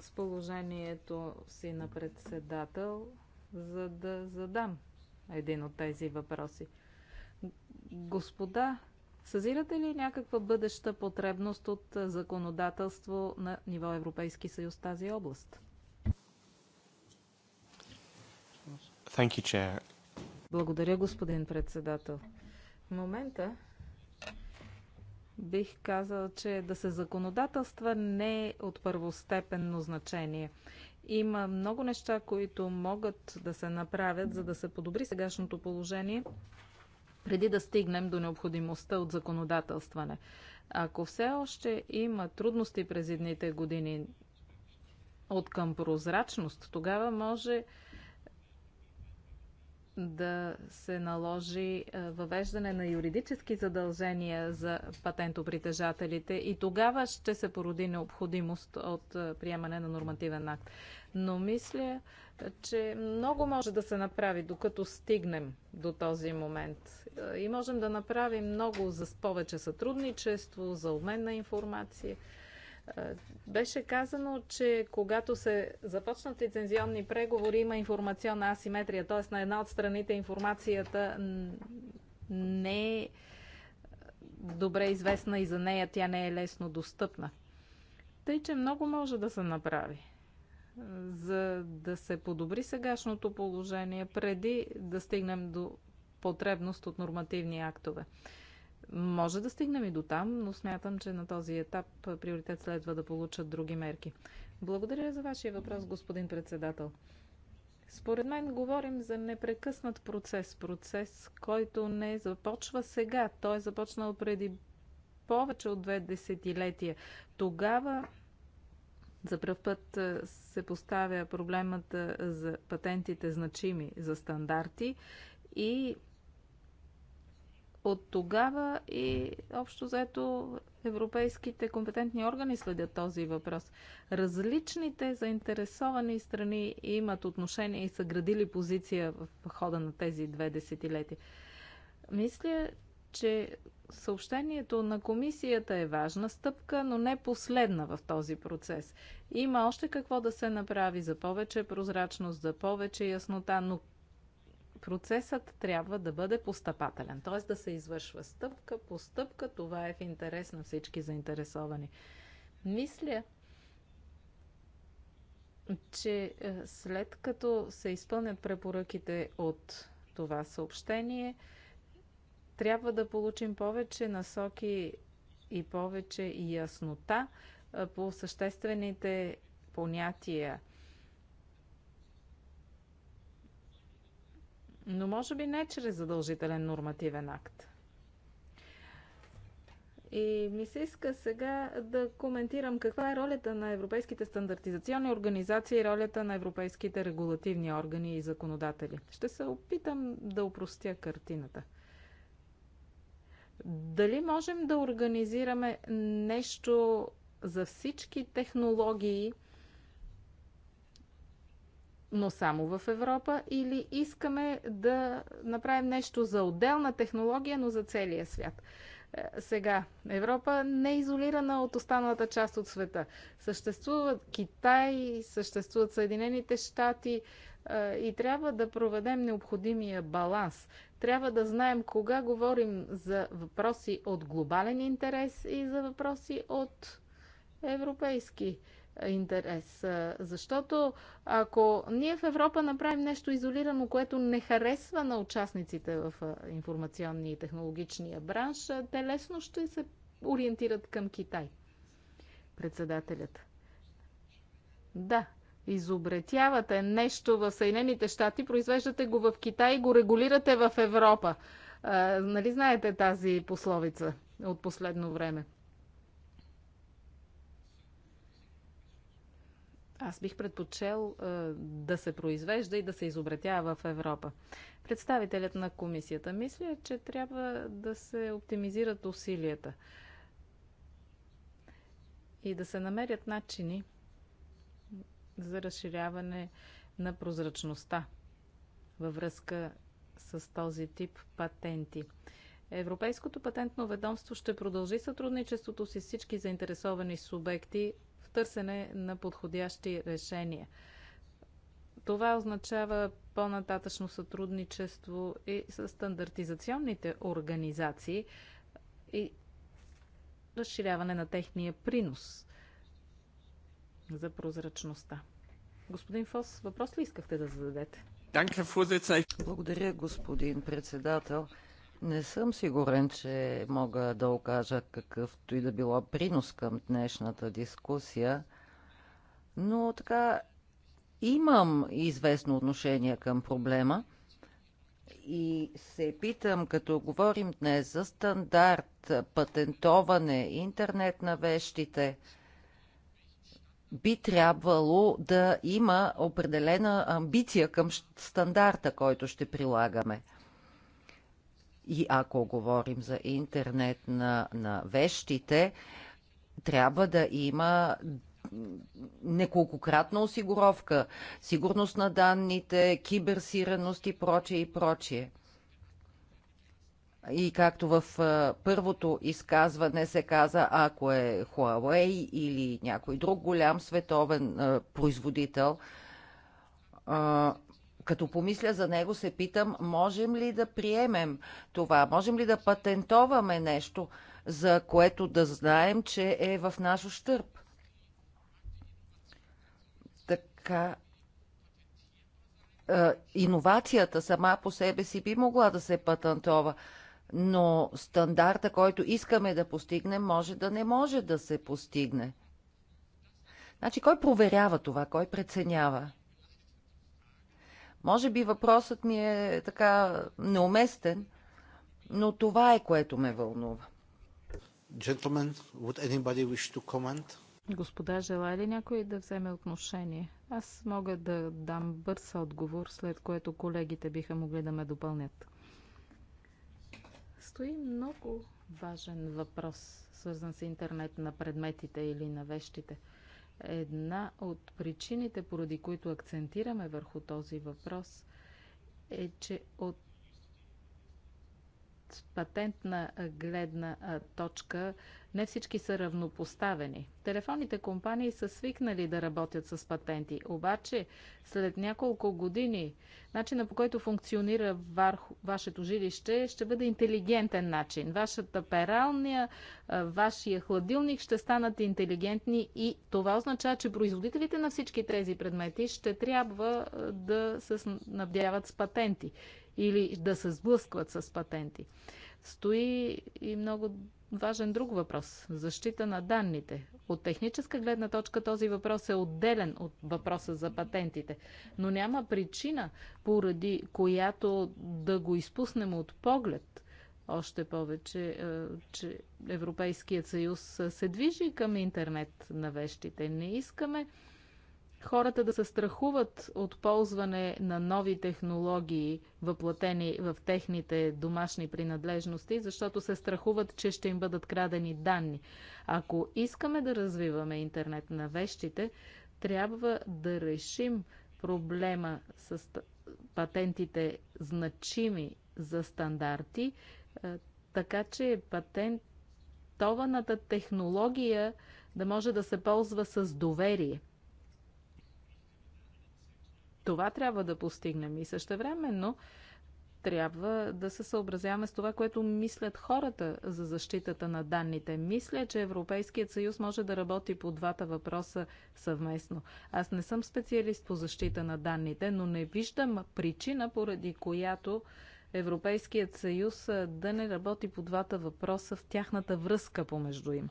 B: с положението си на председател, за да задам един от тези въпроси. Господа, съзирате ли някаква бъдеща потребност от законодателство на ниво Европейски съюз тази област?
A: Thank you, Chair.
B: Благодаря, господин председател. В момента бих казал, че да се законодателства не е от първостепенно значение. Има много неща, които могат да се направят, за да се подобри сегашното положение, преди да стигнем до необходимостта от законодателстване. Ако все още има трудности през едните години от към прозрачност, тогава може да се наложи е, въвеждане на юридически задължения за патентопритежателите и тогава ще се породи необходимост от е, приемане на нормативен акт. Но мисля, че много може да се направи, докато стигнем до този момент. Е, и можем да направим много за повече сътрудничество, за обмен на информация – е, беше казано, че когато се започнат лицензионни преговори, има информационна асиметрия, т.е. на една от страните информацията не е добре известна и за нея тя не е лесно достъпна. Тъй, че много може да се направи, за да се подобри сегашното положение, преди да стигнем до потребност от нормативни актове. Може да стигнем и до там, но смятам, че на този етап приоритет следва да получат други мерки. Благодаря за вашия въпрос, господин председател. Според мен говорим за непрекъснат процес. Процес, който не започва сега. Той е започнал преди повече от две десетилетия. Тогава за пръв път е, се поставя проблемата е, за патентите значими за стандарти и от тогава и общо заето европейските компетентни органи следят този въпрос. Различните заинтересовани страни имат отношение и са градили позиция в хода на тези две десетилетия. Мисля, че съобщението на комисията е важна стъпка, но не последна в този процес. Има още какво да се направи за повече прозрачност, за повече яснота, но процесът трябва да бъде постъпателен, т.е. да се извършва стъпка по стъпка. Това е в интерес на всички заинтересовани. Мисля, че е, след като се изпълнят препоръките от това съобщение, трябва да получим повече насоки и повече яснота е, по съществените понятия – но може би не чрез задължителен нормативен акт. И ми се иска сега да коментирам каква е ролята на европейските стандартизационни организации и ролята на европейските регулативни органи и законодатели. Ще се опитам да упростя картината. Дали можем да организираме нещо за всички технологии, но само в Европа, или искаме да направим нещо за отделна технология, но за целия свят. Е, сега, Европа не е изолирана от останалата част от света. Съществуват Китай, съществуват Съединените щати е, и трябва да проведем необходимия баланс. Трябва да знаем кога говорим за въпроси от глобален интерес и за въпроси от европейски интерес интерес. Защото ако ние в Европа направим нещо изолирано, което не харесва на участниците в информационния и технологичния бранш, те лесно ще се ориентират към Китай. Председателят. Да, изобретявате нещо в Съединените щати, произвеждате го в Китай и го регулирате в Европа. А, нали знаете тази пословица от последно време? Аз бих предпочел е, да се произвежда и да се изобретява в Европа. Представителят на комисията мисля, че трябва да се оптимизират усилията и да се намерят начини за разширяване на прозрачността във връзка с този тип патенти. Европейското патентно ведомство ще продължи сътрудничеството си с всички заинтересовани субекти търсене на подходящи решения. Това означава по-нататъчно сътрудничество и с стандартизационните организации и разширяване на техния принос за прозрачността. Господин Фос, въпрос ли искахте да зададете?
C: Благодаря, господин председател. Не съм сигурен, че мога да окажа какъвто и да било принос към днешната дискусия, но така имам известно отношение към проблема и се питам, като говорим днес за стандарт, патентоване, интернет на вещите, би трябвало да има определена амбиция към стандарта, който ще прилагаме – и ако говорим за интернет на, на вещите, трябва да има неколкократна осигуровка, сигурност на данните, киберсираност и прочее и прочее. И както в първото изказване се каза, ако е Huawei или някой друг голям световен производител, като помисля за него, се питам, можем ли да приемем това? Можем ли да патентоваме нещо, за което да знаем, че е в наш ущърп? Така, иновацията сама по себе си би могла да се патентова, но стандарта, който искаме да постигнем, може да не може да се постигне. Значи, кой проверява това? Кой преценява? Може би въпросът ми е така
B: неуместен,
C: но това е което ме вълнува. Gentlemen, would anybody wish to comment?
B: Господа, желая ли някой да вземе отношение? Аз мога да дам бърз отговор, след което колегите биха могли да ме допълнят. Стои много важен въпрос, свързан с интернет на предметите или на вещите – Една от причините, поради които акцентираме върху този въпрос, е, че от патентна гледна точка не всички са равнопоставени. Телефонните компании са свикнали да работят с патенти, обаче след няколко години начина по който функционира върху вашето жилище ще бъде интелигентен начин. Вашата пералния, вашия хладилник ще станат интелигентни и това означава, че производителите на всички тези предмети ще трябва да се снабдяват с патенти или да се сблъскват с патенти. Стои и много важен друг въпрос – защита на данните. От техническа гледна точка този въпрос е отделен от въпроса за патентите, но няма причина, поради която да го изпуснем от поглед. Още повече, е, че Европейският съюз се движи към интернет на вещите. Не искаме хората да се страхуват от ползване на нови технологии, въплатени в техните домашни принадлежности, защото се страхуват, че ще им бъдат крадени данни. Ако искаме да развиваме интернет на вещите, трябва да решим проблема с патентите значими за стандарти, е, така че патентованата технология да може да се ползва с доверие – това трябва да постигнем и същевременно трябва да се съобразяваме с това, което мислят хората за защитата на данните. Мисля, че Европейският съюз може да работи по двата въпроса съвместно. Аз не съм специалист по защита на данните, но не виждам причина, поради която Европейският съюз да не работи по двата въпроса в тяхната връзка помежду им.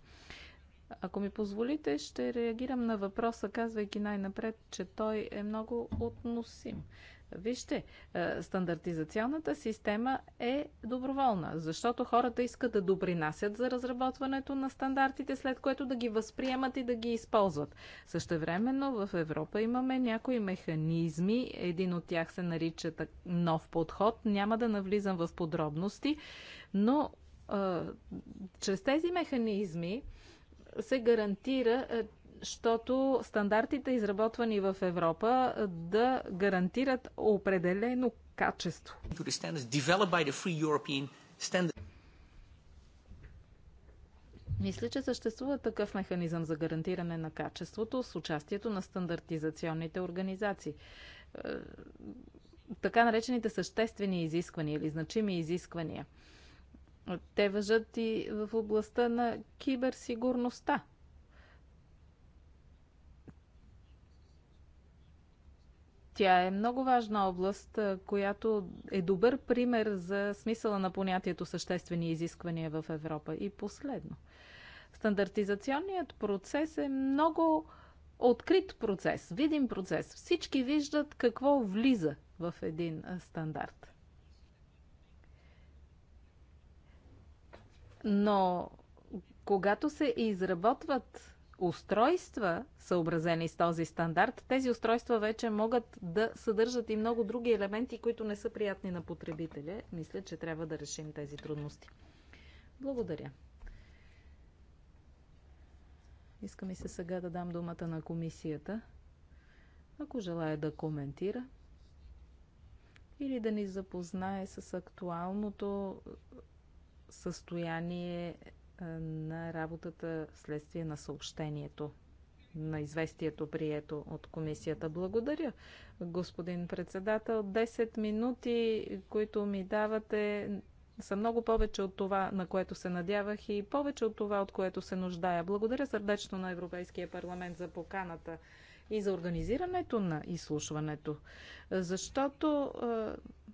B: Ако ми позволите, ще реагирам на въпроса, казвайки най-напред, че той е много относим. Вижте, е, стандартизационната система е доброволна, защото хората искат да допринасят за разработването на стандартите, след което да ги възприемат и да ги използват. Същевременно в Европа имаме някои механизми, един от тях се нарича нов подход, няма да навлизам в подробности, но е, чрез тези механизми се гарантира, защото е, стандартите, изработвани в Европа, е, да гарантират определено качество. Мисля, че съществува такъв механизъм за гарантиране на качеството с участието на стандартизационните организации. Е, така наречените съществени изисквания или значими изисквания – те въжат и в областта на киберсигурността. Тя е много важна област, която е добър пример за смисъла на понятието съществени изисквания в Европа. И последно. Стандартизационният процес е много открит процес, видим процес. Всички виждат какво влиза в един стандарт. Но когато се изработват устройства, съобразени с този стандарт, тези устройства вече могат да съдържат и много други елементи, които не са приятни на потребителя. Мисля, че трябва да решим тези трудности. Благодаря. Иска ми се сега да дам думата на комисията, ако желая да коментира или да ни запознае с актуалното състояние е, на работата вследствие на съобщението, на известието прието от комисията. Благодаря, господин председател. 10 минути, които ми давате, са много повече от това, на което се надявах и повече от това, от което се нуждая. Благодаря сърдечно на Европейския парламент за поканата и за организирането на изслушването, защото е,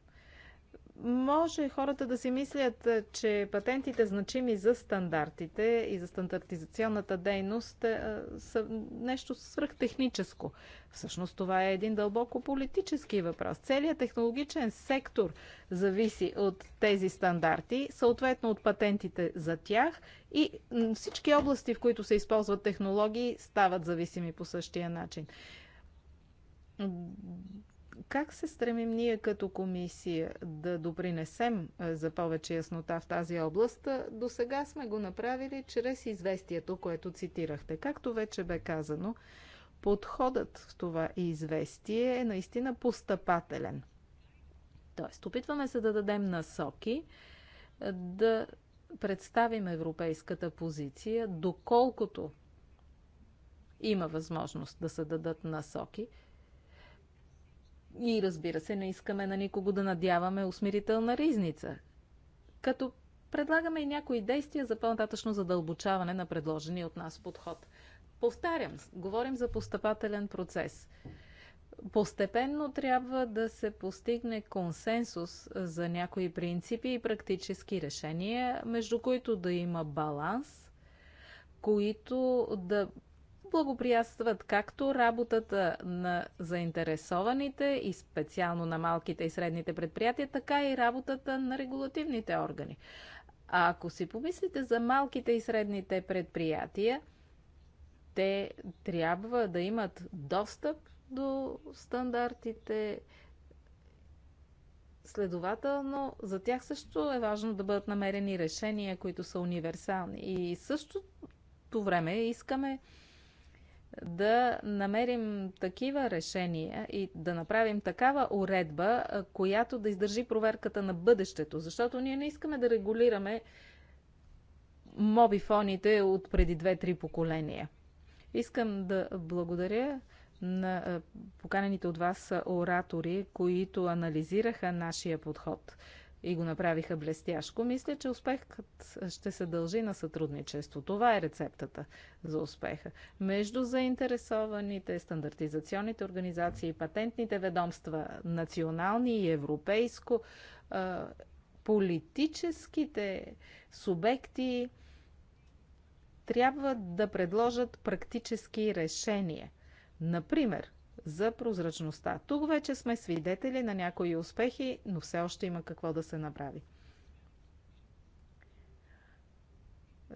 B: може хората да си мислят, е, че патентите значими за стандартите и за стандартизационната дейност е, са нещо свръхтехническо. Всъщност това е един дълбоко политически въпрос. Целият технологичен сектор зависи от тези стандарти, съответно от патентите за тях и всички области, в които се използват технологии, стават зависими по същия начин как се стремим ние като комисия да допринесем е, за повече яснота в тази област? Е, до сега сме го направили чрез известието, което цитирахте. Както вече бе казано, подходът в това известие е наистина постъпателен. Тоест, опитваме се да дадем насоки, е, да представим европейската позиция, доколкото има възможност да се дадат насоки – и разбира се, не искаме на нали, никого да надяваме усмирителна ризница. Като предлагаме и някои действия за по-нататъчно задълбочаване на предложения от нас подход. Повтарям, говорим за постъпателен процес. Постепенно трябва да се постигне консенсус за някои принципи и практически решения, между които да има баланс, които да благоприятстват както работата на заинтересованите и специално на малките и средните предприятия, така и работата на регулативните органи. А ако си помислите за малките и средните предприятия, те трябва да имат достъп до стандартите. Следователно, за тях също е важно да бъдат намерени решения, които са универсални. И същото време искаме да намерим такива решения и да направим такава уредба, която да издържи проверката на бъдещето, защото ние не искаме да регулираме мобифоните от преди две-три поколения. Искам да благодаря на поканените от вас оратори, които анализираха нашия подход и го направиха блестяшко, мисля, че успехът ще се дължи на сътрудничество. Това е рецептата за успеха. Между заинтересованите, стандартизационните организации, патентните ведомства, национални и европейско, политическите субекти трябва да предложат практически решения. Например, за прозрачността. Тук вече сме свидетели на някои успехи, но все още има какво да се направи.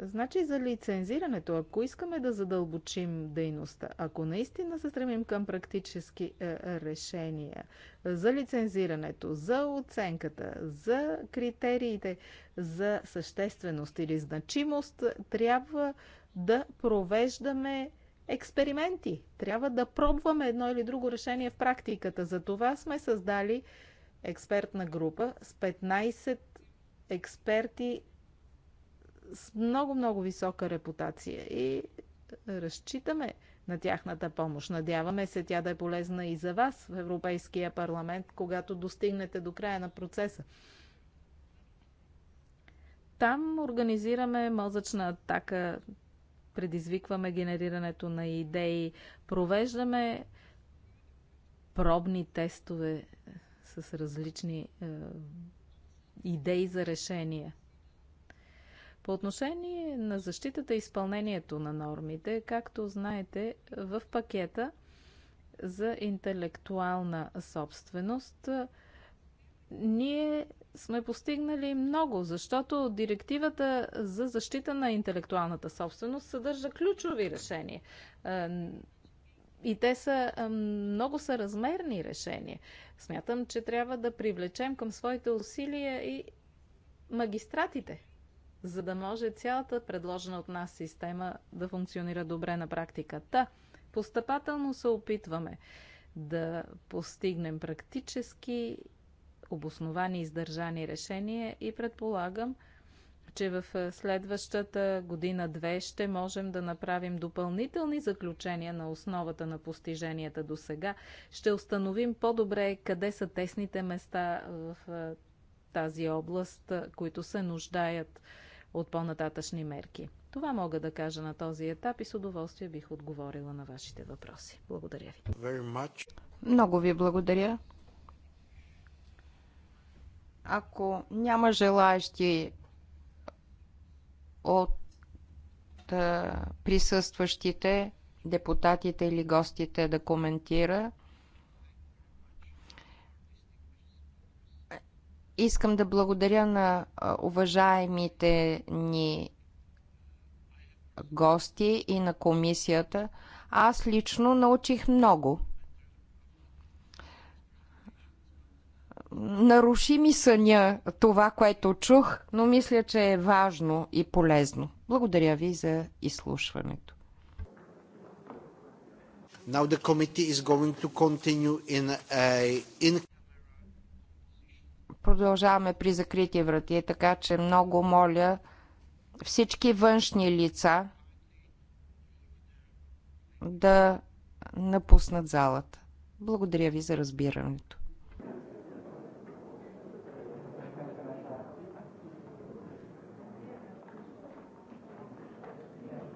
B: Значи за лицензирането, ако искаме да задълбочим дейността, ако наистина се стремим към практически е, е решения за лицензирането, за оценката, за критериите за същественост или значимост, трябва да провеждаме експерименти. Трябва да пробваме едно или друго решение в практиката. За това сме създали експертна група с 15 експерти с много-много висока репутация и разчитаме на тяхната помощ. Надяваме се тя да е полезна и за вас в Европейския парламент, когато достигнете до края на процеса. Там организираме мозъчна атака предизвикваме генерирането на идеи, провеждаме пробни тестове с различни е, идеи за решения. По отношение на защитата и изпълнението на нормите, както знаете, в пакета за интелектуална собственост е, ние сме постигнали много, защото директивата за защита на интелектуалната собственост съдържа ключови решения. Е, и те са е, много съразмерни решения. Смятам, че трябва да привлечем към своите усилия и магистратите, за да може цялата предложена от нас система да функционира добре на практика. Та, постъпателно се опитваме да постигнем практически обосновани и издържани решения и предполагам, че в следващата година-две ще можем да направим допълнителни заключения на основата на постиженията до сега. Ще установим по-добре къде са тесните места в тази област, които се нуждаят от по-нататъчни мерки. Това мога да кажа на този етап и с удоволствие бих отговорила на вашите въпроси. Благодаря ви.
D: Много ви благодаря. Ако няма желащи от присъстващите, депутатите или гостите да коментира, искам да благодаря на уважаемите ни гости и на комисията. Аз лично научих много. наруши ми съня това, което чух, но мисля, че е важно и полезно. Благодаря ви за изслушването.
A: Now the committee is going to continue in a, in...
D: Продължаваме при закрити врати, така че много моля всички външни лица да напуснат залата. Благодаря ви за разбирането.